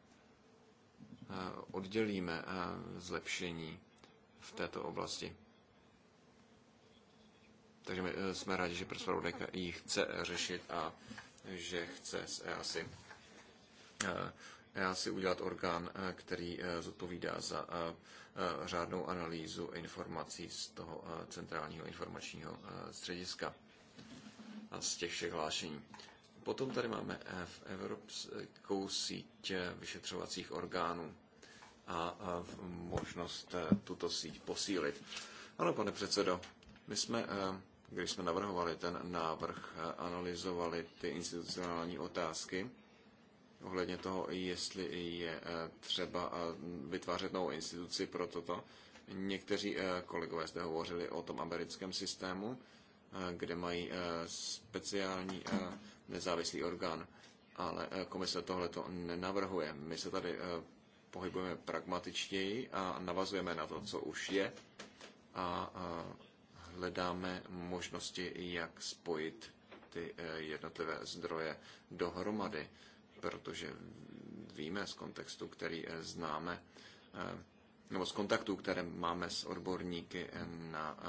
oddělíme eh, zlepšení v této oblasti. Takže my jsme rádi, že prospravodajka ji chce řešit a že chce z EASI, EASI eh, e udělat orgán, eh, který eh, zodpovídá za řádnou analýzu informací z toho centrálního informačního střediska a z těch všech hlášení. Potom tady máme v Evropskou síť vyšetřovacích orgánů a možnost tuto síť posílit. Ano, pane předsedo, my jsme když jsme navrhovali ten návrh, eh, analyzovali ty institucionální otázky ohledně toho, jestli je eh, třeba eh, vytvářet novou instituci pro toto. Někteří kolegové zde hovořili o tom americkém systému, kde mají speciální nezávislý orgán, ale komise tohle to nenavrhuje. My se tady pohybujeme pragmatičtěji a navazujeme na to, co už je a hledáme možnosti, jak spojit ty eh, jednotlivé zdroje dohromady, protože víme z kontextu, který eh, známe, eh, nebo z kontaktů, které máme s odborníky na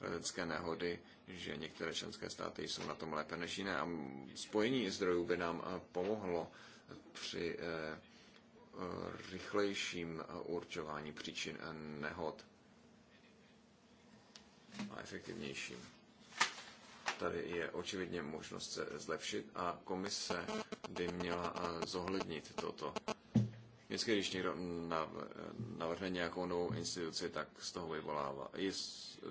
letecké nehody, že některé členské státy jsou na tom lépe než jiné a spojení zdrojů by nám pomohlo při rychlejším určování příčin nehod a efektivnějším. Tady je očividně možnost se zlepšit a komise by měla eh, zohlednit toto. Vždycky, když někdo navrhne nějakou novou instituci, tak z toho vyvolává,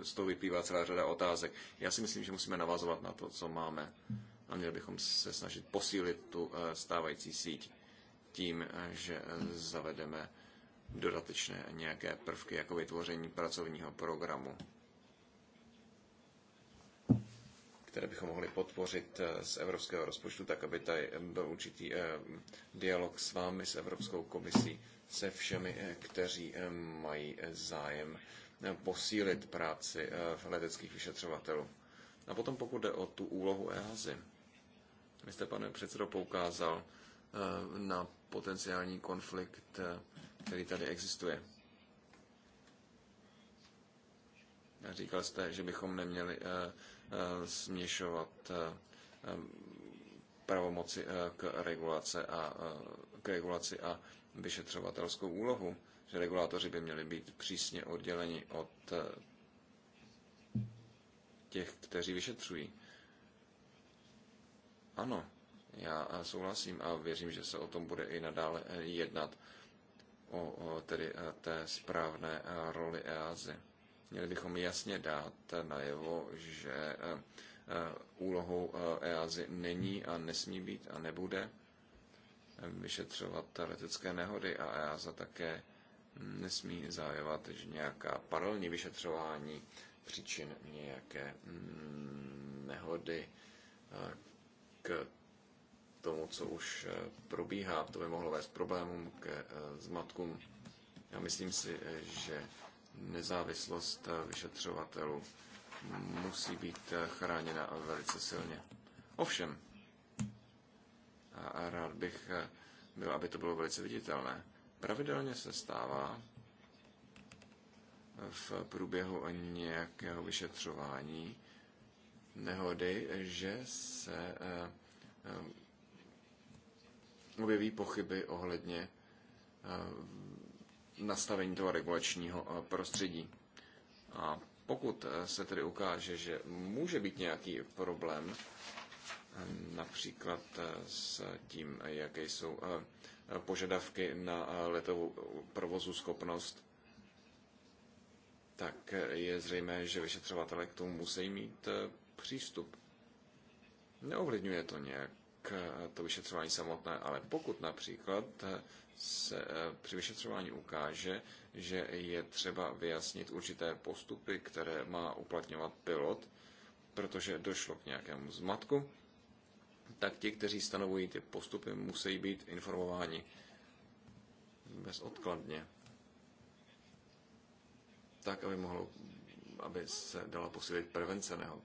z toho vyplývá celá řada otázek. Já si myslím, že musíme navazovat na to, co máme a měli bychom se snažit posílit tu eh, stávající síť tím, eh, že zavedeme dodatečné nějaké prvky jako vytvoření pracovního programu které bychom mohli podpořit eh, z evropského rozpočtu, tak aby tady byl určitý eh, dialog s vámi, s Evropskou komisí, se všemi, eh, kteří mají zájem posílit práci leteckých vyšetřovatelů. A potom pokud jde o tu úlohu EASY, vy jste, pane předsedo, poukázal na potenciální konflikt, který tady existuje. říkal jste, že bychom neměli Eh, směšovat eh, eh, pravomoci k, regulace a, k regulaci a vyšetřovatelskou úlohu, že regulátoři by měli být přísně odděleni od těch, kteří vyšetřují. Ano, já souhlasím a věřím, že se o tom bude i nadále jednat, o, o tedy té správné roli EASY. Měli bychom jasně dát najevo, že eh, úlohou EASY eh, e není a nesmí být a nebude vyšetřovat letecké nehody a EASA také nesmí zájevat, že nějaká paralelní vyšetřování příčin nějaké mm, nehody eh, k tomu, co už probíhá. To by mohlo vést problémům, k zmatkům. Já myslím si, že nezávislost eh, vyšetřovatelů musí být eh, chráněna velice silně. Ovšem, a rád bych eh, byl, aby to bylo velice viditelné, pravidelně se stává v průběhu nějakého vyšetřování nehody, že se objeví pochyby ohledně nastavení toho regulačního eh, prostředí. A pokud eh, se tedy ukáže, že může být nějaký problém, eh, například s tím, jaké jsou požadavky na letovou provozu schopnost, tak je zřejmé, že vyšetřovatelé k tomu musí mít přístup. Neovlivňuje to nějak Eh, to vyšetřování samotné, ale pokud například eh, se eh, při vyšetřování ukáže, že je třeba vyjasnit určité postupy, které má uplatňovat pilot, protože došlo k nějakému zmatku, tak ti, kteří stanovují ty postupy, musí být informováni bezodkladně, tak, aby, mohlo, aby se dala posílit prevence nehod.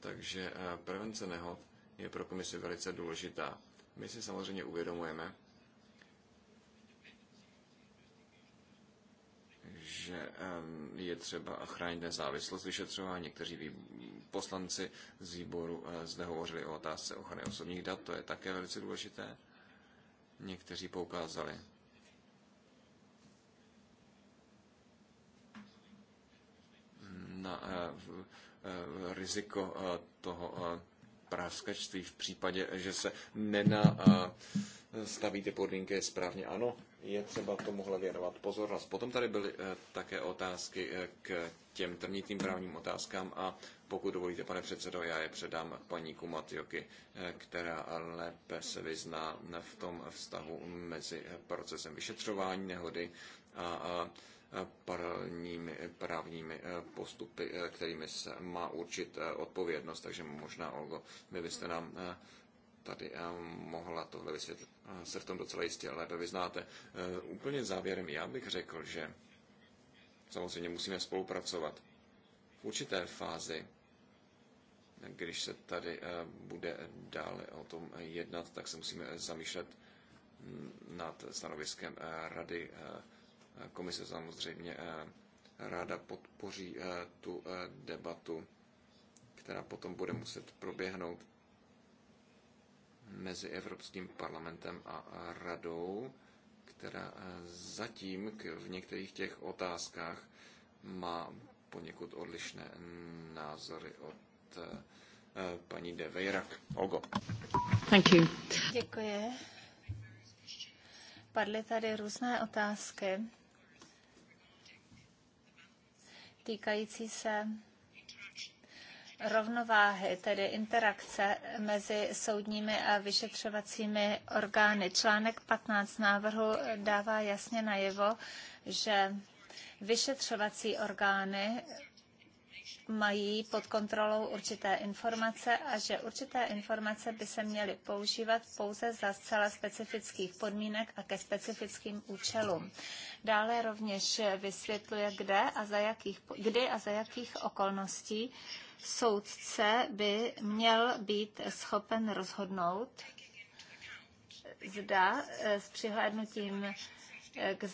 Takže prevence nehod je pro komisi velice důležitá. My si samozřejmě uvědomujeme, že ehm, je třeba chránit nezávislost vyšetřování. Někteří poslanci z výboru eh, zde hovořili o otázce ochrany osobních dat, to je také velice důležité. Někteří poukázali na eh, eh, riziko toho práskačství v případě, že se nena staví ty podmínky správně. Ano, je třeba tomuhle věnovat pozornost. Potom tady byly e, také otázky e, k těm trnitým právním otázkám a pokud dovolíte, pane předsedo, já je předám paní Kumatioky, e, která lépe se vyzná v tom vztahu mezi procesem vyšetřování nehody a, a Eh, paralelními eh, právními eh, postupy, kterými se má určit odpovědnost. Takže možná, Olgo, vy byste nám tady mohla tohle vysvětlit. Se v tom docela jistě lépe vyznáte. Úplně závěrem já bych řekl, že samozřejmě musíme spolupracovat. V určité fázi, když se tady bude dále o tom jednat, tak se musíme zamýšlet mm, nad stanoviskem rady Komise samozřejmě eh, ráda podpoří eh, tu eh, debatu, která potom bude muset proběhnout mezi Evropským parlamentem a radou, která zatím v některých těch otázkách má poněkud odlišné názory od paní de Vejrak. Ogo. Thank you. Děkuji. Padly tady různé otázky týkající se rovnováhy, tedy interakce mezi soudními a vyšetřovacími orgány. Článek 15 návrhu dává jasně najevo, že vyšetřovací orgány mají pod kontrolou určité informace a že určité informace by se měly používat pouze za zcela specifických podmínek a ke specifickým účelům. Dále rovněž vysvětluje, kde a za jakých, kdy a za jakých okolností soudce by měl být schopen rozhodnout, zda eh, s přihlédnutím k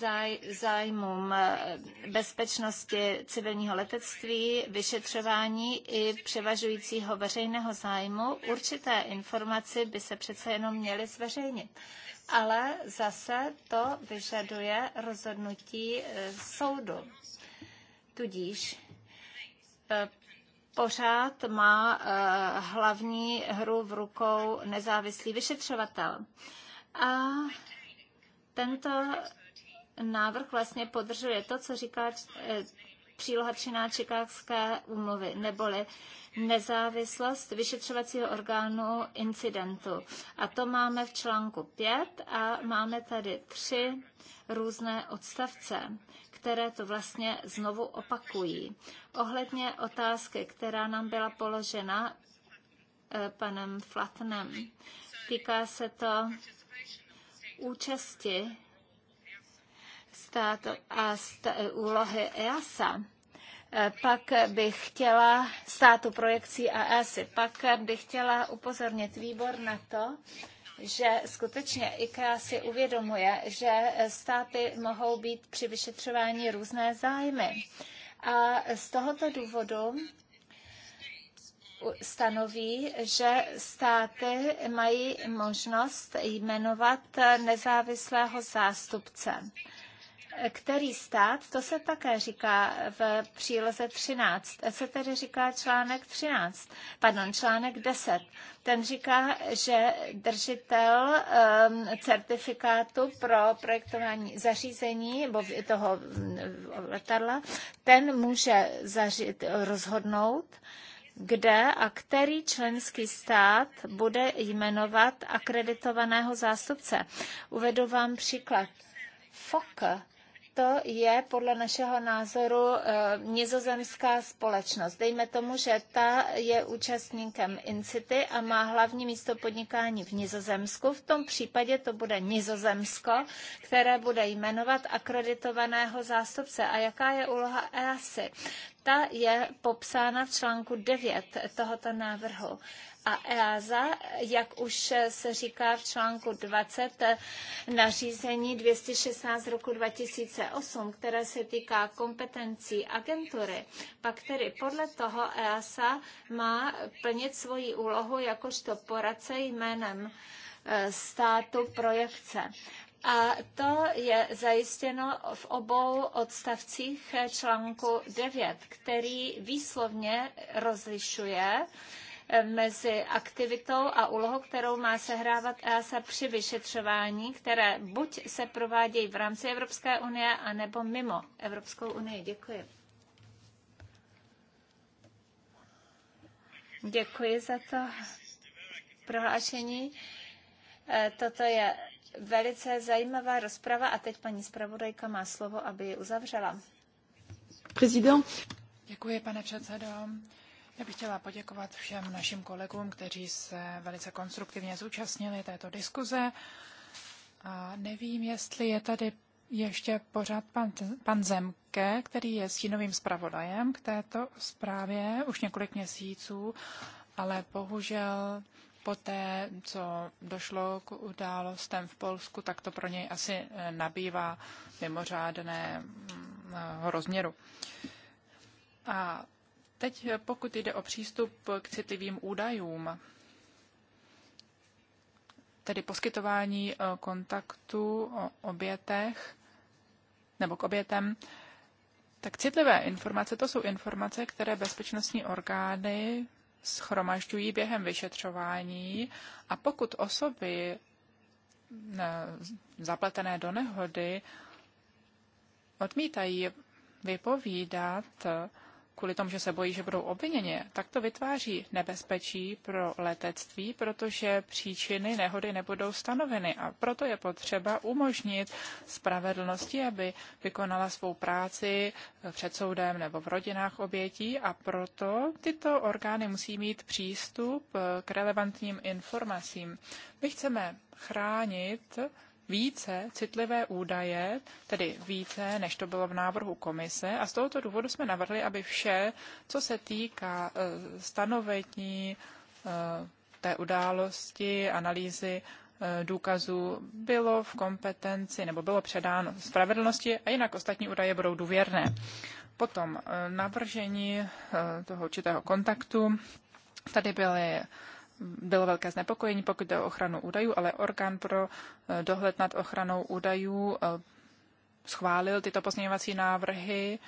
zájmům eh, bezpečnosti civilního letectví, vyšetřování i převažujícího veřejného zájmu, určité informace by se přece jenom měly zveřejnit. Ale zase to vyžaduje rozhodnutí eh, soudu. Tudíž eh, pořád má hlavní hru v rukou nezávislý vyšetřovatel. A tento návrh vlastně podržuje to, co říká eh, příloha 13 Čikákské úmluvy, neboli nezávislost vyšetřovacího orgánu incidentu. A to máme v článku 5 a máme tady tři různé odstavce, které to vlastně znovu opakují. Ohledně otázky, která nám byla položena eh, panem Flatnem, týká se to účasti státu a st- úlohy EASA, eh, pak bych chtěla státu projekcí a EASY, pak bych chtěla upozornit výbor na to, že skutečně IKEA si uvědomuje, že státy mohou být při vyšetřování různé zájmy. A z tohoto důvodu stanoví, že státy mají možnost jmenovat nezávislého zástupce který stát, to se také říká v příloze 13. Se tedy říká článek 13, pardon, článek 10. Ten říká, že držitel um, certifikátu pro projektování zařízení nebo toho mm, letadla, ten může zařít, rozhodnout, kde a který členský stát bude jmenovat akreditovaného zástupce. Uvedu vám příklad. FOK to je podle našeho názoru eh, nizozemská společnost. Dejme tomu, že ta je účastníkem Incity a má hlavní místo podnikání v Nizozemsku. V tom případě to bude Nizozemsko, které bude jmenovat akreditovaného zástupce. A jaká je úloha EASY? Ta je popsána v článku 9 tohoto návrhu. A EASA, jak už se říká v článku 20 nařízení 216 z roku 2008, které se týká kompetencí agentury, pak tedy podle toho EASA má plnit svoji úlohu jakožto poradce jménem e, státu projekce. A to je zajištěno v obou odstavcích článku 9, který výslovně rozlišuje mezi aktivitou a úlohou, kterou má sehrávat EASA při vyšetřování, které buď se provádějí v rámci Evropské unie, anebo mimo Evropskou unii. Děkuji. Děkuji za to prohlášení. E, toto je velice zajímavá rozprava a teď paní zpravodajka má slovo, aby ji uzavřela. Prezident. Děkuji, pane předsedo. Já bych chtěla poděkovat všem našim kolegům, kteří se velice konstruktivně zúčastnili této diskuze. A nevím, jestli je tady ještě pořád pan, pan Zemke, který je stínovým zpravodajem k této zprávě už několik měsíců, ale bohužel té, co došlo k událostem v Polsku, tak to pro něj asi eh, nabývá mimořádného hm, hm, rozměru. A Teď eh, pokud jde o přístup k citlivým údajům, tedy poskytování eh, kontaktu o obětech nebo k obětem, tak citlivé informace to jsou informace, které bezpečnostní orgány schromažďují během vyšetřování a pokud osoby eh, zapletené do nehody odmítají vypovídat, kvůli tomu, že se bojí, že budou obviněni, tak to vytváří nebezpečí pro letectví, protože příčiny nehody nebudou stanoveny a proto je potřeba umožnit spravedlnosti, aby vykonala svou práci před soudem nebo v rodinách obětí a proto tyto orgány musí mít přístup k relevantním informacím. My chceme chránit více citlivé údaje, tedy více, než to bylo v návrhu komise. A z tohoto důvodu jsme navrhli, aby vše, co se týká e, stanovení e, té události, analýzy e, důkazů bylo v kompetenci nebo bylo předáno spravedlnosti a jinak ostatní údaje budou důvěrné. Potom navržení toho určitého kontaktu. Tady byly bylo velké znepokojení, pokud jde o ochranu údajů, ale orgán pro eh, dohled nad ochranou údajů eh, schválil tyto pozměňovací návrhy.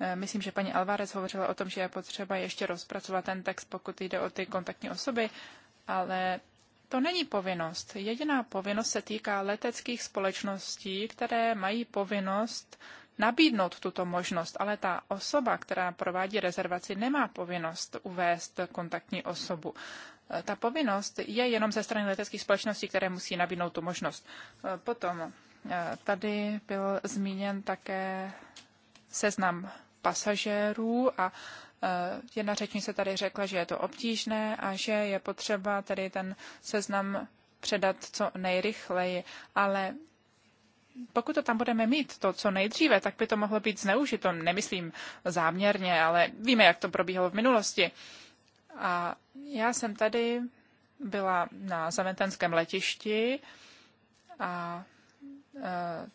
Eh, myslím, že paní Alvarez hovořila o tom, že je potřeba ještě rozpracovat ten text, pokud jde o ty kontaktní osoby, ale to není povinnost. Jediná povinnost se týká leteckých společností, které mají povinnost nabídnout tuto možnost, ale ta osoba, která provádí rezervaci, nemá povinnost uvést kontaktní osobu ta povinnost je jenom ze strany leteckých společností, které musí nabídnout tu možnost. E, potom e, tady byl zmíněn také seznam pasažérů a e, jedna řečnice tady řekla, že je to obtížné a že je potřeba tady ten seznam předat co nejrychleji, ale pokud to tam budeme mít, to co nejdříve, tak by to mohlo být zneužito. Nemyslím záměrně, ale víme, jak to probíhalo v minulosti. Uh, a já jsem tady byla na zaventanském letišti a e,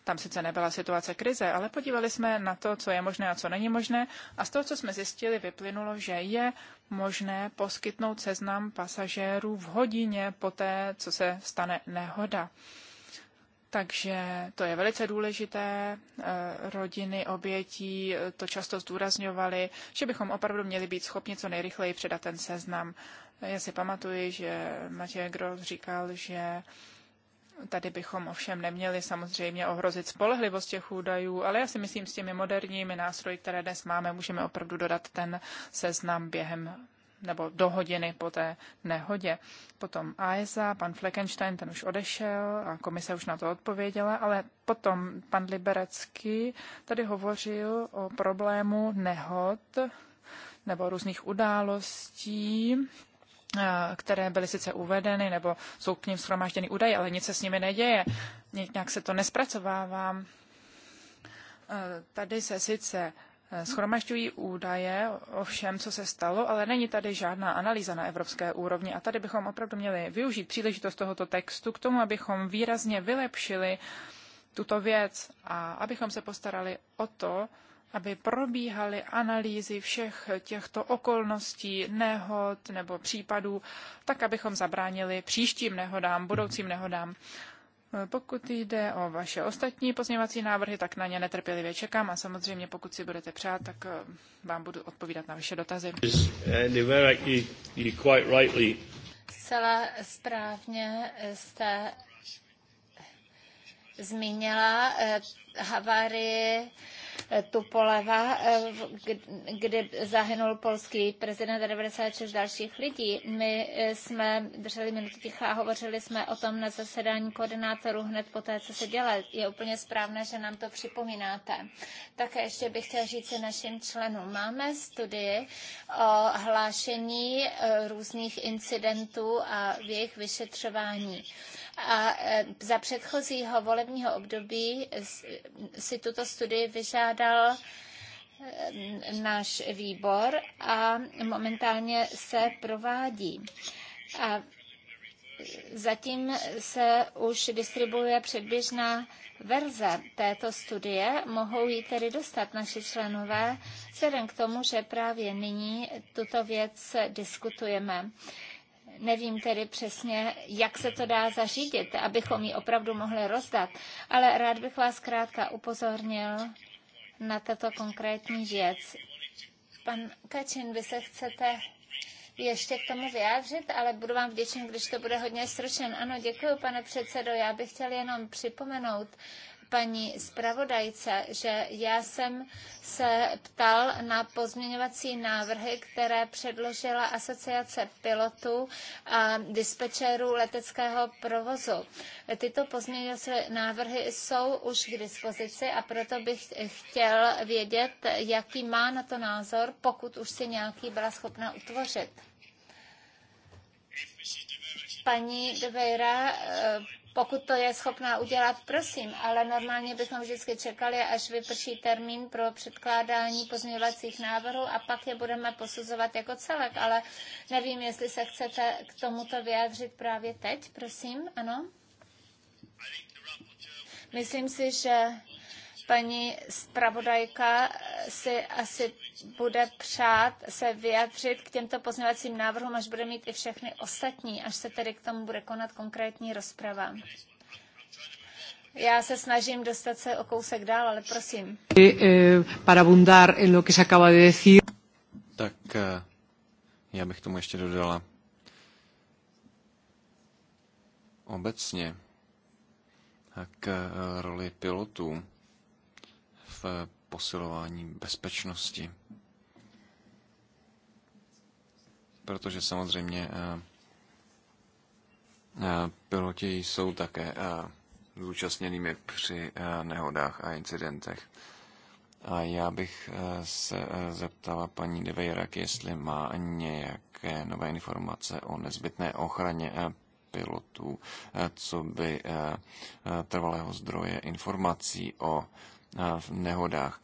tam sice nebyla situace krize, ale podívali jsme na to, co je možné a co není možné. A z toho, co jsme zjistili, vyplynulo, že je možné poskytnout seznam pasažérů v hodině poté, co se stane nehoda. Takže to je velice důležité. Eh, rodiny obětí eh, to často zdůrazňovaly, že bychom opravdu měli být schopni co nejrychleji předat ten seznam. Já si pamatuji, že Matěj Gros říkal, že Tady bychom ovšem neměli samozřejmě ohrozit spolehlivost těch údajů, ale já si myslím, s těmi moderními nástroji, které dnes máme, můžeme opravdu dodat ten seznam během nebo do hodiny po té nehodě. Potom AESA, pan Fleckenstein, ten už odešel a komise už na to odpověděla, ale potom pan Liberecký tady hovořil o problému nehod nebo různých událostí, které byly sice uvedeny, nebo jsou k ním schromážděny údaje, ale nic se s nimi neděje. Nějak se to nespracovává. Tady se sice Eh, schromažďují údaje o všem, co se stalo, ale není tady žádná analýza na evropské úrovni. A tady bychom opravdu měli využít příležitost tohoto textu k tomu, abychom výrazně vylepšili tuto věc a abychom se postarali o to, aby probíhaly analýzy všech těchto okolností, nehod nebo případů, tak abychom zabránili příštím nehodám, budoucím nehodám. Pokud jde o vaše ostatní pozměňovací návrhy, tak na ně netrpělivě čekám a samozřejmě pokud si budete přát, tak eh, vám budu odpovídat na vaše dotazy. Zcela správně jste zmínila eh, havárii Tupoleva, eh, kdy zahynul polský prezident a 96 dalších lidí. My eh, jsme drželi minutu ticha a hovořili jsme o tom na zasedání koordinátorů hned po té, co se dělá. Je úplně správné, že nám to připomínáte. Také ještě bych chtěla říct našim členům. Máme studii o hlášení eh, různých incidentů a v jejich vyšetřování. A e, za předchozího volebního období si tuto studii vyžádal e, náš výbor a momentálně se provádí. A zatím se už distribuuje předběžná verze této studie. Mohou ji tedy dostat naši členové, vzhledem k tomu, že právě nyní tuto věc diskutujeme. Nevím tedy přesně, jak se to dá zařídit, abychom ji opravdu mohli rozdat, ale rád bych vás krátka upozornil na tato konkrétní věc. Pan Kačin, vy se chcete ještě k tomu vyjádřit, ale budu vám vděčen, když to bude hodně stručen. Ano, děkuji, pane předsedo. Já bych chtěl jenom připomenout, paní zpravodajce, že já jsem se ptal na pozměňovací návrhy, které předložila asociace pilotů a dispečerů leteckého provozu. Tyto pozměňovací návrhy jsou už k dispozici a proto bych chtěl vědět, jaký má na to názor, pokud už si nějaký byla schopna utvořit paní Dveira eh, pokud to je schopná udělat, prosím, ale normálně bychom vždycky čekali, až vyprší termín pro předkládání pozměňovacích návrhů a pak je budeme posuzovat jako celek, ale nevím, jestli se chcete k tomuto vyjádřit právě teď, prosím, ano? Myslím si, že paní zpravodajka si asi bude přát se vyjadřit k těmto pozměňovacím návrhům, až bude mít i všechny ostatní, až se tedy k tomu bude konat konkrétní rozprava. Já se snažím dostat se o kousek dál, ale prosím. Eh, eh, para Tak eh, já bych tomu ještě dodala. Obecně k roli pilotů v posilování bezpečnosti. Protože samozřejmě eh, eh, piloti jsou také eh, zúčastněnými při nehodách a incidentech. A já bych se zeptala paní Devejrak, jestli má nějaké nové informace o nezbytné ochraně pilotů, co by trvalého zdroje informací o v nehodách.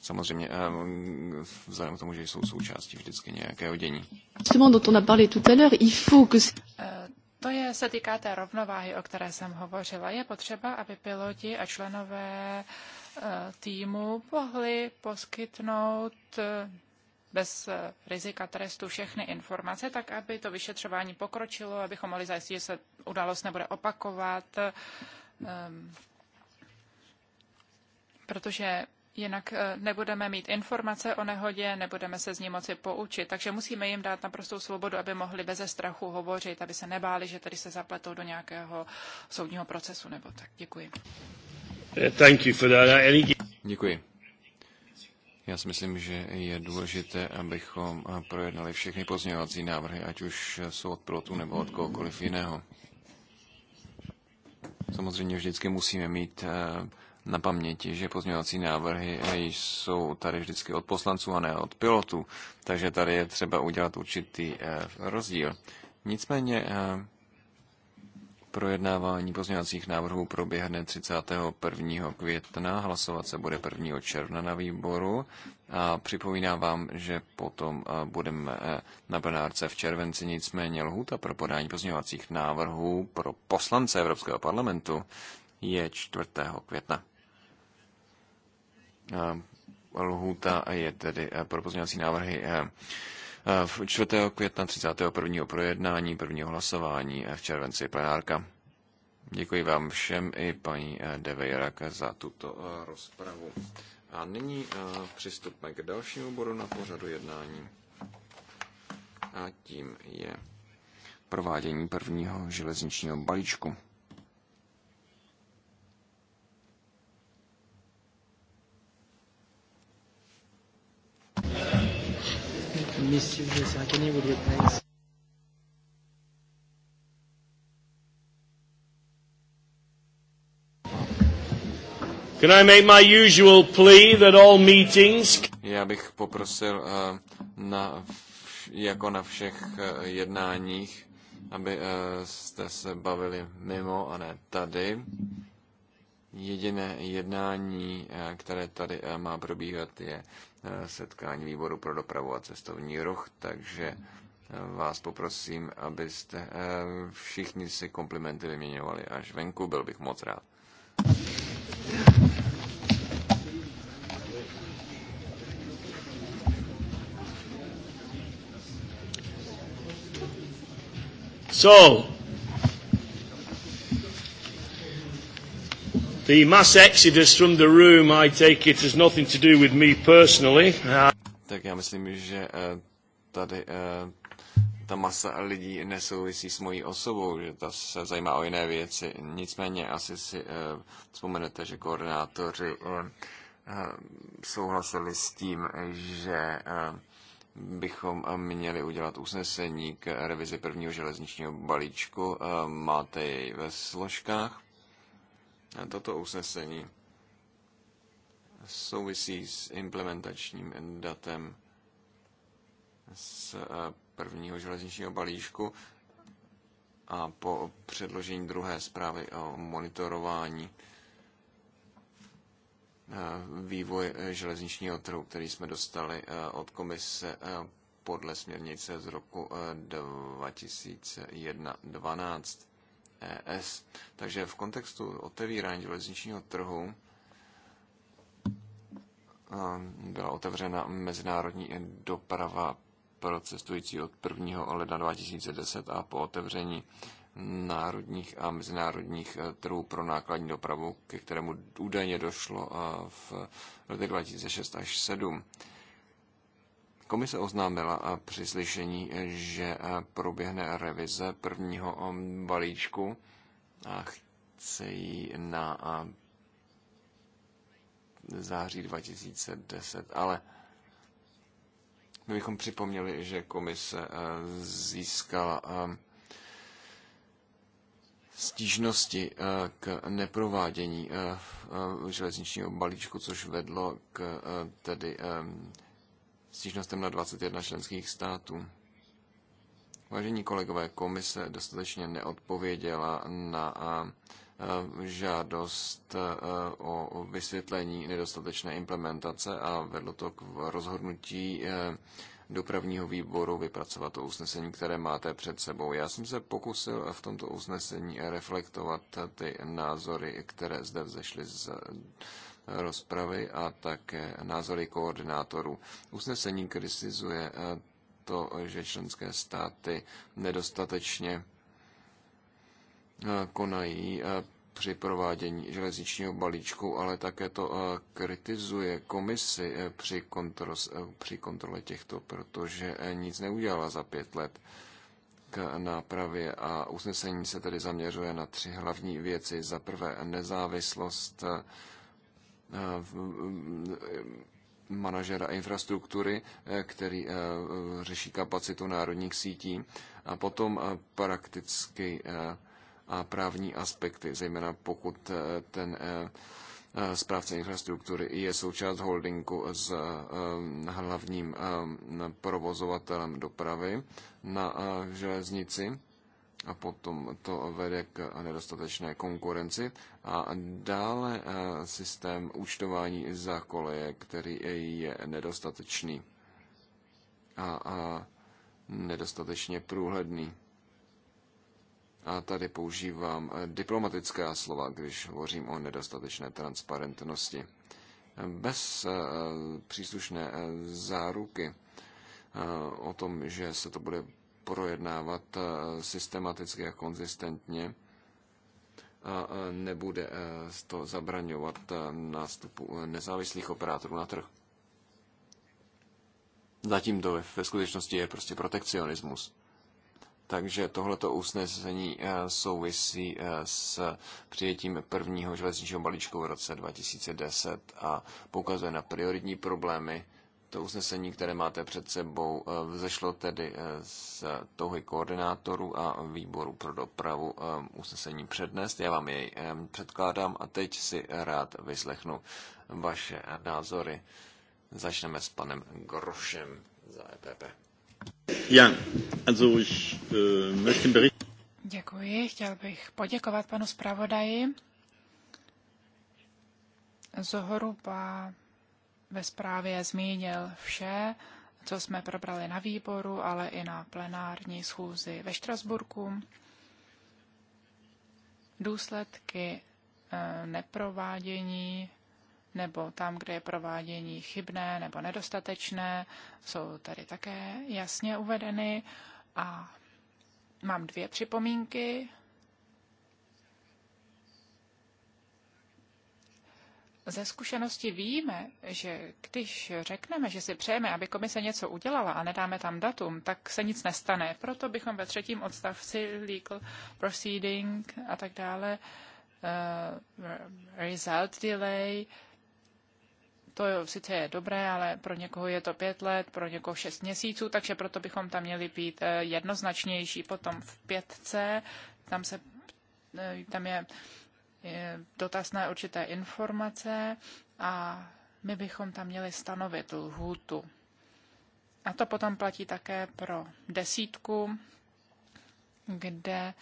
Samozřejmě eh, vzhledem k tomu, že jsou součástí vždycky nějakého dění. Eh, to je, se týká té rovnováhy, o které jsem hovořila. Je potřeba, aby piloti a členové eh, týmu mohli poskytnout bez rizika trestu všechny informace, tak aby to vyšetřování pokročilo, abychom mohli zajistit, že se událost nebude opakovat ehm, protože jinak eh, nebudeme mít informace o nehodě, nebudeme se z ní moci poučit. Takže musíme jim dát naprostou svobodu, aby mohli beze strachu hovořit, aby se nebáli, že tady se zapletou do nějakého soudního procesu nebo tak. Děkuji. Eh, thank you for that. Děkuji. Já si myslím, že je důležité, abychom eh, projednali všechny pozměňovací návrhy, ať už jsou od pilotů nebo od kohokoliv jiného. Samozřejmě vždycky musíme mít uh, na paměti, že pozměňovací návrhy jsou tady vždycky od poslanců a ne od pilotů, takže tady je třeba udělat určitý eh, rozdíl. Nicméně eh, projednávání pozměňovacích návrhů proběhne 31. května, hlasovat se bude 1. června na výboru a připomínám vám, že potom eh, budeme na plenárce v červenci, nicméně lhůta pro podání pozměňovacích návrhů pro poslance Evropského parlamentu je 4. května. Eh, lhůta je tedy eh, pro pozměňovací návrhy eh, v 4. května 31. projednání, prvního hlasování v červenci plenárka. Děkuji vám všem i paní Devejrak za tuto rozpravu. A nyní přistupme k dalšímu bodu na pořadu jednání. A tím je provádění prvního železničního balíčku. miss you, Jessica. Can you read it, Can I make my usual plea that all meetings... Já bych poprosil uh, na, jako na všech uh, jednáních, aby uh, jste se bavili mimo a ne tady. Jediné jednání, uh, které tady uh, má probíhat, je setkání výboru pro dopravu a cestovní ruch, takže eh, vás poprosím, abyste eh, všichni si komplimenty vyměňovali až venku, byl bych moc rád. So, The mass exodus from the room, I take it, has nothing to do with me personally. Tak já myslím, že eh, tady eh, ta masa lidí nesouvisí s mojí osobou, že ta se zajímá o jiné věci. Nicméně asi si eh, vzpomenete, že koordinátoři souhlasili s tím, že bychom měli udělat usnesení k revizi prvního železničního balíčku. Máte jej ve složkách. Toto usnesení souvisí s implementačním datem z eh, prvního železničního balíčku a po předložení druhé zprávy o monitorování eh, vývoj železničního trhu, který jsme dostali eh, od komise podle směrnice z roku 2012 ES. Takže v kontextu otevírání železničního trhu ehm, byla otevřena mezinárodní doprava pro cestující od 1. ledna 2010 a po otevření národních a mezinárodních e, trhů pro nákladní dopravu, ke kterému údajně došlo e, v letech 2006 až 2007. Komise oznámila při slyšení, že proběhne revize prvního um, balíčku a chce ji na září 2010, ale my bychom připomněli, že komise získala stížnosti k neprovádění železničního balíčku, což vedlo k tedy stížnostem na 21 členských států. Vážení kolegové, komise dostatečně neodpověděla na žádost o vysvětlení nedostatečné implementace a vedlo to k rozhodnutí e, dopravního výboru vypracovat to usnesení, které máte před sebou. Já jsem se pokusil v tomto usnesení reflektovat ty názory, které zde vzešly z rozpravy a také názory koordinátorů. Usnesení kritizuje eh, to, že členské státy nedostatečně eh, konají eh, při provádění železničního balíčku, ale také to kritizuje komisi při, kontro při kontrole těchto, protože nic neudělala za pět let k nápravě a usnesení se tedy zaměřuje na tři hlavní věci. Za prvé nezávislost Eh, eh, manažera infrastruktury, eh, který řeší kapacitu národních sítí a potom prakticky a právní aspekty, zejména pokud ten správce infrastruktury je součást holdingu s hlavním provozovatelem dopravy na železnici a potom to vede k nedostatečné konkurenci. A dále eh, systém účtování za koleje, který je nedostatečný a, a nedostatečně průhledný. A tady používám eh, diplomatická slova, když hovořím o nedostatečné transparentnosti. Bez eh, příslušné záruky o tom, že se to bude projednávat eh, systematicky a konzistentně a eh, nebude eh, to zabraňovat nástupu nezávislých operátorů na trh. Zatím to ve skutečnosti je prostě protekcionismus. Takže tohleto usnesení souvisí s přijetím prvního železničního balíčku v roce 2010 a poukazuje na prioritní problémy, to usnesení, které máte před sebou, eh, vzešlo tedy eh, z touhy koordinátorů a výboru pro dopravu eh, usnesení přednést. Já vám jej předkládám a teď si rád vyslechnu vaše názory. Začneme s panem Grošem za EPP. Jan, also ich, äh, bericht... Děkuji, chtěl bych poděkovat panu zpravodaji. Zhruba ve zprávě zmínil vše, co jsme probrali na výboru, ale i na plenární schůzi ve Štrasburku. Důsledky eh, neprovádění nebo tam, kde je provádění chybné nebo nedostatečné, jsou tady také jasně uvedeny. A mám dvě připomínky. Ze zkušenosti víme, že když řekneme, že si přejeme, aby komise něco udělala a nedáme tam datum, tak se nic nestane. Proto bychom ve třetím odstavci legal proceeding a tak dále, uh, result delay, to sice je dobré, ale pro někoho je to pět let, pro někoho šest měsíců, takže proto bychom tam měli být eh, jednoznačnější. Potom v pětce, tam se eh, tam je dotaz na určité informace a my bychom tam měli stanovit lhůtu. A to potom platí také pro desítku, kde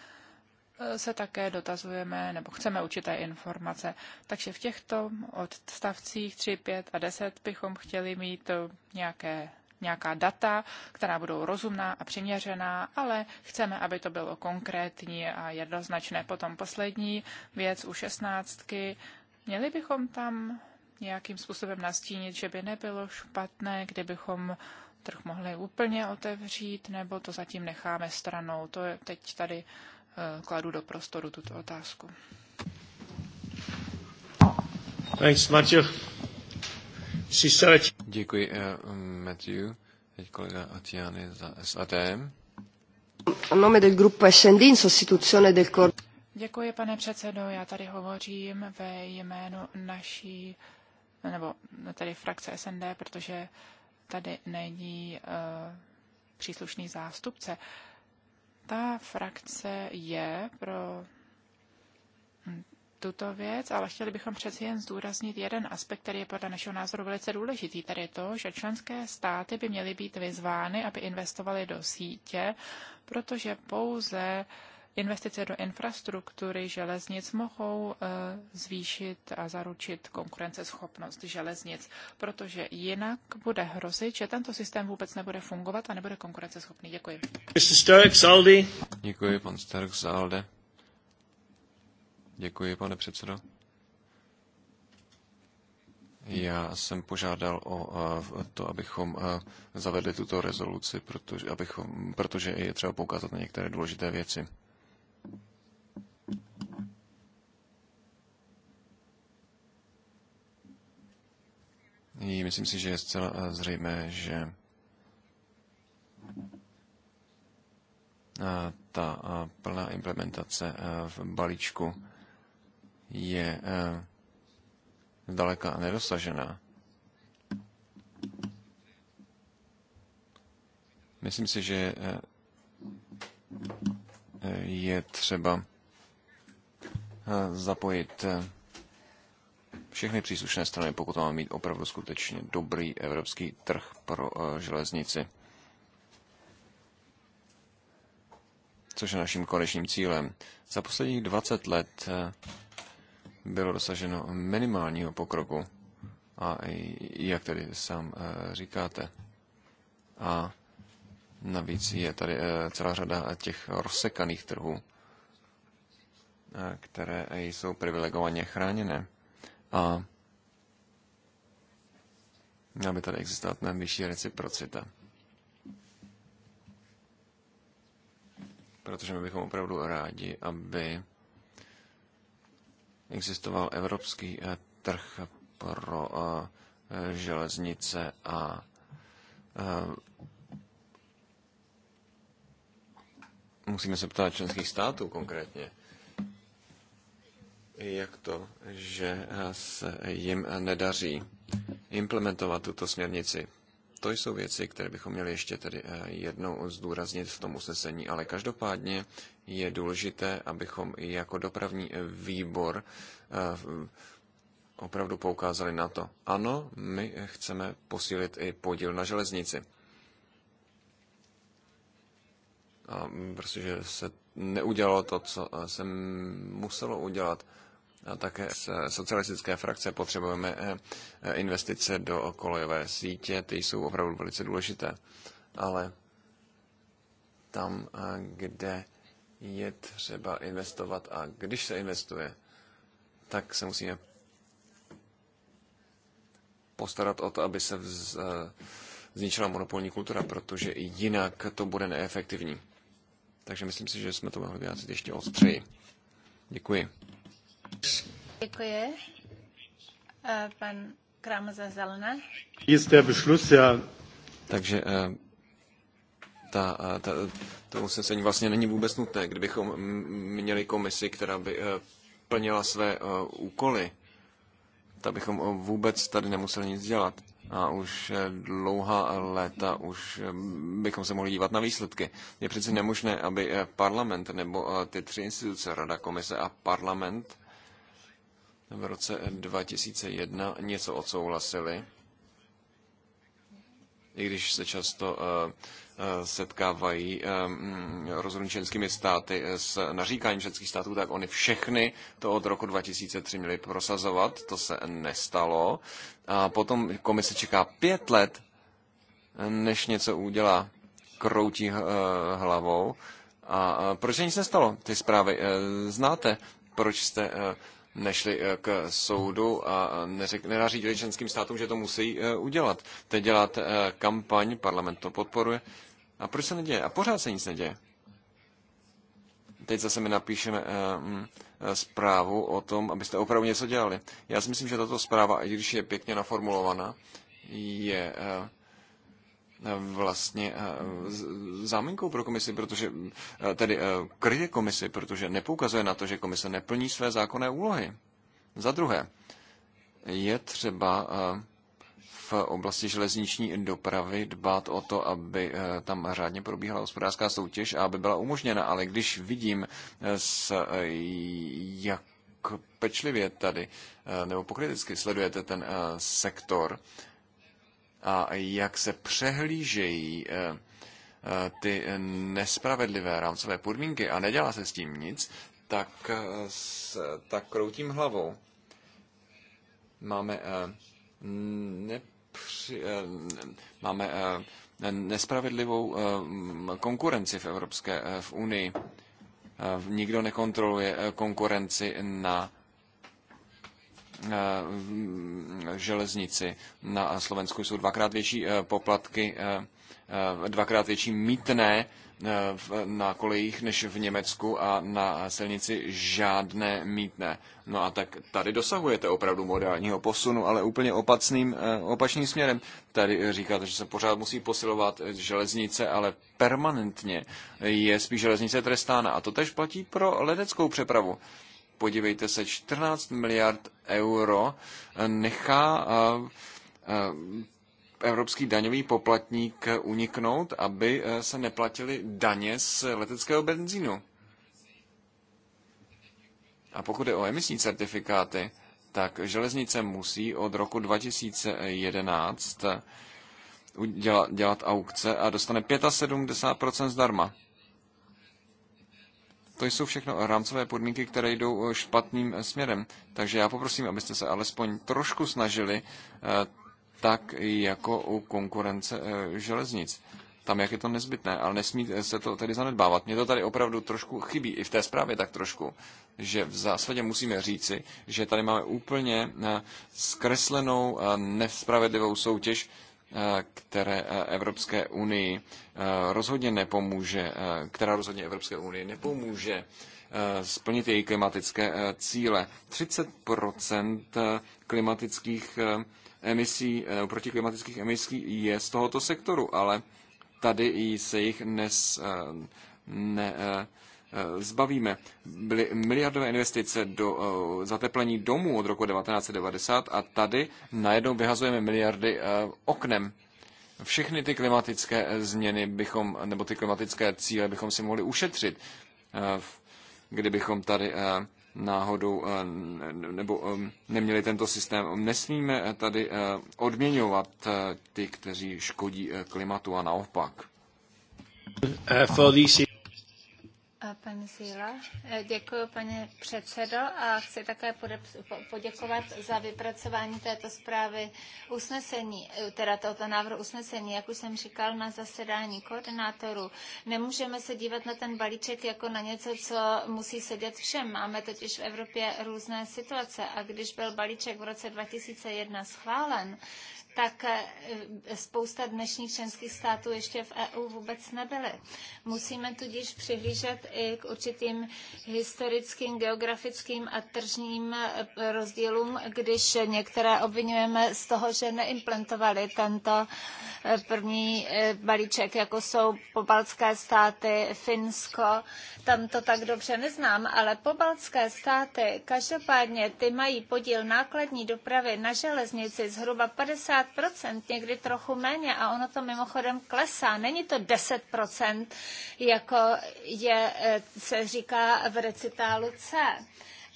e, se také dotazujeme nebo chceme určité informace. Takže v těchto odstavcích 3, 5 a 10 bychom chtěli mít e, nějaké nějaká data, která budou rozumná a přiměřená, ale chceme, aby to bylo konkrétní a jednoznačné. Potom poslední věc u šestnáctky. Měli bychom tam nějakým způsobem nastínit, že by nebylo špatné, kdybychom trh mohli úplně otevřít, nebo to zatím necháme stranou. To je teď tady eh, kladu do prostoru tuto otázku. Thanks, Matěj. Děkuji, uh, Matthew. Teď kolega Atiany za SAD. A nome del gruppo SND in sostituzione del Děkuji, pane předsedo. Já tady hovořím ve jménu naší, nebo tady frakce SND, protože tady není uh, příslušný zástupce. Ta frakce je pro tuto věc, ale chtěli bychom přeci jen zdůraznit jeden aspekt, který je podle našeho názoru velice důležitý, tedy to, že členské státy by měly být vyzvány, aby investovaly do sítě, protože pouze investice do infrastruktury železnic mohou eh, zvýšit a zaručit konkurenceschopnost železnic, protože jinak bude hrozit, že tento systém vůbec nebude fungovat a nebude konkurenceschopný. Děkuji. Mr. Stark, Děkuji, pan Stark, Zalde. Děkuji, pane předsedo. Já jsem požádal o eh, to, abychom eh, zavedli tuto rezoluci, protože, abychom, protože je třeba poukázat na některé důležité věci. Myslím si, že je zcela eh, zřejmé, že ta plná implementace v balíčku je eh, zdaleka nedosažená. Myslím si, že eh, eh, je třeba zapojit všechny příslušné strany, pokud máme mít opravdu skutečně dobrý evropský trh pro železnici. Což je naším konečným cílem. Za posledních 20 let bylo dosaženo minimálního pokroku. A jak tedy sám eh, říkáte. A navíc je tady eh, celá řada těch rozsekaných trhů, eh, které jsou privilegovaně chráněné. A měla by tady existovat mnohem vyšší reciprocita. Protože my bychom opravdu rádi, aby existoval evropský eh, trh pro eh, železnice a eh, musíme se ptát členských států konkrétně, jak to, že se jim nedaří implementovat tuto směrnici to jsou věci, které bychom měli ještě tedy eh, jednou zdůraznit v tom usnesení, ale každopádně je důležité, abychom i jako dopravní eh, výbor eh, opravdu poukázali na to. Ano, my chceme posílit i podíl na železnici. A protože se neudělalo to, co se muselo udělat, také z eh, socialistické frakce potřebujeme eh, eh, investice do kolejové sítě, ty jsou opravdu velice důležité. Ale tam, kde je třeba investovat a když se investuje, tak se musíme postarat o to, aby se vz, zničila monopolní kultura, protože jinak to bude neefektivní. Takže myslím si, že jsme to mohli vyjádřit ještě ostřeji. Děkuji. Děkuji. Eh, pan Kram za zelené. Jistě beschluss, já. Takže eh, ta, eh, ta, to usnesení vlastně není vůbec nutné. Kdybychom měli komisi, která by plnila své úkoly, tak bychom vůbec tady nemuseli nic dělat. A už dlouhá léta už bychom se mohli dívat na výsledky. Je přece nemožné, aby parlament nebo ty tři instituce, Rada, Komise a parlament, v roce 2001 něco odsouhlasili, i když se často eh, eh, setkávají eh, mm, rozhodnutí členskými státy s naříkáním členských států, tak oni všechny to od roku 2003 měli prosazovat, to se nestalo. A potom komise čeká pět let, než něco udělá, kroutí hlavou. A proč se nic nestalo? Ty zprávy znáte, proč jste nešli eh, k soudu a nenařídili členským státům, že to musí eh, udělat. Teď dělat eh, kampaň, parlament to podporuje. A proč se neděje? A pořád se nic neděje. Teď zase mi napíšeme mm, zprávu o tom, abyste opravdu něco dělali. Já si myslím, že tato zpráva, i když je pěkně naformulovaná, je vlastně eh, záminkou pro komisi, protože eh, tedy eh, kryje komisi, protože nepoukazuje na to, že komise neplní své zákonné úlohy. Za druhé, je třeba v oblasti železniční dopravy dbát o to, aby tam řádně probíhala hospodářská soutěž a aby byla umožněna. Ale když vidím, s, jak pečlivě tady nebo pokriticky sledujete ten sektor, a jak se přehlížejí eh, eh, ty nespravedlivé rámcové podmínky a nedělá se s tím nic, tak, eh, tak kroutím hlavou. Máme, nepři, máme nespravedlivou konkurenci v Evropské v Unii. Nikdo nekontroluje konkurenci na Eh, železnici. Na Slovensku jsou dvakrát větší eh, poplatky, eh, dvakrát větší mítné na kolejích než v Německu a na silnici žádné mítné. No a tak tady dosahujete opravdu modálního posunu, ale úplně opacným, opačným směrem. Tady říkáte, že se pořád musí posilovat železnice, ale permanentně je spíš železnice trestána. A to tež platí pro leteckou přepravu podívejte se, 14 miliard euro eh, nechá eh, eh, evropský daňový poplatník uniknout, aby se neplatili daně z leteckého benzínu. A pokud je o emisní certifikáty, tak železnice musí od roku 2011 dělat, aukce a dostane 75% zdarma. To jsou všechno rámcové podmínky, které jdou eh, špatným eh, směrem. Takže já poprosím, abyste se alespoň trošku snažili, eh, tak jako u konkurence železnic. Tam, jak je to nezbytné, ale nesmí se to tedy zanedbávat. Mně to tady opravdu trošku chybí, i v té zprávě tak trošku, že v zásadě musíme říci, že tady máme úplně zkreslenou nespravedlivou soutěž, Eh, které eh, Evropské unii eh, rozhodně nepomůže, která rozhodně Evropské unii nepomůže splnit její klimatické cíle. 30 klimatických emisí, proti klimatických emisí je z tohoto sektoru, ale tady se jich nes, ne, Eh, zbavíme. Byly miliardové investice do eh, zateplení domů od roku 1990 a tady najednou vyhazujeme miliardy eh, oknem. Všechny ty klimatické změny bychom, nebo ty klimatické cíle bychom si mohli ušetřit, kdybychom tady náhodou nebo neměli tento systém. Nesmíme tady odměňovat ty, kteří škodí klimatu a naopak. Pan Zíla. Eh, děkuji, pane předsedo, a chci také poděkovat za vypracování této zprávy usnesení, eh, teda tohoto návrhu usnesení. Jak už jsem říkal na zasedání koordinátorů, nemůžeme se dívat na ten balíček jako na něco, co musí sedět všem. Máme totiž v Evropě různé situace a když byl balíček v roce 2001 schválen, tak eh, spousta dnešních členských států ještě v EU vůbec nebyly. Musíme tudíž přihlížet i k určitým historickým, geografickým a tržním eh, rozdílům, když některé obvinujeme z toho, že neimplementovali tento eh, první balíček, jako jsou pobaltské státy, Finsko. Tam to tak dobře neznám, ale pobaltské státy, každopádně ty mají podíl nákladní dopravy na železnici zhruba 50 50%, někdy trochu méně a ono to mimochodem klesá. Není to 10%, jako je, eh, se říká v recitálu C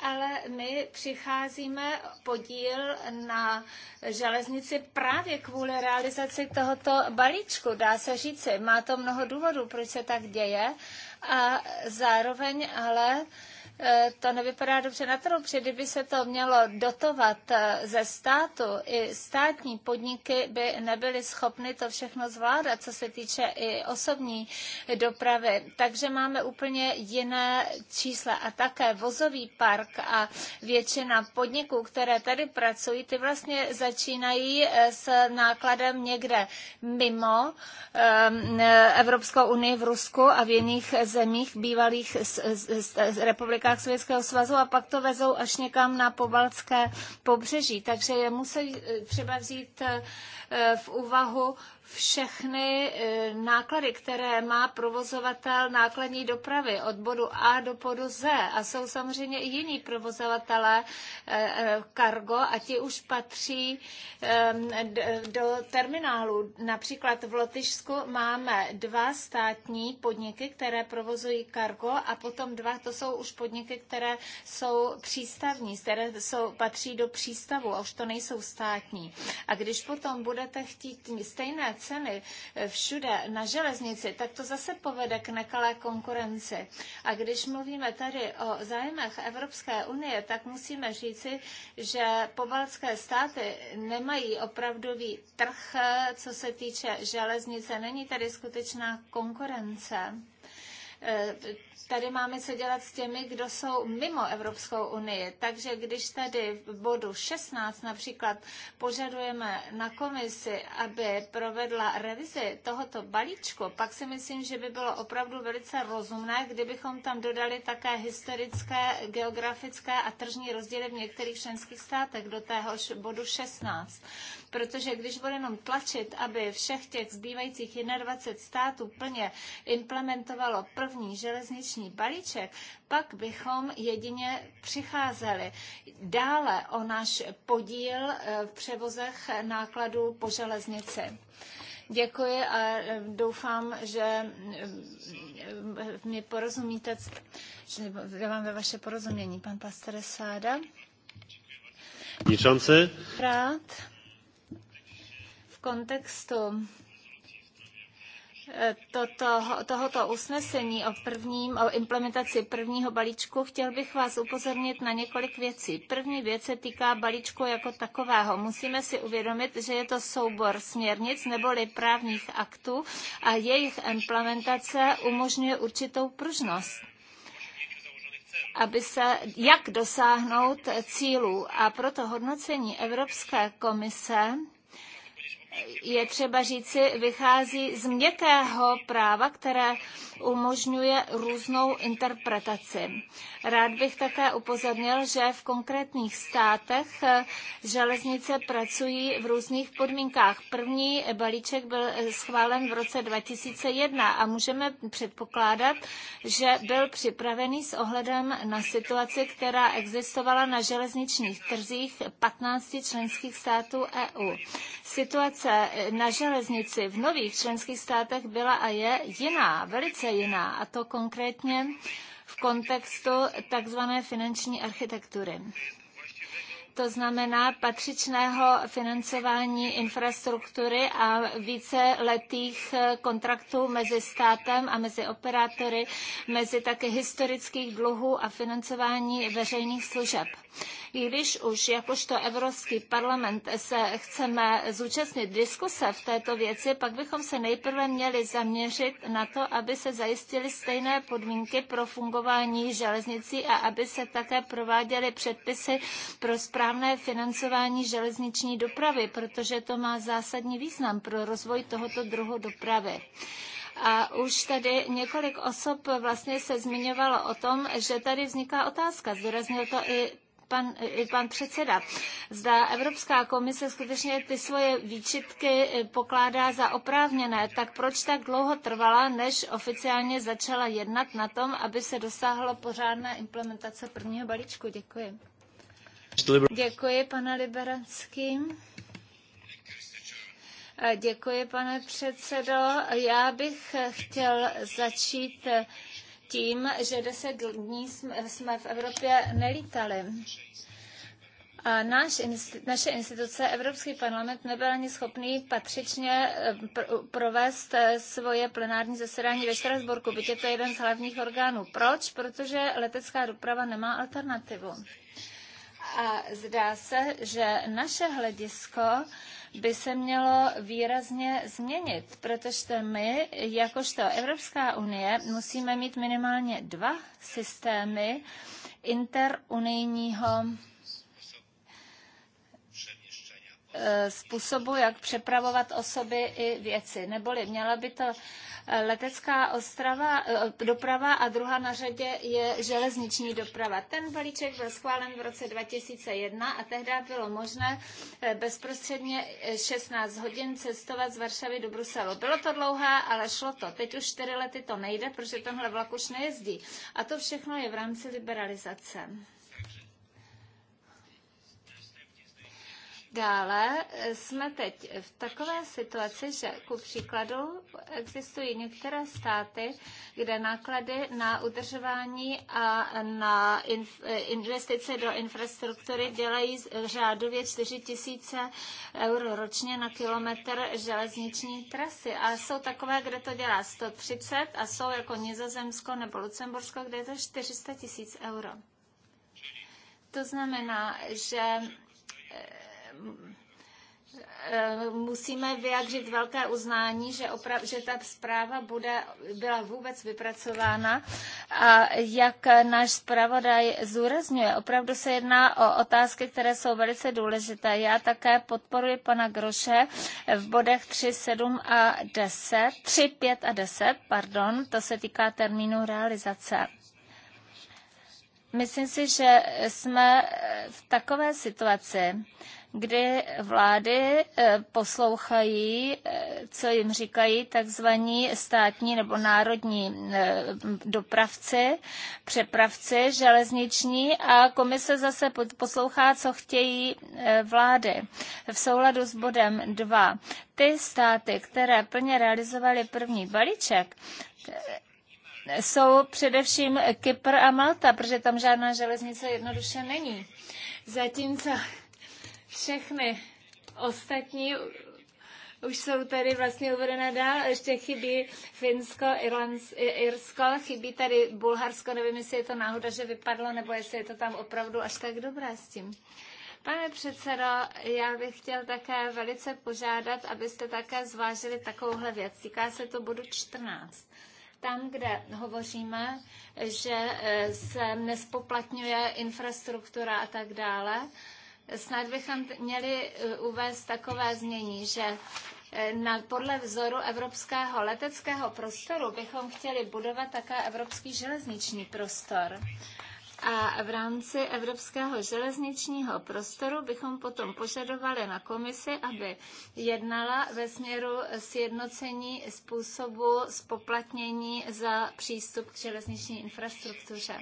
ale my přicházíme podíl na železnici právě kvůli realizaci tohoto balíčku, dá se říci. Má to mnoho důvodů, proč se tak děje a zároveň ale Eh, to nevypadá dobře na trhu, protože kdyby se to mělo dotovat eh, ze státu, i státní podniky by nebyly schopny to všechno zvládat, co se týče i osobní dopravy. Takže máme úplně jiné čísla a také vozový park a většina podniků, které tady pracují, ty vlastně začínají eh, s nákladem někde mimo ehm, Evropskou unii v Rusku a v jiných zemích bývalých republik podmínkách Sovětského svazu a pak to vezou až někam na pobaltské pobřeží. Takže je musí eh, třeba vzít eh, v úvahu všechny e, náklady, které má provozovatel nákladní dopravy od bodu A do bodu Z. A jsou samozřejmě i jiní provozovatelé kargo e, e, a ti už patří do terminálu. Například v Lotyšsku máme dva státní podniky, které provozují kargo a potom dva, to jsou už podniky, které jsou přístavní, které jsou, patří do přístavu a už to nejsou státní. A když potom budete chtít stejné ceny eh, všude na železnici, tak to zase povede k nekalé konkurenci. A když mluvíme tady o zájmech Evropské unie, tak musíme říci, že pobaltské státy nemají opravdový trh, eh, co se týče železnice. Není tady skutečná konkurence tady máme co dělat s těmi, kdo jsou mimo Evropskou unii. Takže když tady v bodu 16 například požadujeme na komisi, aby provedla revizi tohoto balíčku, pak si myslím, že by bylo opravdu velice rozumné, kdybychom tam dodali také historické, geografické a tržní rozdíly v některých členských státech do téhož bodu 16 protože když bude jenom tlačit, aby všech těch zbývajících 21 států plně implementovalo první železniční balíček, pak bychom jedině přicházeli dále o náš podíl eh, v převozech nákladů po železnici. Děkuji a eh, doufám, že eh, mě porozumíte, že vám ve vaše porozumění, pan Pasteresáda. Rád kontextu toto, tohoto usnesení o, prvním, o implementaci prvního balíčku, chtěl bych vás upozornit na několik věcí. První věc se týká balíčku jako takového. Musíme si uvědomit, že je to soubor směrnic neboli právních aktů a jejich implementace umožňuje určitou pružnost aby se jak dosáhnout cílů. A proto hodnocení Evropské komise je třeba říci, vychází z měkkého práva, které umožňuje různou interpretaci. Rád bych také upozornil, že v konkrétních státech eh, železnice pracují v různých podmínkách. První balíček byl eh, schválen v roce 2001 a můžeme předpokládat, že byl připravený s ohledem na situaci, která existovala na železničních trzích 15 členských států EU. Situace situace na železnici v nových členských státech byla a je jiná, velice jiná, a to konkrétně v kontextu takzvané finanční architektury to znamená patřičného financování infrastruktury a více letých eh, kontraktů mezi státem a mezi operátory, mezi také historických dluhů a financování veřejných služeb. I když už jakožto Evropský parlament se chceme zúčastnit diskuse v této věci, pak bychom se nejprve měli zaměřit na to, aby se zajistily stejné podmínky pro fungování železnicí a aby se také prováděly předpisy pro správu správné financování železniční dopravy, protože to má zásadní význam pro rozvoj tohoto druhu dopravy. A už tady několik osob vlastně se zmiňovalo o tom, že tady vzniká otázka. Zdůraznil to i pan, i pan předseda. Zda Evropská komise skutečně ty svoje výčitky pokládá za oprávněné, tak proč tak dlouho trvala, než oficiálně začala jednat na tom, aby se dosáhlo pořádné implementace prvního balíčku? Děkuji. Děkuji, pane Liberacký. Děkuji, pane předsedo. Já bych chtěl začít tím, že deset dní jsme v Evropě nelítali. A náš, naše instituce, Evropský parlament, nebyl ani schopný patřičně eh, provést eh, svoje plenární zasedání ve Štrasburku, byť je to jeden z hlavních orgánů. Proč? Protože letecká doprava nemá alternativu. A zdá se, že naše hledisko by se mělo výrazně změnit, protože my, jakožto Evropská unie, musíme mít minimálně dva systémy interunijního Eh, způsobu, jak přepravovat osoby i věci. Neboli měla by to eh, letecká ostrava, eh, doprava a druhá na řadě je železniční doprava. Ten balíček byl schválen v roce 2001 a tehdy bylo možné bezprostředně 16 hodin cestovat z Varšavy do Bruselu. Bylo to dlouhé, ale šlo to. Teď už 4 lety to nejde, protože tenhle vlak už nejezdí. A to všechno je v rámci liberalizace. Dále eh, jsme teď v takové situaci, že ku příkladu existují některé státy, kde náklady na udržování a na eh, investice do infrastruktury dělají řádově 4 tisíce eur ročně na kilometr železniční trasy. A jsou takové, kde to dělá 130 a jsou jako Nizozemsko nebo Lucembursko, kde je to 400 tisíc euro. To znamená, že eh, Ehm, musíme vyjádřit velké uznání, že, oprav, že ta zpráva bude, byla vůbec vypracována a jak náš zpravodaj zúrazňuje, opravdu se jedná o otázky, které jsou velice důležité. Já také podporuji pana Groše v bodech 3, 7 a 10, 3, 5 a 10, pardon, to se týká termínu realizace. Myslím si, že jsme v takové situaci, kdy vlády eh, poslouchají, eh, co jim říkají takzvaní státní nebo národní eh, dopravci, přepravci železniční a komise zase poslouchá, co chtějí vlády v souladu s bodem 2. Ty státy, které plně realizovaly první balíček, jsou především Kypr a Malta, protože tam žádná železnice jednoduše není. Zatímco všechny ostatní už jsou tady vlastně uvedené dál, ještě chybí Finsko, Irlands, Irsko, chybí tady Bulharsko, nevím, jestli je to náhoda, že vypadlo, nebo jestli je to tam opravdu až tak dobré s tím. Pane předsedo, já bych chtěl také velice požádat, abyste také zvážili takovouhle věc. Týká se to bodu 14 tam, kde hovoříme, že eh, se nespoplatňuje infrastruktura a tak dále, Snad bychom měli eh, uvést takové změní, že eh, na, podle vzoru evropského leteckého prostoru bychom chtěli budovat také evropský železniční prostor. A v rámci Evropského železničního prostoru bychom potom požadovali na komisi, aby jednala ve směru sjednocení způsobu spoplatnění za přístup k železniční infrastruktuře.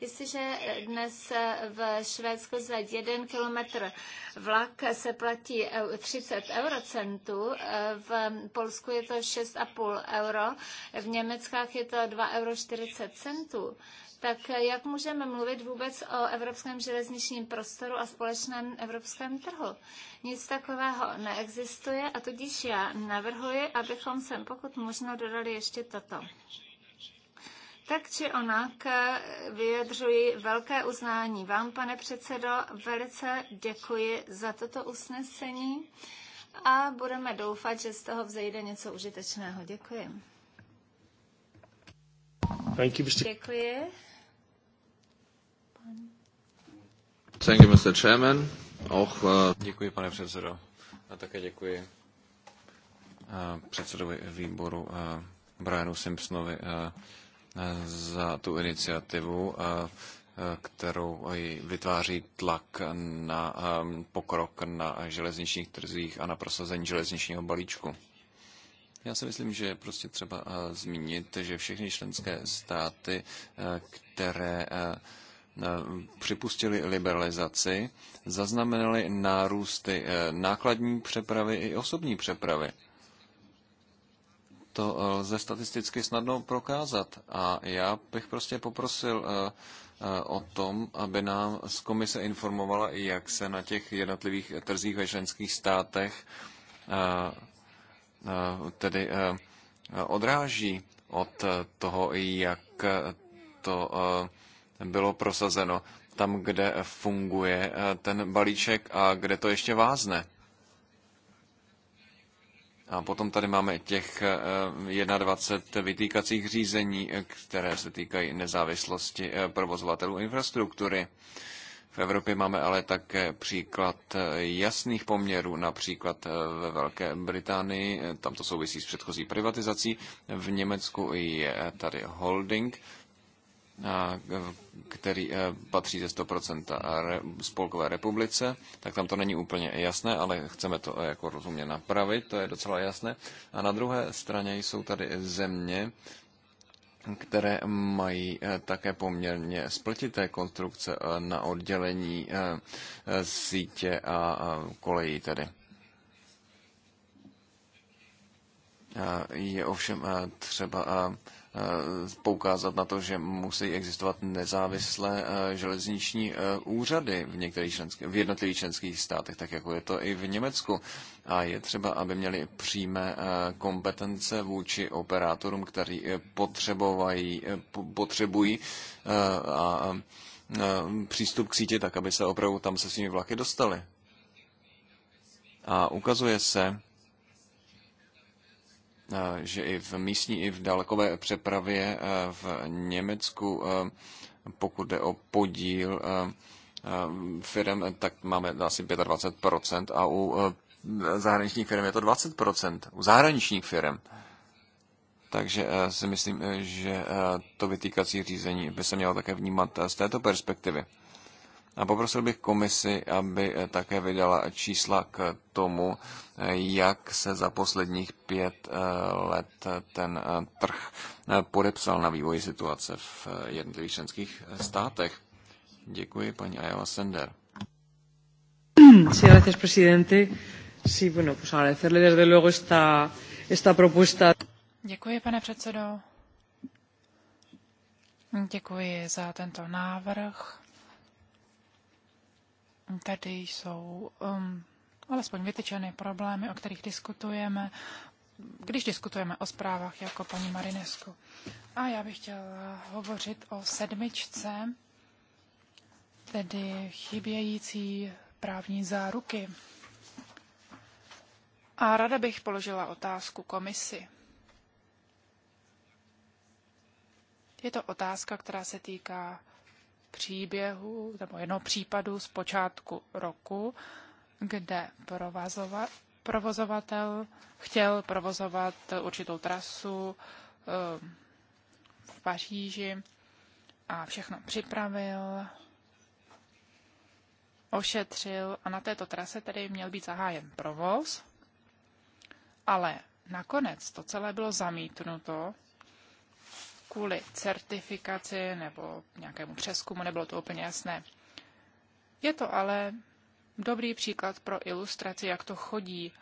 Jestliže dnes v Švédsku za jeden kilometr vlak se platí 30 eurocentů, v Polsku je to 6,5 euro, v Německách je to 2,40 euro tak eh, jak můžeme mluvit vůbec o evropském železničním prostoru a společném evropském trhu? Nic takového neexistuje a tudíž já navrhuji, abychom sem pokud možno dodali ještě toto. Tak či onak eh, vyjadřuji velké uznání vám, pane předsedo. Velice děkuji za toto usnesení a budeme doufat, že z toho vzejde něco užitečného. Děkuji. Děkuji. Thank you, Mr. Chairman. uh... Děkuji, pane předsedo. A také děkuji uh, předsedovi výboru uh, Brianu Simpsonovi uh, uh, za tu iniciativu. Uh, uh kterou vytváří tlak na um, pokrok na železničních trzích a na prosazení železničního balíčku. Já si myslím, že je prostě třeba uh, zmínit, že všechny členské státy, uh, které Eh, připustili liberalizaci, zaznamenali nárůsty eh, nákladní přepravy i osobní přepravy. To eh, lze statisticky snadno prokázat a já bych prostě poprosil o tom, aby nám z komise informovala, jak se na těch jednotlivých trzích ve členských státech tedy odráží od toho, jak to bylo prosazeno tam, kde funguje eh, ten balíček a kde to ještě vázne. A potom tady máme těch 21 eh, vytýkacích řízení, eh, které se týkají nezávislosti provozovatelů infrastruktury. V Evropě máme ale také příklad jasných poměrů, například ve Velké Británii, tam to souvisí s předchozí privatizací, v Německu je tady holding, který e, patří ze 100% Spolkové republice, tak tam to není úplně jasné, ale chceme to e, jako rozumně napravit, to je docela jasné. A na druhé straně jsou tady země, které mají e, také poměrně splitité konstrukce na oddělení sítě a kolejí tedy. Je ovšem třeba Eh, poukázat na to, že musí existovat nezávislé eh, železniční eh, úřady v, některých členský, v jednotlivých členských státech, tak jako je to i v Německu. A je třeba, aby měli přímé kompetence vůči operátorům, kteří potřebovají, potřebují a přístup k síti tak, aby se opravdu tam se svými vlaky dostali. A ukazuje se, Eh, že i v místní, i v dálkové přepravě eh, v Německu, eh, pokud jde o podíl firm, tak máme asi 25% a u zahraničních firm je to 20%. U zahraničních firm. Takže si myslím, že to vytýkací řízení by se mělo také vnímat z této perspektivy. A poprosil bych komisi, aby eh, také vydala čísla k tomu, eh, jak se za posledních pět eh, let ten trh podepsal na vývoji situace v jednotlivých členských státech. Děkuji, paní Ayala Sender. Sí, gracias, presidente. Sí, bueno, pues agradecerle desde luego esta, esta propuesta. Děkuji, pane předsedo. Děkuji za tento návrh tady jsou um, alespoň vytyčeny problémy, o kterých diskutujeme, když diskutujeme o zprávách jako paní Marinesku. A já bych chtěla hovořit o sedmičce, tedy chybějící právní záruky. A rada bych položila otázku komisi. Je to otázka, která se týká příběhu nebo jednoho případu z počátku roku, kde provozovatel chtěl provozovat určitou trasu ehm, v Paříži a všechno připravil, ošetřil a na této trase tedy měl být zahájen provoz, ale nakonec to celé bylo zamítnuto kvůli certifikaci nebo nějakému přeskumu, nebylo to úplně jasné. Je to ale dobrý příklad pro ilustraci, jak to chodí.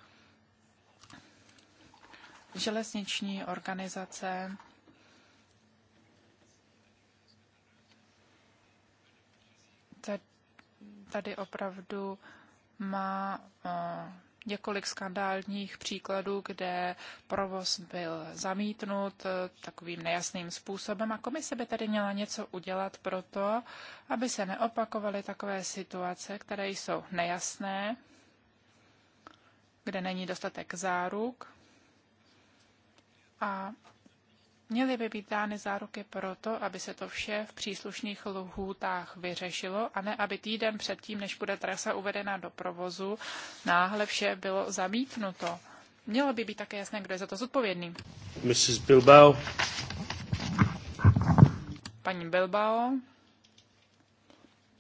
Železniční organizace tady opravdu má eh, několik skandálních příkladů, kde provoz byl zamítnut eh, takovým nejasným způsobem a komise by tady měla něco udělat pro to, aby se neopakovaly takové situace, které jsou nejasné, kde není dostatek záruk a Měly by být dány záruky pro to, aby se to vše v příslušných lhůtách vyřešilo a ne, aby týden předtím, než bude trasa uvedena do provozu, náhle vše bylo zamítnuto. Mělo by být také jasné, kdo je za to zodpovědný. Mrs. Bilbao. Paní Bilbao.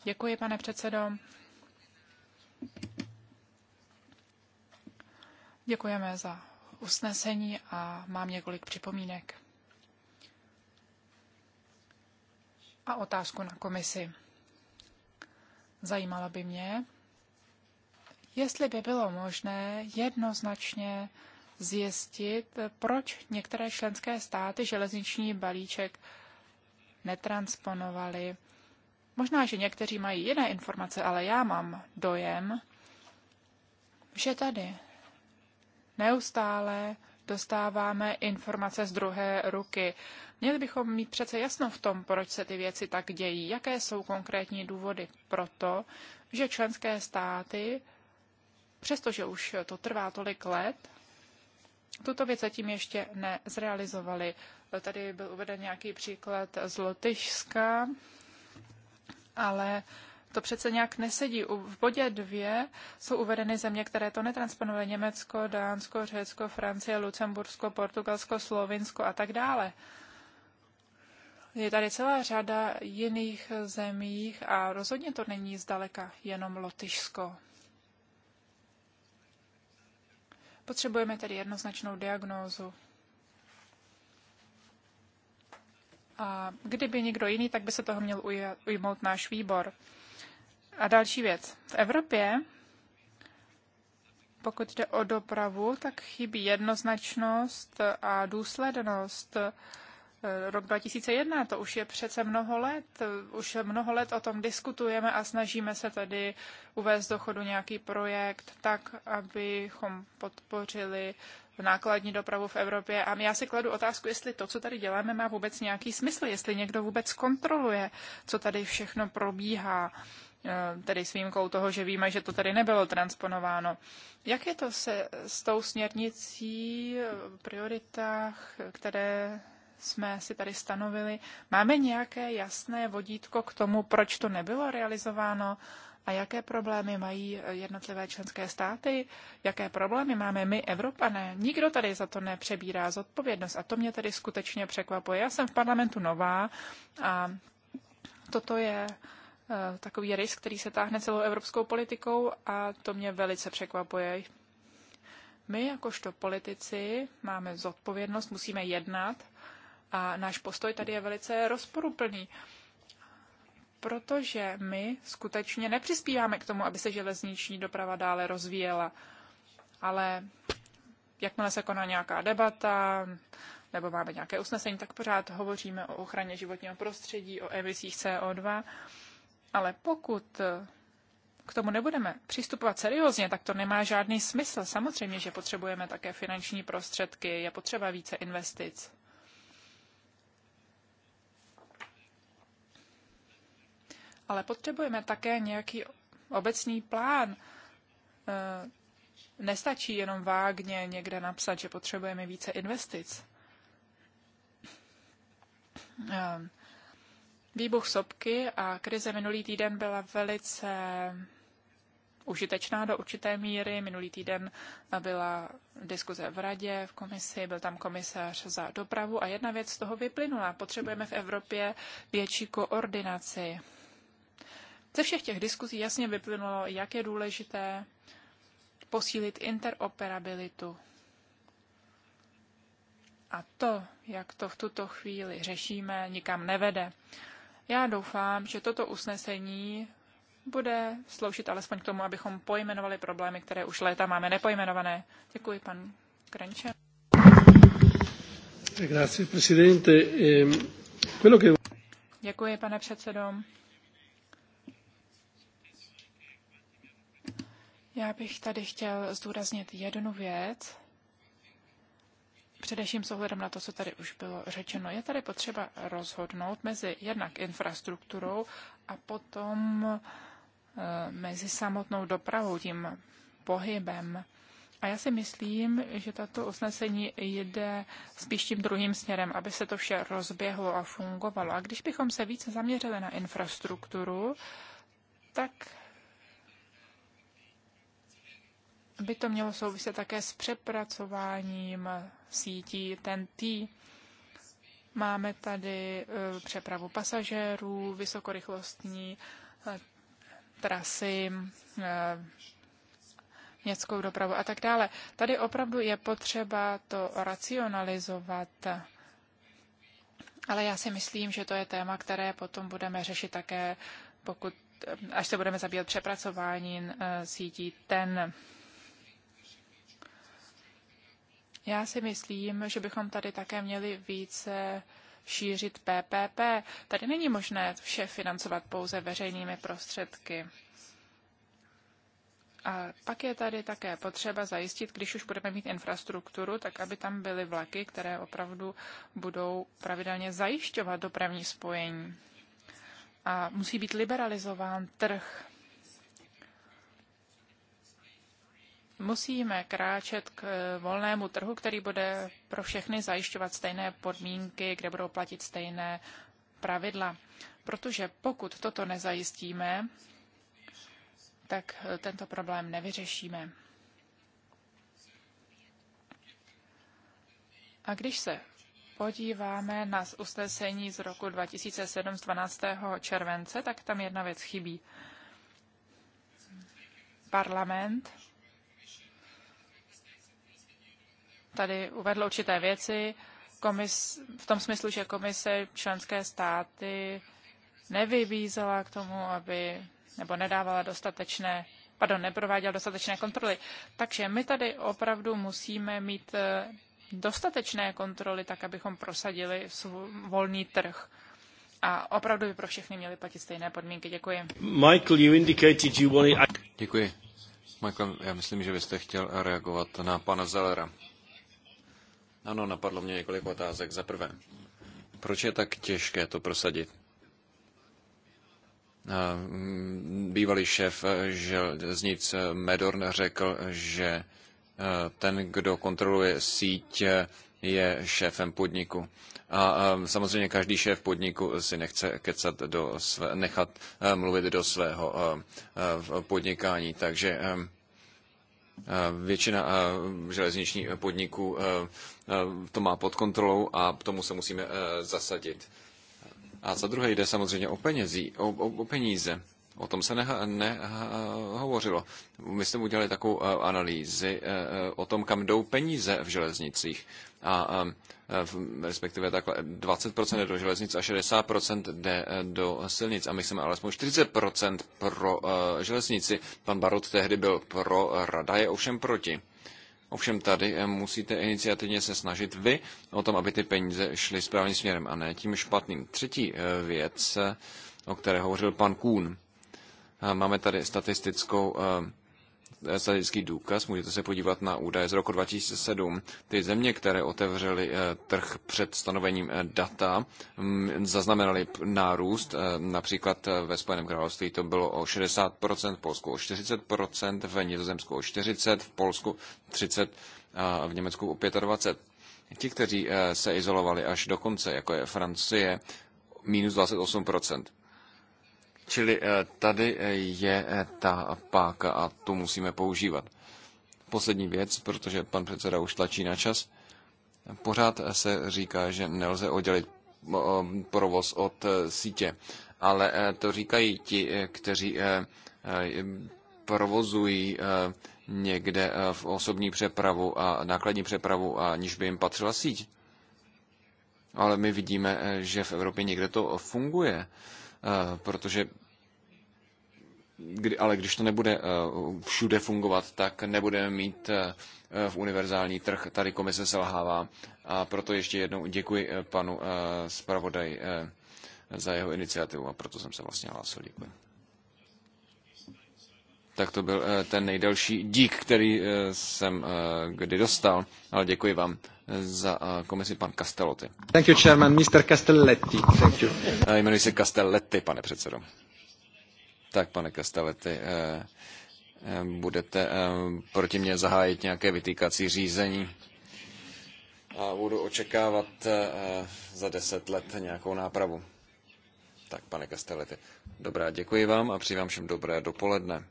Děkuji, pane předsedo. Děkujeme za usnesení a mám několik připomínek. a otázku na komisi. Zajímalo by mě, jestli by bylo možné jednoznačně zjistit, proč některé členské státy železniční balíček netransponovaly. Možná, že někteří mají jiné informace, ale já mám dojem, že tady neustále dostáváme informace z druhé ruky. Měli bychom mít přece jasno v tom, proč se ty věci tak dějí, jaké jsou konkrétní důvody pro to, že členské státy, přestože už to trvá tolik let, tuto věc zatím ještě nezrealizovali. Tady byl uveden nějaký příklad z Lotyšska, ale to přece nějak nesedí. V bodě dvě jsou uvedeny země, které to netransponovaly. Německo, Dánsko, Řecko, Francie, Lucembursko, Portugalsko, Slovinsko a tak dále. Je tady celá řada jiných zemích a rozhodně to není zdaleka jenom Lotyšsko. Potřebujeme tedy jednoznačnou diagnózu. A kdyby někdo jiný, tak by se toho měl ujmout náš výbor. A další věc. V Evropě, pokud jde o dopravu, tak chybí jednoznačnost a důslednost. Eh, rok 2001, to už je přece mnoho let. Už mnoho let o tom diskutujeme a snažíme se tedy uvést do chodu nějaký projekt tak, abychom podpořili nákladní dopravu v Evropě. A já si kladu otázku, jestli to, co tady děláme, má vůbec nějaký smysl, jestli někdo vůbec kontroluje, co tady všechno probíhá Eh, tedy s výjimkou toho, že víme, že to tady nebylo transponováno. Jak je to se s tou směrnicí eh, v prioritách, které jsme si tady stanovili? Máme nějaké jasné vodítko k tomu, proč to nebylo realizováno? A jaké problémy mají eh, jednotlivé členské státy? Jaké problémy máme my, Evropané? Nikdo tady za to nepřebírá zodpovědnost a to mě tady skutečně překvapuje. Já jsem v parlamentu nová a toto je Eh, takový rys, který se táhne celou evropskou politikou a to mě velice překvapuje. My jakožto politici máme zodpovědnost, musíme jednat a náš postoj tady je velice rozporuplný, protože my skutečně nepřispíváme k tomu, aby se železniční doprava dále rozvíjela, ale jakmile se koná nějaká debata nebo máme nějaké usnesení, tak pořád hovoříme o ochraně životního prostředí, o emisích CO2 ale pokud eh, k tomu nebudeme přistupovat seriózně, tak to nemá žádný smysl. Samozřejmě, že potřebujeme také finanční prostředky, je potřeba více investic. Ale potřebujeme také nějaký obecný plán. Eh, nestačí jenom vágně někde napsat, že potřebujeme více investic. Eh, Výbuch sopky a krize minulý týden byla velice užitečná do určité míry. Minulý týden byla diskuze v radě, v komisi, byl tam komisař za dopravu a jedna věc z toho vyplynula. Potřebujeme v Evropě větší koordinaci. Ze všech těch diskuzí jasně vyplynulo, jak je důležité posílit interoperabilitu. A to, jak to v tuto chvíli řešíme, nikam nevede. Já doufám, že toto usnesení bude sloužit alespoň k tomu, abychom pojmenovali problémy, které už léta máme nepojmenované. Děkuji, pan Krenče. Ehm, Děkuji, pane předsedo. Já bych tady chtěl zdůraznit jednu věc. Především s ohledem na to, co tady už bylo řečeno, je tady potřeba rozhodnout mezi jednak infrastrukturou a potom eh, mezi samotnou dopravou, tím pohybem. A já si myslím, že tato usnesení jde spíš tím druhým směrem, aby se to vše rozběhlo a fungovalo. A když bychom se více zaměřili na infrastrukturu, tak by to mělo souviset také s přepracováním sítí ten TEN-T. Máme tady e, přepravu pasažérů, vysokorychlostní e, trasy, e, městskou dopravu a tak dále. Tady opravdu je potřeba to racionalizovat. Ale já si myslím, že to je téma, které potom budeme řešit také, pokud, až se budeme zabývat přepracování sítí ten Já si myslím, že bychom tady také měli více šířit PPP. Tady není možné vše financovat pouze veřejnými prostředky. A pak je tady také potřeba zajistit, když už budeme mít infrastrukturu, tak aby tam byly vlaky, které opravdu budou pravidelně zajišťovat dopravní spojení. A musí být liberalizován trh musíme kráčet k eh, volnému trhu, který bude pro všechny zajišťovat stejné podmínky, kde budou platit stejné pravidla. Protože pokud toto nezajistíme, tak eh, tento problém nevyřešíme. A když se podíváme na usnesení z roku 2007 z 12. července, tak tam jedna věc chybí. Parlament tady uvedl určité věci komis, v tom smyslu, že komise členské státy nevybízela k tomu, aby nebo nedávala dostatečné, pardon, neprováděla dostatečné kontroly. Takže my tady opravdu musíme mít eh, dostatečné kontroly, tak abychom prosadili volný trh. A opravdu by pro všechny měly platit stejné podmínky. Děkuji. Michael, you indicated you wanted... Děkuji. Michael, já myslím, že byste chtěl reagovat na pana Zellera. Ano, napadlo mě několik otázek. Za prvé, proč je tak těžké to prosadit? Mm, bývalý šéf železnic Medorn řekl, že ten, kdo kontroluje síť, je šéfem podniku. A samozřejmě každý šéf podniku si nechce kecat do své, nechat mluvit do svého podnikání, takže Eh, většina eh, železničních eh, podniků to má pod kontrolou a k tomu se musíme zasadit. A za druhé jde samozřejmě o, penězí, o, o, o peníze. O tom se nehovořilo. Ne, My jsme udělali takovou eh, analýzi eh, eh, o tom, kam jdou peníze v železnicích. A v, respektive takhle 20% jde do železnic a 60% jde do silnic. A my jsme alespoň 40% pro železnici. Pan Barot tehdy byl pro, rada je ovšem proti. Ovšem tady musíte iniciativně se snažit vy o tom, aby ty peníze šly správným směrem a ne tím špatným. Třetí věc, o které hovořil pan Kuhn. Máme tady statistickou eh, statistický důkaz, můžete se podívat na údaje z roku 2007. Ty země, které otevřely eh, trh před stanovením eh, data, zaznamenaly nárůst, například ve Spojeném království to bylo o 60%, v Polsku o 40%, v Nizozemsku o 40%, v Polsku 30% a v Německu o 25%. Ti, kteří se izolovali až do konce, jako je Francie, minus 28%. Čili eh, tady eh, je eh, ta páka a tu musíme používat. Poslední věc, protože pan předseda už tlačí na čas. Pořád se říká, že nelze oddělit provoz od sítě, ale to říkají ti, kteří provozují někde v osobní přepravu a nákladní přepravu, aniž by jim patřila síť. Ale my vidíme, že v Evropě někde to funguje Eh, protože kdy, ale když to nebude eh, všude fungovat, tak nebudeme mít eh, v univerzální trh. Tady komise selhává a proto ještě jednou děkuji panu zpravodaj za jeho iniciativu a proto jsem se vlastně hlásil. Děkuji. Tak to byl ten nejdelší dík, který jsem kdy dostal, ale děkuji vám za eh, komisi pan Castellotti. Thank you, chairman. Mr. Castelletti. Thank you. Eh, jmenuji se Castelletti, pane předsedo. Tak, pane Castelletti, eh, budete proti mě zahájit nějaké vytýkací řízení a budu očekávat za deset let nějakou nápravu. Tak, pane Castelletti, dobrá, děkuji vám a přeji vám všem dobré dopoledne.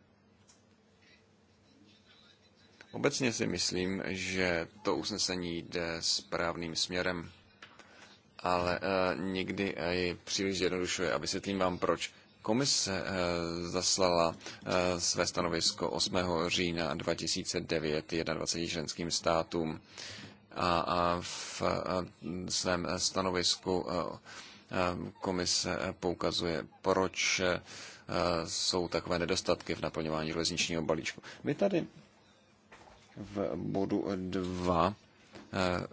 Obecně si myslím, že to usnesení jde správným směrem, ale eh, někdy eh, ji příliš jednodušuje. a vysvětlím vám proč. Komise eh, zaslala své stanovisko 8. října 2009 21 členským státům a v svém stanovisku komise poukazuje, proč jsou takové nedostatky v naplňování železničního balíčku. My tady v bodu 2 eh,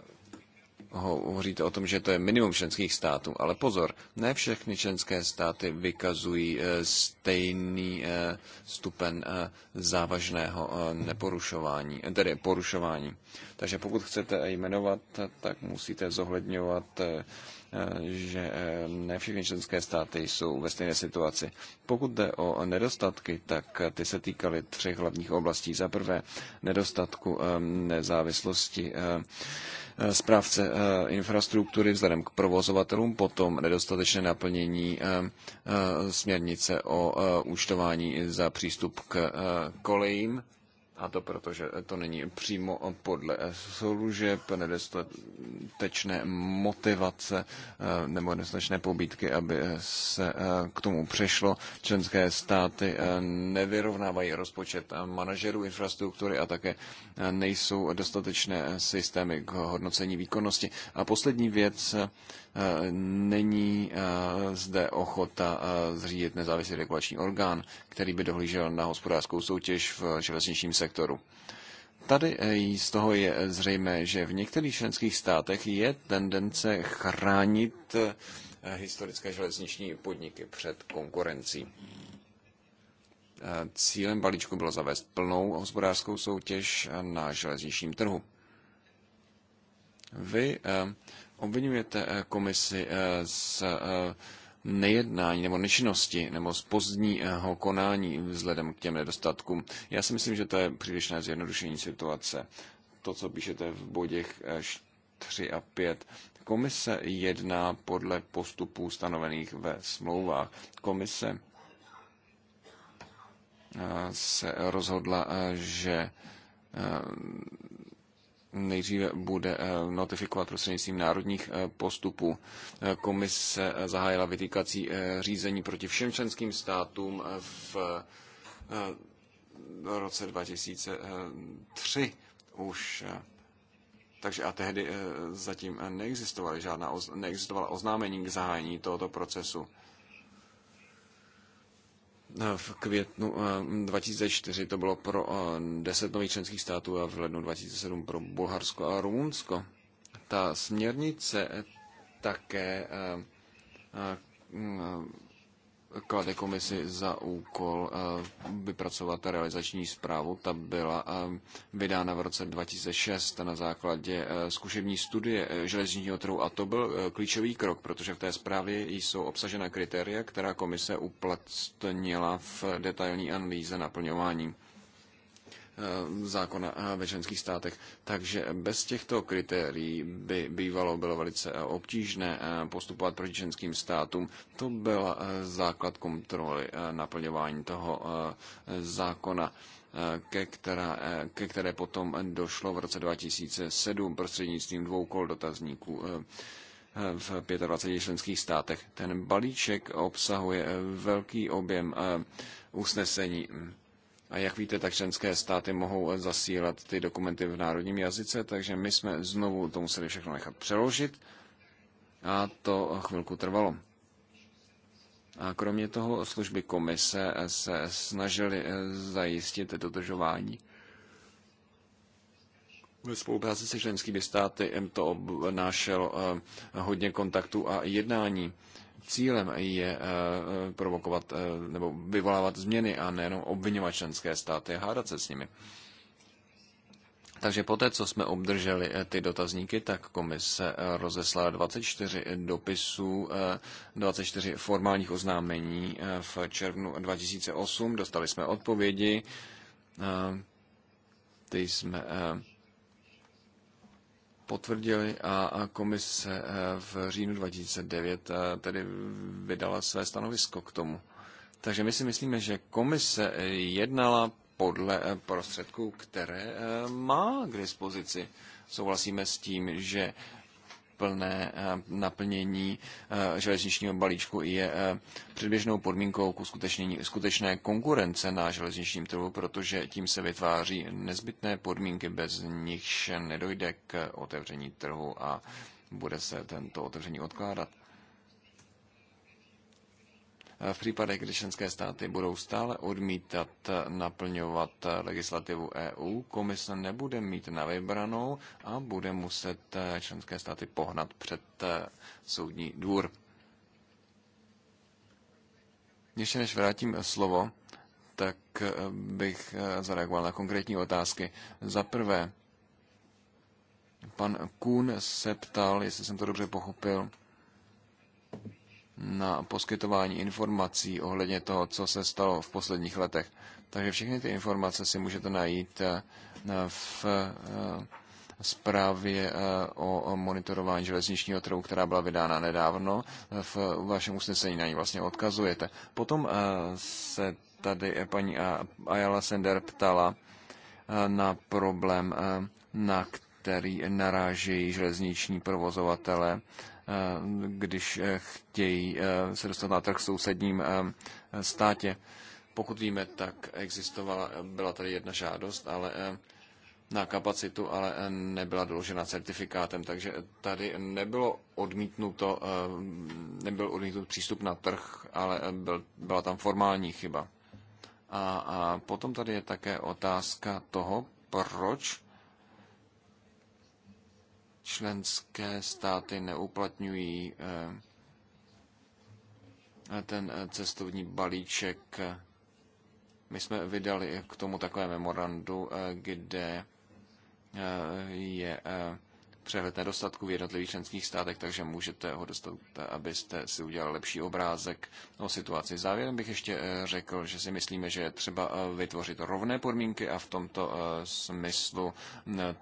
hovoříte o tom, že to je minimum členských států, ale pozor, ne všechny členské státy vykazují eh, stejný eh, stupen závažného neporušování, tedy porušování. Takže pokud chcete jmenovat, tak musíte zohledňovat že eh, ne všechny členské státy jsou ve stejné situaci. Pokud jde o nedostatky, tak eh, ty se týkaly třech hlavních oblastí. Za prvé nedostatku eh, nezávislosti správce infrastruktury vzhledem k provozovatelům, potom nedostatečné naplnění směrnice o účtování za přístup k kolejím, a to proto, že to není přímo podle služeb, nedostatečné motivace eh, nebo nedostatečné pobídky, aby se eh, k tomu přešlo. Členské státy eh, nevyrovnávají rozpočet manažerů infrastruktury a také nejsou dostatečné systémy k hodnocení výkonnosti. A poslední věc, není zde ochota zřídit nezávislý regulační orgán, který by dohlížel na hospodářskou soutěž v železničním sektoru. Tady eh, z toho je eh, zřejmé, že v některých členských státech je tendence chránit eh, historické železniční podniky před konkurencí. Cílem balíčku bylo zavést plnou hospodářskou soutěž na železničním trhu. Vy obvinujete komisi z nejednání nebo nečinnosti nebo pozdního konání vzhledem k těm nedostatkům. Já si myslím, že to je přílišné zjednodušení situace. To, co píšete v bodech 3 eh, a 5. Komise jedná podle postupů stanovených ve smlouvách. Komise eh, se rozhodla, eh, že nejdříve bude eh, notifikovat prostřednictvím národních eh, postupů. Eh, komise zahájila vytýkací řízení proti všem členským státům v roce 2003 už takže a tehdy zatím neexistovala žádná, neexistovala oznámení k zahájení tohoto procesu. Eh, v květnu 2004 eh, to bylo pro 10 eh, nových členských států a v lednu 2007 pro Bulharsko a Rumunsko. Ta směrnice také klade komisi za úkol eh, vypracovat realizační zprávu. Ta byla eh, vydána v roce 2006 na základě eh, zkušební studie železničního trhu a to byl klíčový krok, protože v té zprávě jsou obsažena kritéria, která komise uplatnila v detailní analýze naplňování. Eh, zákona eh, ve členských státech. Takže bez těchto kritérií by bývalo bylo velice eh, obtížné postupovat proti členským státům. To byl základ kontroly naplňování toho zákona ke, která, ke které potom došlo v roce 2007 prostřednictvím dvou kol dotazníků v 25 členských státech. Ten balíček obsahuje velký objem usnesení a jak víte, tak členské státy mohou zasílat ty dokumenty v národním jazyce, takže my jsme znovu to museli všechno nechat přeložit a to chvilku trvalo. A kromě toho služby komise se snažily eh, zajistit dodržování. Ve spolupráci se členskými státy to obnášelo eh, hodně kontaktů a jednání cílem je eh, eh, provokovat eh, nebo vyvolávat změny a nejenom obvinovat členské státy a hádat se s nimi. Takže poté, co jsme obdrželi ty dotazníky, tak komise rozeslala 24 dopisů, 24 formálních oznámení v červnu 2008. Dostali jsme odpovědi, ty jsme potvrdili a komise eh, v říjnu 2009 eh, tedy vydala své stanovisko k tomu. Takže my si myslíme, že komise eh, jednala podle prostředků, které má k dispozici. Souhlasíme s tím, že plné eh, naplnění eh, železničního balíčku je eh, předběžnou podmínkou k skutečné konkurence na železničním trhu, protože tím se vytváří nezbytné podmínky, bez nichž nedojde k otevření trhu a bude se tento otevření odkládat v případech, kdy členské státy budou stále odmítat naplňovat legislativu EU, komise nebude mít na vybranou a bude muset eh, členské státy pohnat před eh, soudní dvůr. Ještě než vrátím slovo, tak eh, bych zareagoval na konkrétní otázky. Za prvé, pan Kuhn se ptal, jestli jsem to dobře pochopil, na poskytování informací ohledně toho, co se stalo v posledních letech. Takže všechny ty informace si můžete najít eh, v eh, zprávě eh, o monitorování železničního trhu, která byla vydána nedávno. V vašem usnesení na ní vlastně odkazujete. Potom se tady paní Ayala Sender ptala na problém, na který narážejí železniční provozovatele Eh, když eh, chtějí eh, se dostat na trh v sousedním státě. Pokud víme, tak existovala, byla tady jedna žádost, ale na kapacitu, ale nebyla doložena certifikátem, takže tady nebylo odmítnuto, nebyl odmítnut přístup na trh, ale byl, byla tam formální chyba. A, a potom tady je také otázka toho, proč členské státy neuplatňují eh, ten eh, cestovní balíček. My jsme vydali k tomu takové memorandu, eh, kde je přehled nedostatku v jednotlivých členských státech, takže můžete ho dostat, abyste si udělal lepší obrázek o situaci. Závěrem bych ještě eh, řekl, že si myslíme, že je třeba eh, vytvořit rovné podmínky a v tomto eh, smyslu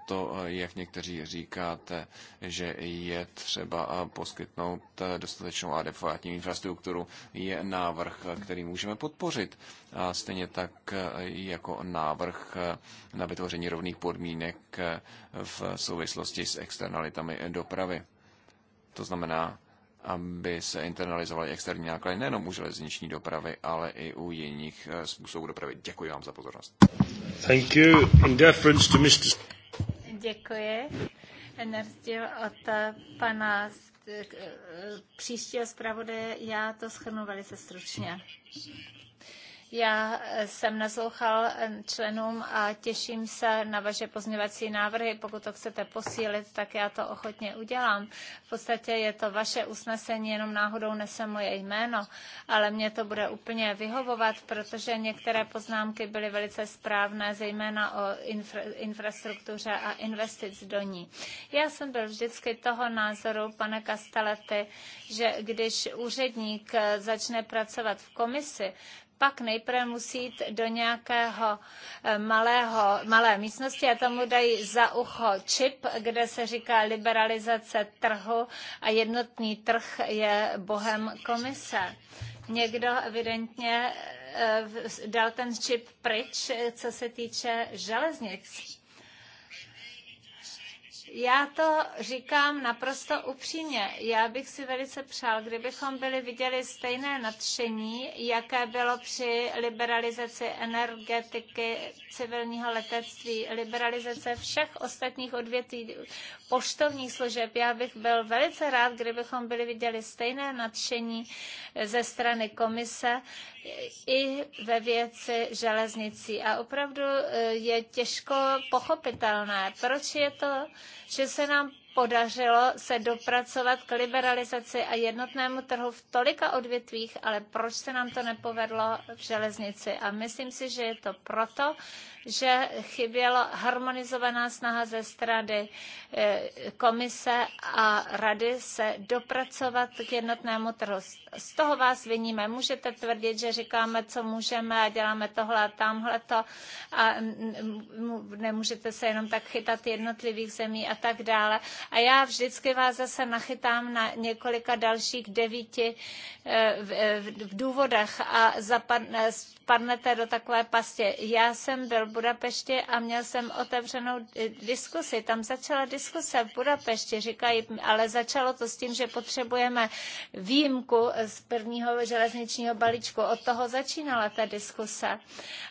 to, jak někteří říkáte, že je třeba poskytnout dostatečnou adekvátní infrastrukturu, je návrh, který můžeme podpořit. A stejně tak jako návrh na vytvoření rovných podmínek v souvislosti s externalitami dopravy. To znamená, aby se internalizovaly externí náklady nejenom u železniční dopravy, ale i u jiných eh, způsobů dopravy. Děkuji vám za pozornost. Thank you. In deference to Mr. Děkuji. Na rozdíl od eh, pana eh, příštího zpravodaje, já to schrnu velice stručně. Já jsem naslouchal eh, členům a těším se na vaše pozměňovací návrhy. Pokud to chcete posílit, tak já to ochotně udělám. V podstatě je to vaše usnesení, jenom náhodou nese moje jméno, ale mě to bude úplně vyhovovat, protože některé poznámky byly velice správné, zejména o infra- infrastruktuře a investic do ní. Já jsem byl vždycky toho názoru, pane Kastalety, že když úředník eh, začne pracovat v komisi, pak nejprve musí jít do nějakého eh, malého, malé místnosti a tomu dají za ucho čip, kde se říká liberalizace trhu a jednotný trh je bohem komise. Někdo evidentně eh, dal ten čip pryč, co se týče železnic já to říkám naprosto upřímně. Já bych si velice přál, kdybychom byli viděli stejné nadšení, jaké bylo při liberalizaci energetiky, civilního letectví, liberalizace všech ostatních odvětví poštovních služeb. Já bych byl velice rád, kdybychom byli viděli stejné nadšení ze strany komise, i ve věci železnicí. A opravdu e, je těžko pochopitelné, proč je to, že se nám podařilo se dopracovat k liberalizaci a jednotnému trhu v tolika odvětvích, ale proč se nám to nepovedlo v železnici? A myslím si, že je to proto, že chyběla harmonizovaná snaha ze strany eh, komise a rady se dopracovat k jednotnému trhu. Z toho vás viníme. Můžete tvrdit, že říkáme, co můžeme a děláme tohle a tamhle to a nemůžete se jenom tak chytat jednotlivých zemí a tak dále. A já vždycky vás zase nachytám na několika dalších devíti eh, eh, v důvodech a zapadnete do takové pastě. Já jsem byl Budapešti a měl jsem otevřenou diskusi. Tam začala diskuse v Budapešti, říkají, ale začalo to s tím, že potřebujeme výjimku z prvního železničního balíčku. Od toho začínala ta diskuse.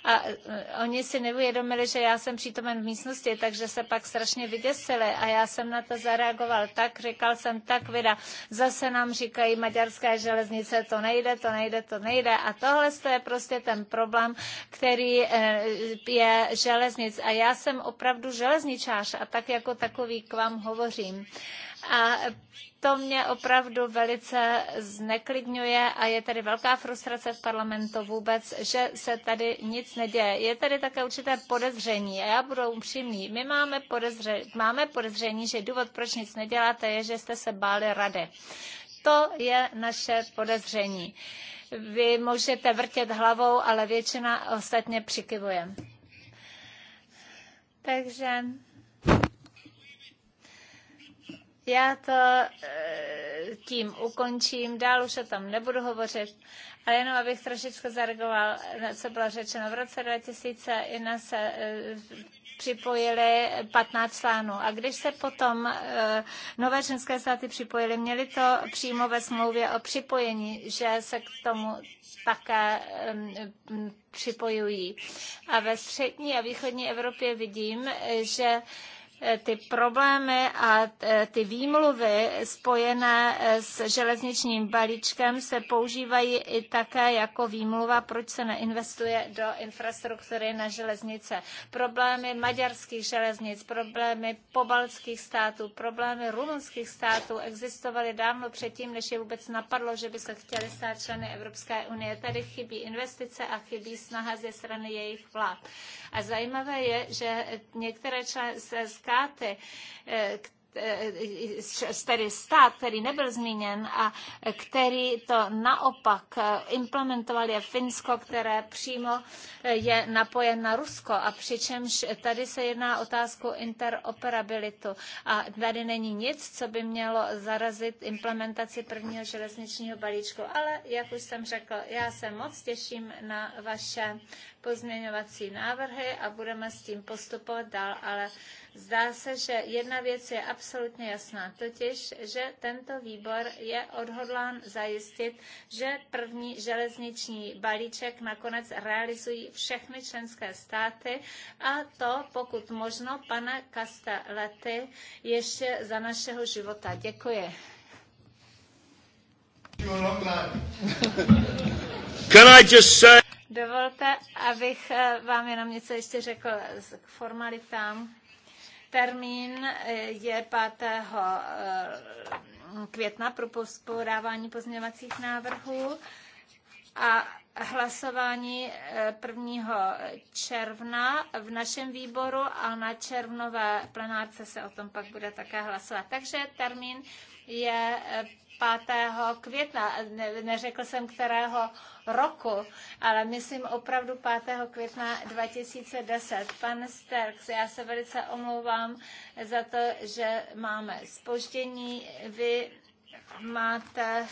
A e, oni si neuvědomili, že já jsem přítomen v místnosti, takže se pak strašně vyděsili a já jsem na to zareagoval tak, říkal jsem tak, vida, zase nám říkají maďarské železnice, to nejde, to nejde, to nejde. A tohle je prostě ten problém, který e, je železnic. A já jsem opravdu železničář a tak jako takový k vám hovořím. A to mě opravdu velice zneklidňuje a je tady velká frustrace v parlamentu vůbec, že se tady nic neděje. Je tady také určité podezření a já budu upřímný. My máme, podezře, máme podezření, že důvod, proč nic neděláte, je, že jste se báli rady. To je naše podezření. Vy můžete vrtět hlavou, ale většina ostatně přikivuje. Takže já to eh, tím ukončím, dál už o tom nebudu hovořit, ale jenom abych trošičku zareagoval, co bylo řečeno. V roce 2001 se eh, připojili 15 článů. A když se potom eh, nové členské státy připojily, měli to přímo ve smlouvě o připojení, že se k tomu také eh, připojují. A ve střední a východní Evropě vidím, eh, že Eh, ty problémy a eh, ty výmluvy spojené eh, s železničním balíčkem se používají i také jako výmluva, proč se neinvestuje do infrastruktury na železnice. Problémy maďarských železnic, problémy pobaltských států, problémy rumunských států existovaly dávno předtím, než je vůbec napadlo, že by se chtěli stát členy Evropské unie. Tady chybí investice a chybí snaha ze strany jejich vlád. A zajímavé je, že některé se státy, eh, eh, eh, tedy stát, který nebyl zmíněn a který to naopak implementoval je Finsko, které přímo je napojen na Rusko a přičemž tady se jedná otázku interoperabilitu a tady není nic, co by mělo zarazit implementaci prvního železničního balíčku, ale jak už jsem řekl, já se moc těším na vaše pozměňovací návrhy a budeme s tím postupovat dál, ale zdá se, že jedna věc je absolutně jasná, totiž, že tento výbor je odhodlán zajistit, že první železniční balíček nakonec realizují všechny členské státy a to, pokud možno, pane Kastelety, ještě za našeho života. Děkuji. Can I just say Dovolte, abych eh, vám jenom něco ještě řekl k formalitám. Termín eh, je 5. Eh, května pro podávání pozměňovacích návrhů a hlasování 1. června v našem výboru a na červnové plenárce se o tom pak bude také hlasovat. Takže termín je 5. května, ne, neřekl jsem kterého roku, ale myslím opravdu 5. května 2010. Pan Sterks, já se velice omlouvám za to, že máme spoždění. Vy máte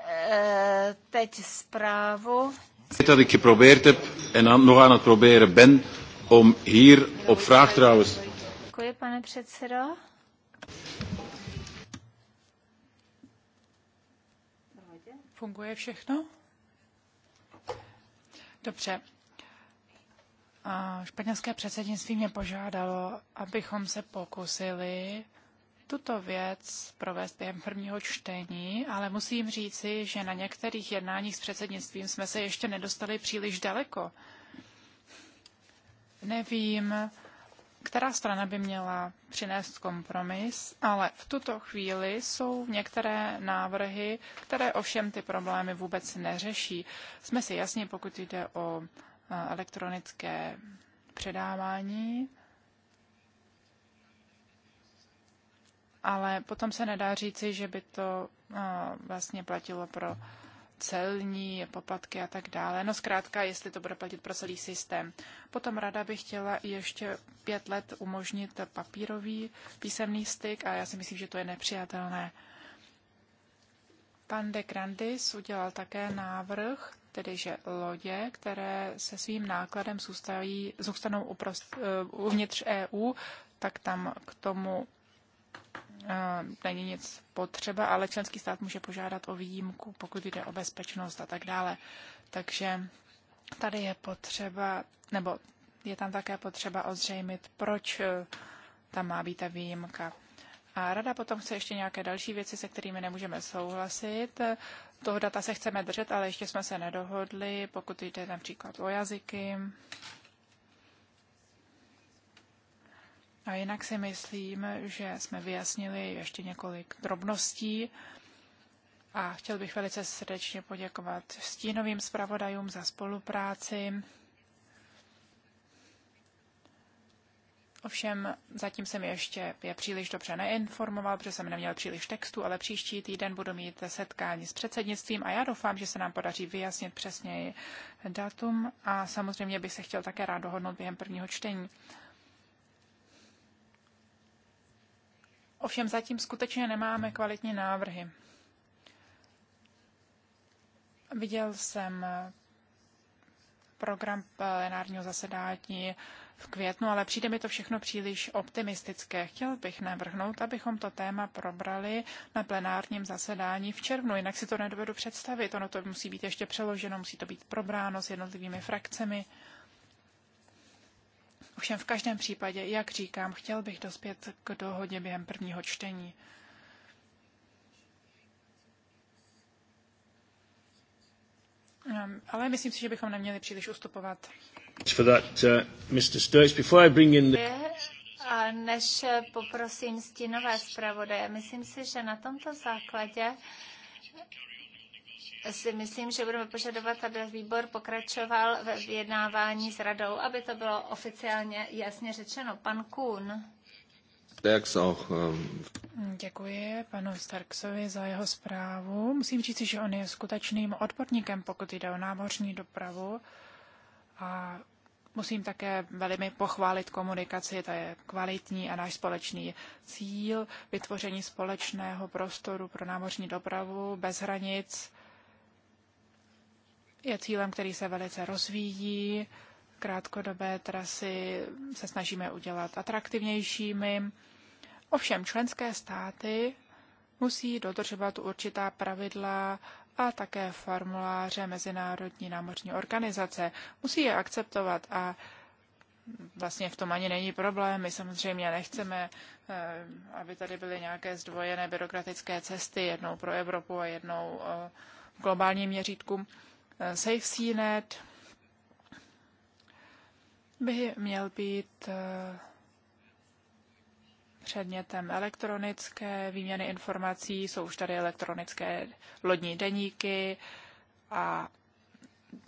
eh, teď zprávu. Dat ik geprobeerd heb en aan, nog aan het proberen ben om hier op vraag trouwens. Děkuji, pane předsedo. Funguje všechno? Dobře. A španělské předsednictví mě požádalo, abychom se pokusili tuto věc provést během prvního čtení, ale musím říci, že na některých jednáních s předsednictvím jsme se ještě nedostali příliš daleko. Nevím, která strana by měla přinést kompromis, ale v tuto chvíli jsou některé návrhy, které ovšem ty problémy vůbec neřeší. Jsme si jasní, pokud jde o eh, elektronické předávání, ale potom se nedá říci, že by to eh, vlastně platilo pro celní poplatky a tak dále. No zkrátka, jestli to bude platit pro celý systém. Potom rada bych chtěla ještě pět let umožnit papírový písemný styk a já si myslím, že to je nepřijatelné. Pan de Grandis udělal také návrh, tedy že lodě, které se svým nákladem zůstají, zůstanou uprost, eh, uvnitř EU, tak tam k tomu není nic potřeba, ale členský stát může požádat o výjimku, pokud jde o bezpečnost a tak dále. Takže tady je potřeba, nebo je tam také potřeba ozřejmit, proč eh, tam má být ta výjimka. A rada potom chce ještě nějaké další věci, se kterými nemůžeme souhlasit. Toho data se chceme držet, ale ještě jsme se nedohodli, pokud jde například o jazyky A jinak si myslím, že jsme vyjasnili ještě několik drobností. A chtěl bych velice srdečně poděkovat stínovým zpravodajům za spolupráci. Ovšem, zatím jsem ještě je příliš dobře neinformoval, protože jsem neměl příliš textu, ale příští týden budu mít setkání s předsednictvím a já doufám, že se nám podaří vyjasnit přesněji datum a samozřejmě bych se chtěl také rád dohodnout během prvního čtení. Ovšem zatím skutečně nemáme kvalitní návrhy. Viděl jsem program plenárního zasedání v květnu, ale přijde mi to všechno příliš optimistické. Chtěl bych navrhnout, abychom to téma probrali na plenárním zasedání v červnu, jinak si to nedovedu představit. Ono to musí být ještě přeloženo, musí to být probráno s jednotlivými frakcemi. Ovšem v každém případě, jak říkám, chtěl bych dospět k dohodě během prvního čtení. Ehm, ale myslím si, že bychom neměli příliš ustupovat. For that, uh, Mr. Sturks, before I bring in the... A než poprosím stínové zpravodaje, myslím si, že na tomto základě si myslím, že budeme požadovat, aby výbor pokračoval ve vyjednávání s radou, aby to bylo oficiálně jasně řečeno. Pan Kuhn. Ähm, Děkuji panu Starksovi za jeho zprávu. Musím říct, že on je skutečným odborníkem, pokud jde o námořní dopravu. A musím také velmi pochválit komunikaci, to je kvalitní a náš společný cíl vytvoření společného prostoru pro námořní dopravu bez hranic je cílem, který se velice rozvíjí. Krátkodobé trasy se snažíme udělat atraktivnějšími. Ovšem členské státy musí dodržovat určitá pravidla a také formuláře Mezinárodní námořní organizace. Musí je akceptovat a vlastně v tom ani není problém. My samozřejmě nechceme, eh, aby tady byly nějaké zdvojené byrokratické cesty, jednou pro Evropu a jednou eh, globálním měřítku. Eh, SafeCNet by měl být eh, předmětem elektronické výměny informací. Jsou už tady elektronické lodní deníky a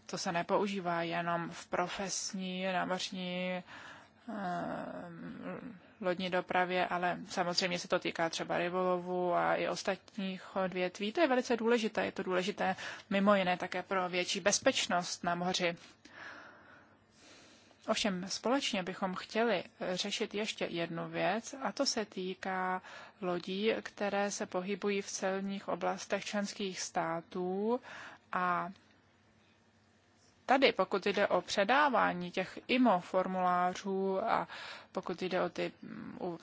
to se nepoužívá jenom v profesní námořní eh, lodní dopravě, ale samozřejmě se to týká třeba rybolovu a i ostatních odvětví. To je velice důležité. Je to důležité mimo jiné také pro větší bezpečnost na moři. Ovšem společně bychom chtěli řešit ještě jednu věc, a to se týká lodí, které se pohybují v celních oblastech členských států a tady, pokud jde o předávání těch IMO formulářů a pokud jde o ty,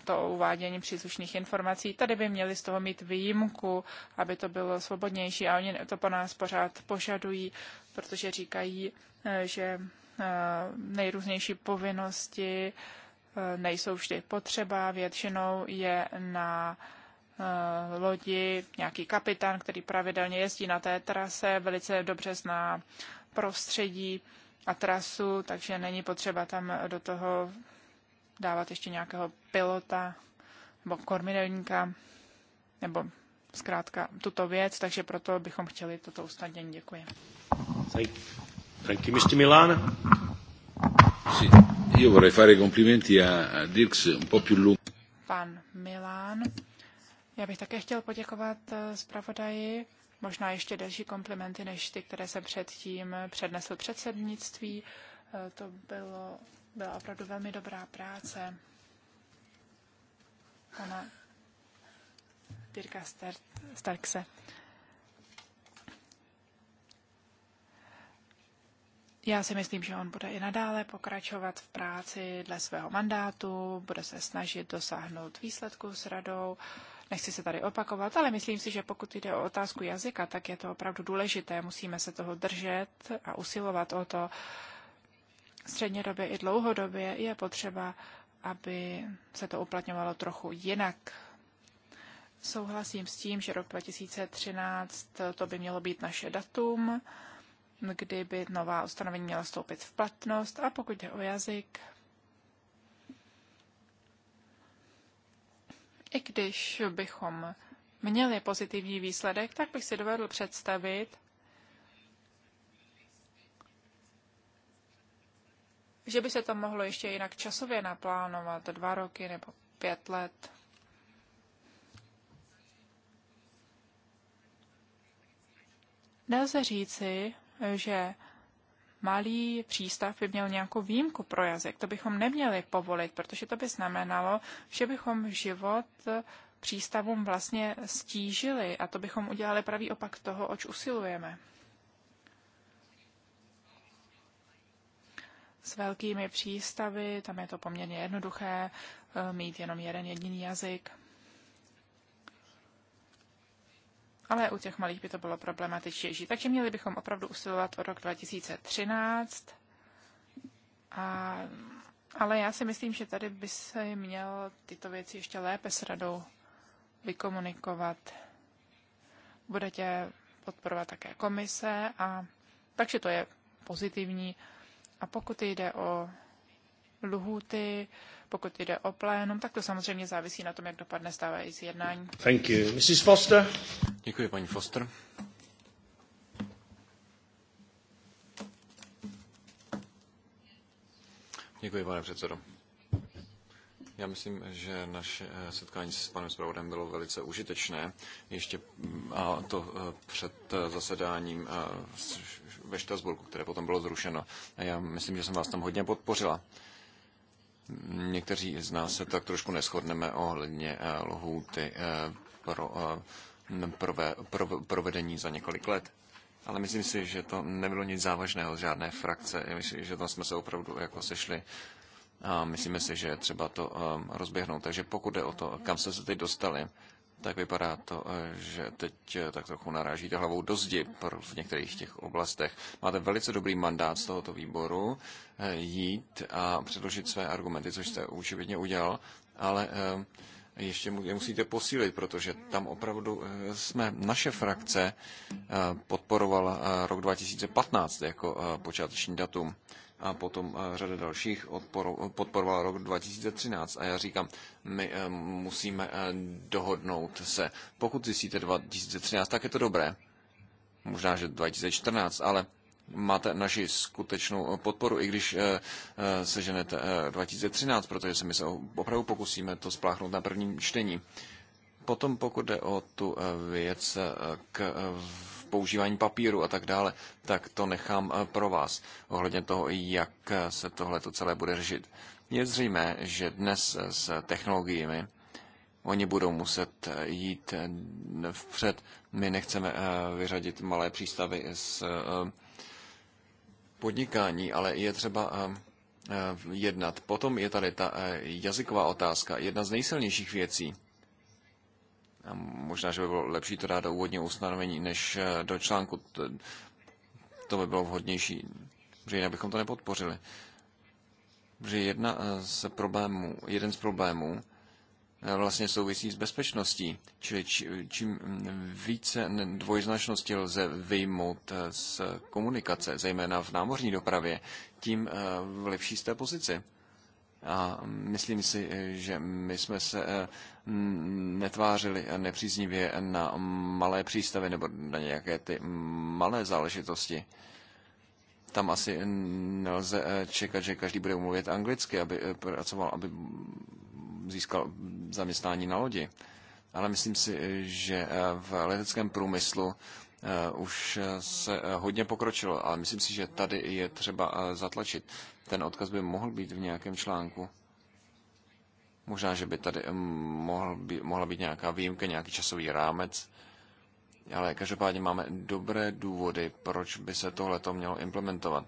to o uvádění příslušných informací, tady by měli z toho mít výjimku, aby to bylo svobodnější a oni to po nás pořád požadují, protože říkají, eh, že eh, nejrůznější povinnosti eh, nejsou vždy potřeba, většinou je na lodi nějaký kapitán, který pravidelně jezdí na té trase, velice dobře zná prostředí a trasu, takže není potřeba tam do toho dávat ještě nějakého pilota nebo kormidelníka nebo zkrátka tuto věc, takže proto bychom chtěli toto usnadnění. Děkuji. Thank, you, Mr. Milan. io vorrei fare i complimenti a, a Dirks un po' più lungo. Pan Milan. Já bych také chtěl poděkovat eh, zpravodaji možná ještě další komplimenty než ty, které jsem předtím přednesl předsednictví. Eh, to bylo, byla opravdu velmi dobrá práce pana Dirka Starkse. Já si myslím, že on bude i nadále pokračovat v práci dle svého mandátu, bude se snažit dosáhnout výsledku s radou. Uh, Nechci se tady opakovat, ale myslím si, že pokud jde o otázku jazyka, tak je to opravdu důležité. Musíme se toho držet a usilovat o to. Střednědobě i dlouhodobě je potřeba, aby se to uplatňovalo trochu jinak. Souhlasím s tím, že rok 2013 to by mělo být naše datum, kdyby nová ustanovení měla stoupit v platnost a pokud jde o jazyk, I když bychom měli pozitivní výsledek, tak bych si dovedl představit, že by se to mohlo ještě jinak časově naplánovat, dva roky nebo pět let. Nelze říci, že malý přístav by měl nějakou výjimku pro jazyk. To bychom neměli povolit, protože to by znamenalo, že bychom život přístavům vlastně stížili a to bychom udělali pravý opak toho, oč usilujeme. S velkými přístavy, tam je to poměrně jednoduché, eh, mít jenom jeden jediný jazyk. ale u těch malých by to bylo problematičtější. Takže měli bychom opravdu usilovat o rok 2013, a, ale já si myslím, že tady by se měl tyto věci ještě lépe s radou vykomunikovat. Bude tě podporovat také komise a takže to je pozitivní. A pokud jde o luhuty. Pokud jde o plénum, tak to samozřejmě závisí na tom, jak dopadne stávající jednání. Thank you. Mrs. Foster. Děkuji, paní Foster. Děkuji, pane předsedo. Já myslím, že naše eh, setkání s panem zpravodem bylo velice užitečné. Ještě mm, a to eh, před eh, zasedáním ve Štrasburku, které potom bylo zrušeno. Já myslím, že jsem vás tam hodně podpořila. Někteří z nás se tak trošku neschodneme ohledně eh, lhůty eh, pro prove, eh, pro, provedení za několik let. Ale myslím si, že to nebylo nic závažného z žádné frakce. Myslím, že tam jsme se opravdu jako sešli a myslíme si, že je třeba to rozběhnout. Takže pokud jde o to, kam jste se teď dostali, tak vypadá to, eh, že teď eh, tak trochu narážíte hlavou do zdi v některých těch oblastech. Máte velice dobrý mandát z tohoto výboru eh, jít a předložit své argumenty, což jste určitě udělal, ale ještě je musíte posílit, protože tam opravdu jsme, naše frakce podporovala rok 2015 jako počáteční datum a potom eh, řada dalších podporovala rok 2013. A já říkám, my eh, musíme eh, dohodnout se. Pokud zjistíte 2013, tak je to dobré. Možná, že 2014, ale máte naši skutečnou podporu, i když seženete 2013, protože se my se opravdu pokusíme to spláchnout na prvním čtení. Potom pokud jde o tu věc k používání papíru a tak dále, tak to nechám eh, pro vás ohledně toho, jak eh, se tohle to celé bude řešit. Je zřejmé, že dnes eh, s technologiemi oni budou muset jít vpřed. My nechceme vyřadit malé přístavy z podnikání, ale je třeba jednat. Potom je tady ta jazyková otázka, jedna z nejsilnějších věcí, možná, že by bylo lepší to dát do úvodního ustanovení než eh, do článku. To by bylo vhodnější, že jinak bychom to nepodpořili. Protože jedna eh, z problémů, jeden z problémů eh, vlastně souvisí s bezpečností. Čili čím více dvojznačnosti lze vyjmout z komunikace, zejména v námořní dopravě, tím v lepší jste pozici. A myslím si, že my jsme se eh, netvářili nepříznivě na malé přístavy nebo na nějaké ty malé záležitosti. Tam asi nelze eh, čekat, že každý bude mluvit anglicky, aby eh, pracoval, aby získal zaměstnání na lodi. Ale myslím si, že v leteckém průmyslu Eh, už eh, se eh, hodně pokročilo, ale myslím si, že tady je třeba zatlačit. Ten odkaz by mohl být v nějakém článku. Možná, že by tady mm, mohl být, mohla být nějaká výjimka, nějaký časový rámec, ale každopádně máme dobré důvody, proč by se tohle to mělo implementovat.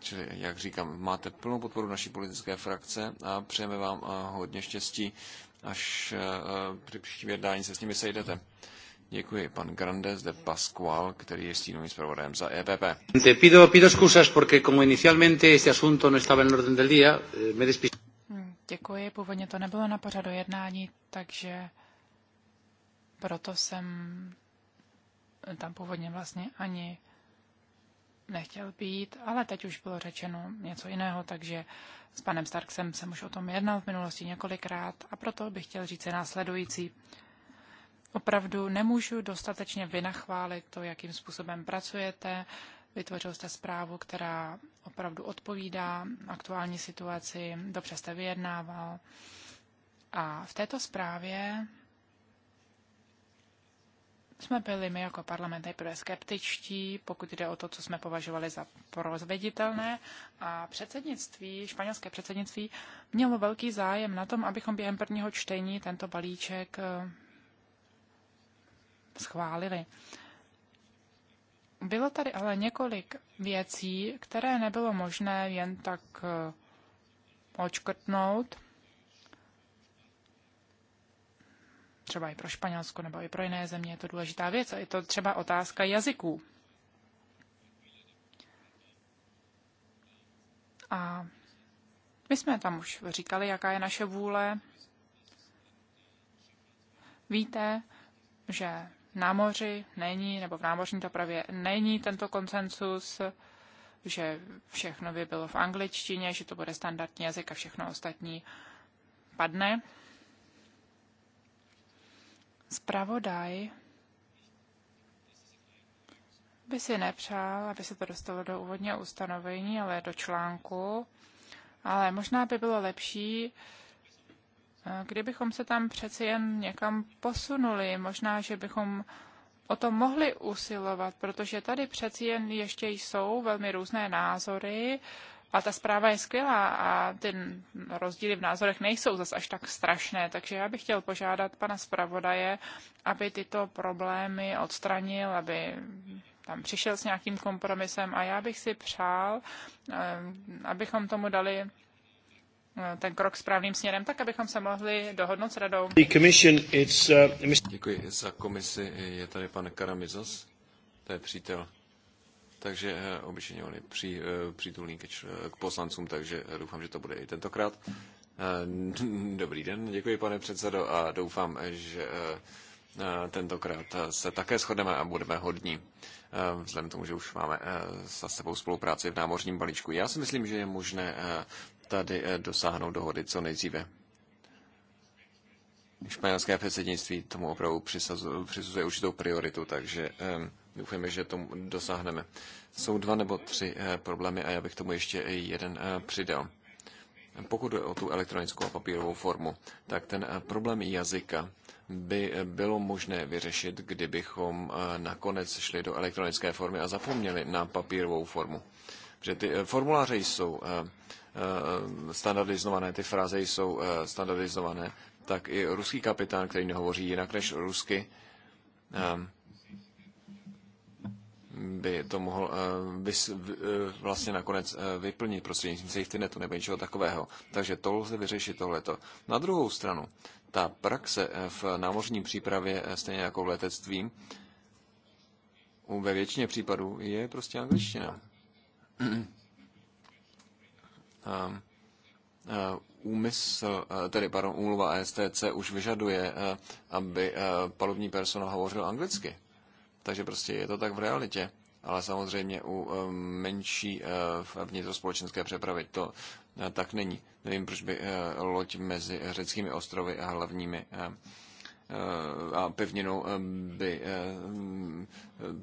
Čili, jak říkám, máte plnou podporu naší politické frakce a přejeme vám hodně štěstí až eh, eh, při příštím jednání se s nimi sejdete. Děkuji. Pan Grandes de Pascual, který je stínovým zpravodajem za EPP. pido, pido excusas porque como inicialmente este asunto no estaba en el orden del día, eh, me despisté. Hmm, děkuji, původně to nebylo na pořadu jednání, takže proto jsem tam původně vlastně ani nechtěl být, ale teď už bylo řečeno něco jiného, takže s panem Starksem jsem už o tom jednal v minulosti několikrát a proto bych chtěl říct následující. Opravdu nemůžu dostatečně vynachválit to, jakým způsobem pracujete. Vytvořil jste zprávu, která opravdu odpovídá aktuální situaci, dobře jste vyjednával. A v této zprávě jsme byli my jako parlament nejprve skeptičtí, pokud jde o to, co jsme považovali za porozveditelné. a předsednictví, španělské předsednictví, mělo velký zájem na tom, abychom během prvního čtení tento balíček eh, schválili. Bylo tady ale několik věcí, které nebylo možné jen tak eh, očkrtnout třeba i pro Španělsko nebo i pro jiné země, je to důležitá věc. A je to třeba otázka jazyků. A my jsme tam už říkali, jaká je naše vůle. Víte, že v námoři není, nebo v námořní dopravě není tento koncensus, že všechno by bylo v angličtině, že to bude standardní jazyk a všechno ostatní padne zpravodaj by si nepřál, aby se to dostalo do úvodního ustanovení, ale do článku. Ale možná by bylo lepší, eh, kdybychom se tam přeci jen někam posunuli. Možná, že bychom o tom mohli usilovat, protože tady přeci jen ještě jsou velmi různé názory a ta zpráva je skvělá a ty rozdíly v názorech nejsou zas až tak strašné, takže já bych chtěl požádat pana zpravodaje, aby tyto problémy odstranil, aby tam přišel s nějakým kompromisem a já bych si přál, eh, abychom tomu dali eh, ten krok správným směrem, tak abychom se mohli dohodnout s radou. Eh, Děkuji za komisi. Je tady pan Karamizos, to je přítel takže eh, obyčejně on je při, eh, přítulný k, eh, k poslancům, takže doufám, že to bude i tentokrát. <laughs> Dobrý den, děkuji pane předsedo a doufám, že tentokrát se také shodneme a budeme hodní, vzhledem tomu, že už máme za sebou spolupráci v námořním balíčku. Já si myslím, že je možné tady dosáhnout dohody co nejdříve. Španělské předsednictví tomu opravdu přisuzuje určitou prioritu, takže Doufujeme, že tomu dosáhneme. Jsou dva nebo tři eh, problémy a já bych tomu ještě jeden eh, přidal. Pokud je o tu elektronickou a papírovou formu, tak ten eh, problém jazyka by bylo možné vyřešit, kdybychom nakonec šli do elektronické formy a zapomněli na papírovou formu. Protože ty formuláře jsou standardizované, ty fráze jsou standardizované, tak i ruský kapitán, který nehovoří jinak než rusky, by to mohl eh, vys, eh, vlastně nakonec eh, vyplnit prostřednictvím safety netu nebo něčeho takového. Takže to lze vyřešit tohleto. Na druhou stranu, ta praxe v námořní přípravě, stejně jako v letectví, ve většině případů je prostě angličtina. <clears throat> Úmysl, tedy pardon, úmluva e STC už vyžaduje, aby palubní personál hovořil anglicky. Takže prostě je to tak v realitě. Ale samozřejmě u eh, menší eh, vnitrospolečenské přepravy to eh, tak není. Nevím, proč by loď mezi řeckými ostrovy a hlavními a pevninou by,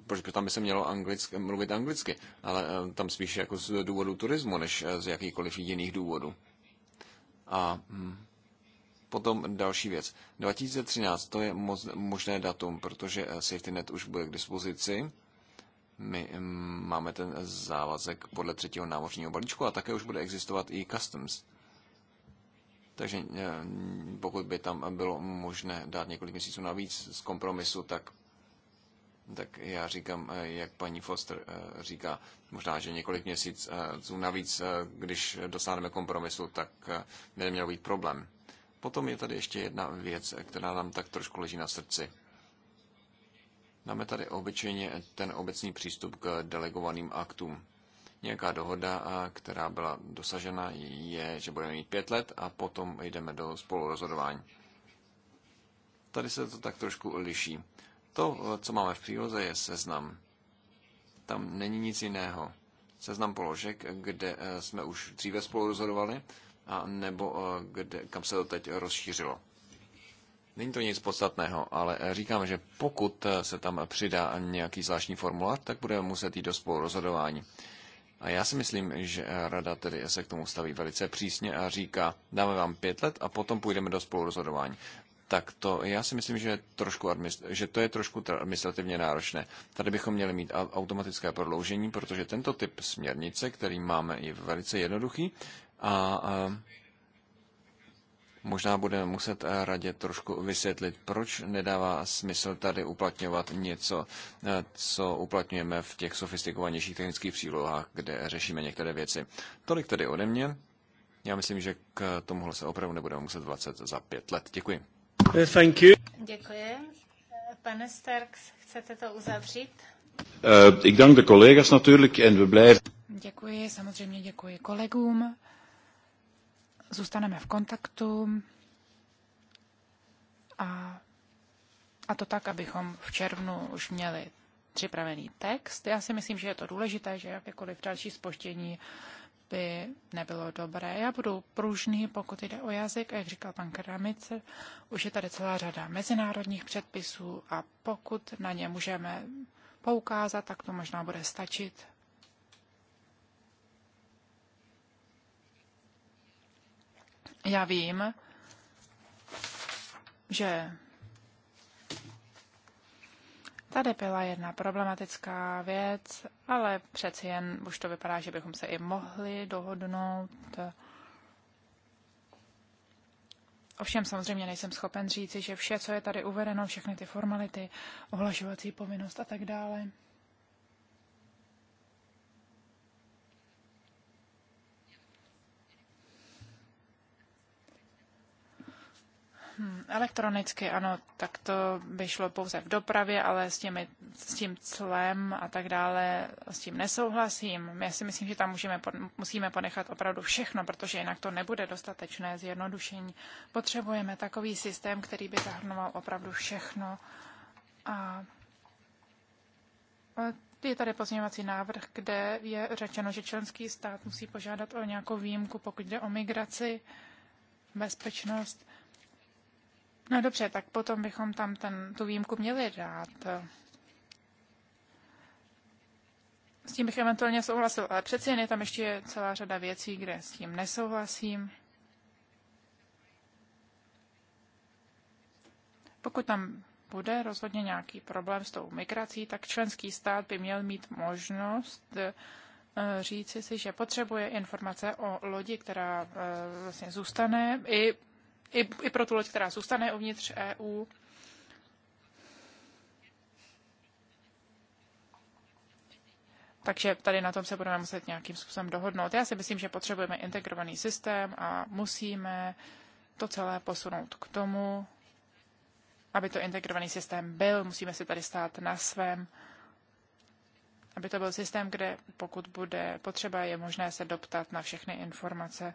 proč by tam by se mělo anglicky, mluvit anglicky, ale tam spíše jako z důvodu turismu, než z jakýchkoliv jiných důvodů. A hm, Potom další věc. 2013 to je možné datum, protože eh, safety net už bude k dispozici. My mm, máme ten závazek podle třetího námořního balíčku a také už bude existovat i customs. Takže eh, pokud by tam bylo možné dát několik měsíců navíc z kompromisu, tak tak já říkám, eh, jak paní Foster říká, možná, že několik měsíců navíc, když dosáhneme kompromisu, tak by neměl být problém. Potom je tady ještě jedna věc, která nám tak trošku leží na srdci. Máme tady obyčejně ten obecný přístup k delegovaným aktům. Nějaká dohoda, která byla dosažena, je, že budeme mít pět let a potom jdeme do spolurozhodování. Tady se to tak trošku liší. To, co máme v příloze, je seznam. Tam není nic jiného. Seznam položek, kde eh, jsme už dříve spolu rozhodovali, a nebo eh, kde, kam se to teď rozšířilo. Není to nic podstatného, ale eh, říkám, že pokud eh, se tam přidá nějaký zvláštní formulář, tak budeme muset jít do rozhodování. A já si myslím, že rada tedy se k tomu staví velice přísně a říká, dáme vám pět let a potom půjdeme do rozhodování. Tak to já si myslím, že, trošku že to je trošku administrativně náročné. Tady bychom měli mít automatické prodloužení, protože tento typ směrnice, který máme, je velice jednoduchý a možná budeme muset eh, radě trošku vysvětlit, proč nedává smysl tady uplatňovat něco, eh, co uplatňujeme v těch sofistikovanějších technických přílohách, kde řešíme některé věci. Tolik tedy ode mě. Já myslím, že k tomuhle se opravdu nebudeme muset vracet za pět let. Děkuji. Eh, thank you. Děkuji. Pane Starks, chcete to uzavřít? Uh, ik dank de collega's natuurlijk en we blijven. Děkuji, samozřejmě děkuji kolegům zůstaneme v kontaktu a, a to tak, abychom v červnu už měli připravený text. Já si myslím, že je to důležité, že jakékoliv další spoštění by nebylo dobré. Já budu pružný, pokud jde o jazyk, a jak říkal pan Kramice, už je tady celá řada mezinárodních předpisů a pokud na ně můžeme poukázat, tak to možná bude stačit Já vím, že tady byla jedna problematická věc, ale přeci jen už to vypadá, že bychom se i mohli dohodnout. Ovšem samozřejmě nejsem schopen říci, že vše, co je tady uvedeno, všechny ty formality, ohlašovací povinnost a tak dále, Hm, elektronicky ano, tak to by šlo pouze v dopravě, ale s, těmi, s tím clem a tak dále, s tím nesouhlasím. Já si myslím, že tam můžeme, musíme ponechat opravdu všechno, protože jinak to nebude dostatečné zjednodušení. Potřebujeme takový systém, který by zahrnoval opravdu všechno. A je tady pozměňovací návrh, kde je řečeno, že členský stát musí požádat o nějakou výjimku, pokud jde o migraci, bezpečnost No dobře, tak potom bychom tam ten, tu výjimku měli dát. S tím bych eventuálně souhlasil, ale přeci jen je tam ještě celá řada věcí, kde s tím nesouhlasím. Pokud tam bude rozhodně nějaký problém s tou migrací, tak členský stát by měl mít možnost eh, říci si, že potřebuje informace o lodi, která eh, vlastně zůstane i i, i pro tu loď, která zůstane uvnitř EU. Takže tady na tom se budeme muset nějakým způsobem dohodnout. Já si myslím, že potřebujeme integrovaný systém a musíme to celé posunout k tomu, aby to integrovaný systém byl. Musíme si tady stát na svém, aby to byl systém, kde pokud bude potřeba, je možné se doptat na všechny informace.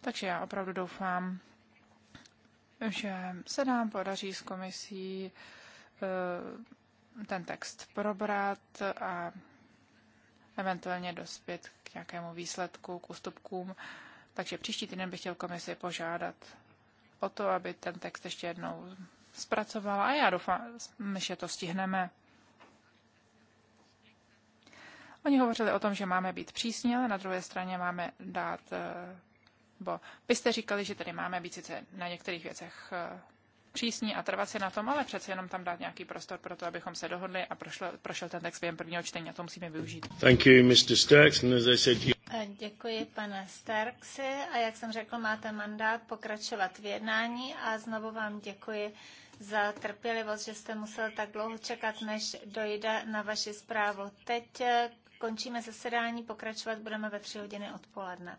Takže já opravdu doufám, že se nám podaří s komisí eh, ten text probrat a eventuálně dospět k nějakému výsledku, k ústupkům. Takže příští týden bych chtěl komisi požádat o to, aby ten text ještě jednou zpracovala a já doufám, že to stihneme. Oni hovořili o tom, že máme být přísní, ale na druhé straně máme dát eh, Bo vy jste říkali, že tady máme být sice na některých věcech eh, přísní a trvat si na tom, ale přece jenom tam dát nějaký prostor pro to, abychom se dohodli a prošlo, prošel ten text během prvního čtení a to musíme využít. Thank you, Mr. Starks. And as I said, you... Eh, děkuji, pane Starksy. A jak jsem řekl, máte mandát pokračovat v jednání a znovu vám děkuji za trpělivost, že jste musel tak dlouho čekat, než dojde na vaši zprávu. Teď eh, končíme zasedání, pokračovat budeme ve tři hodiny odpoledne.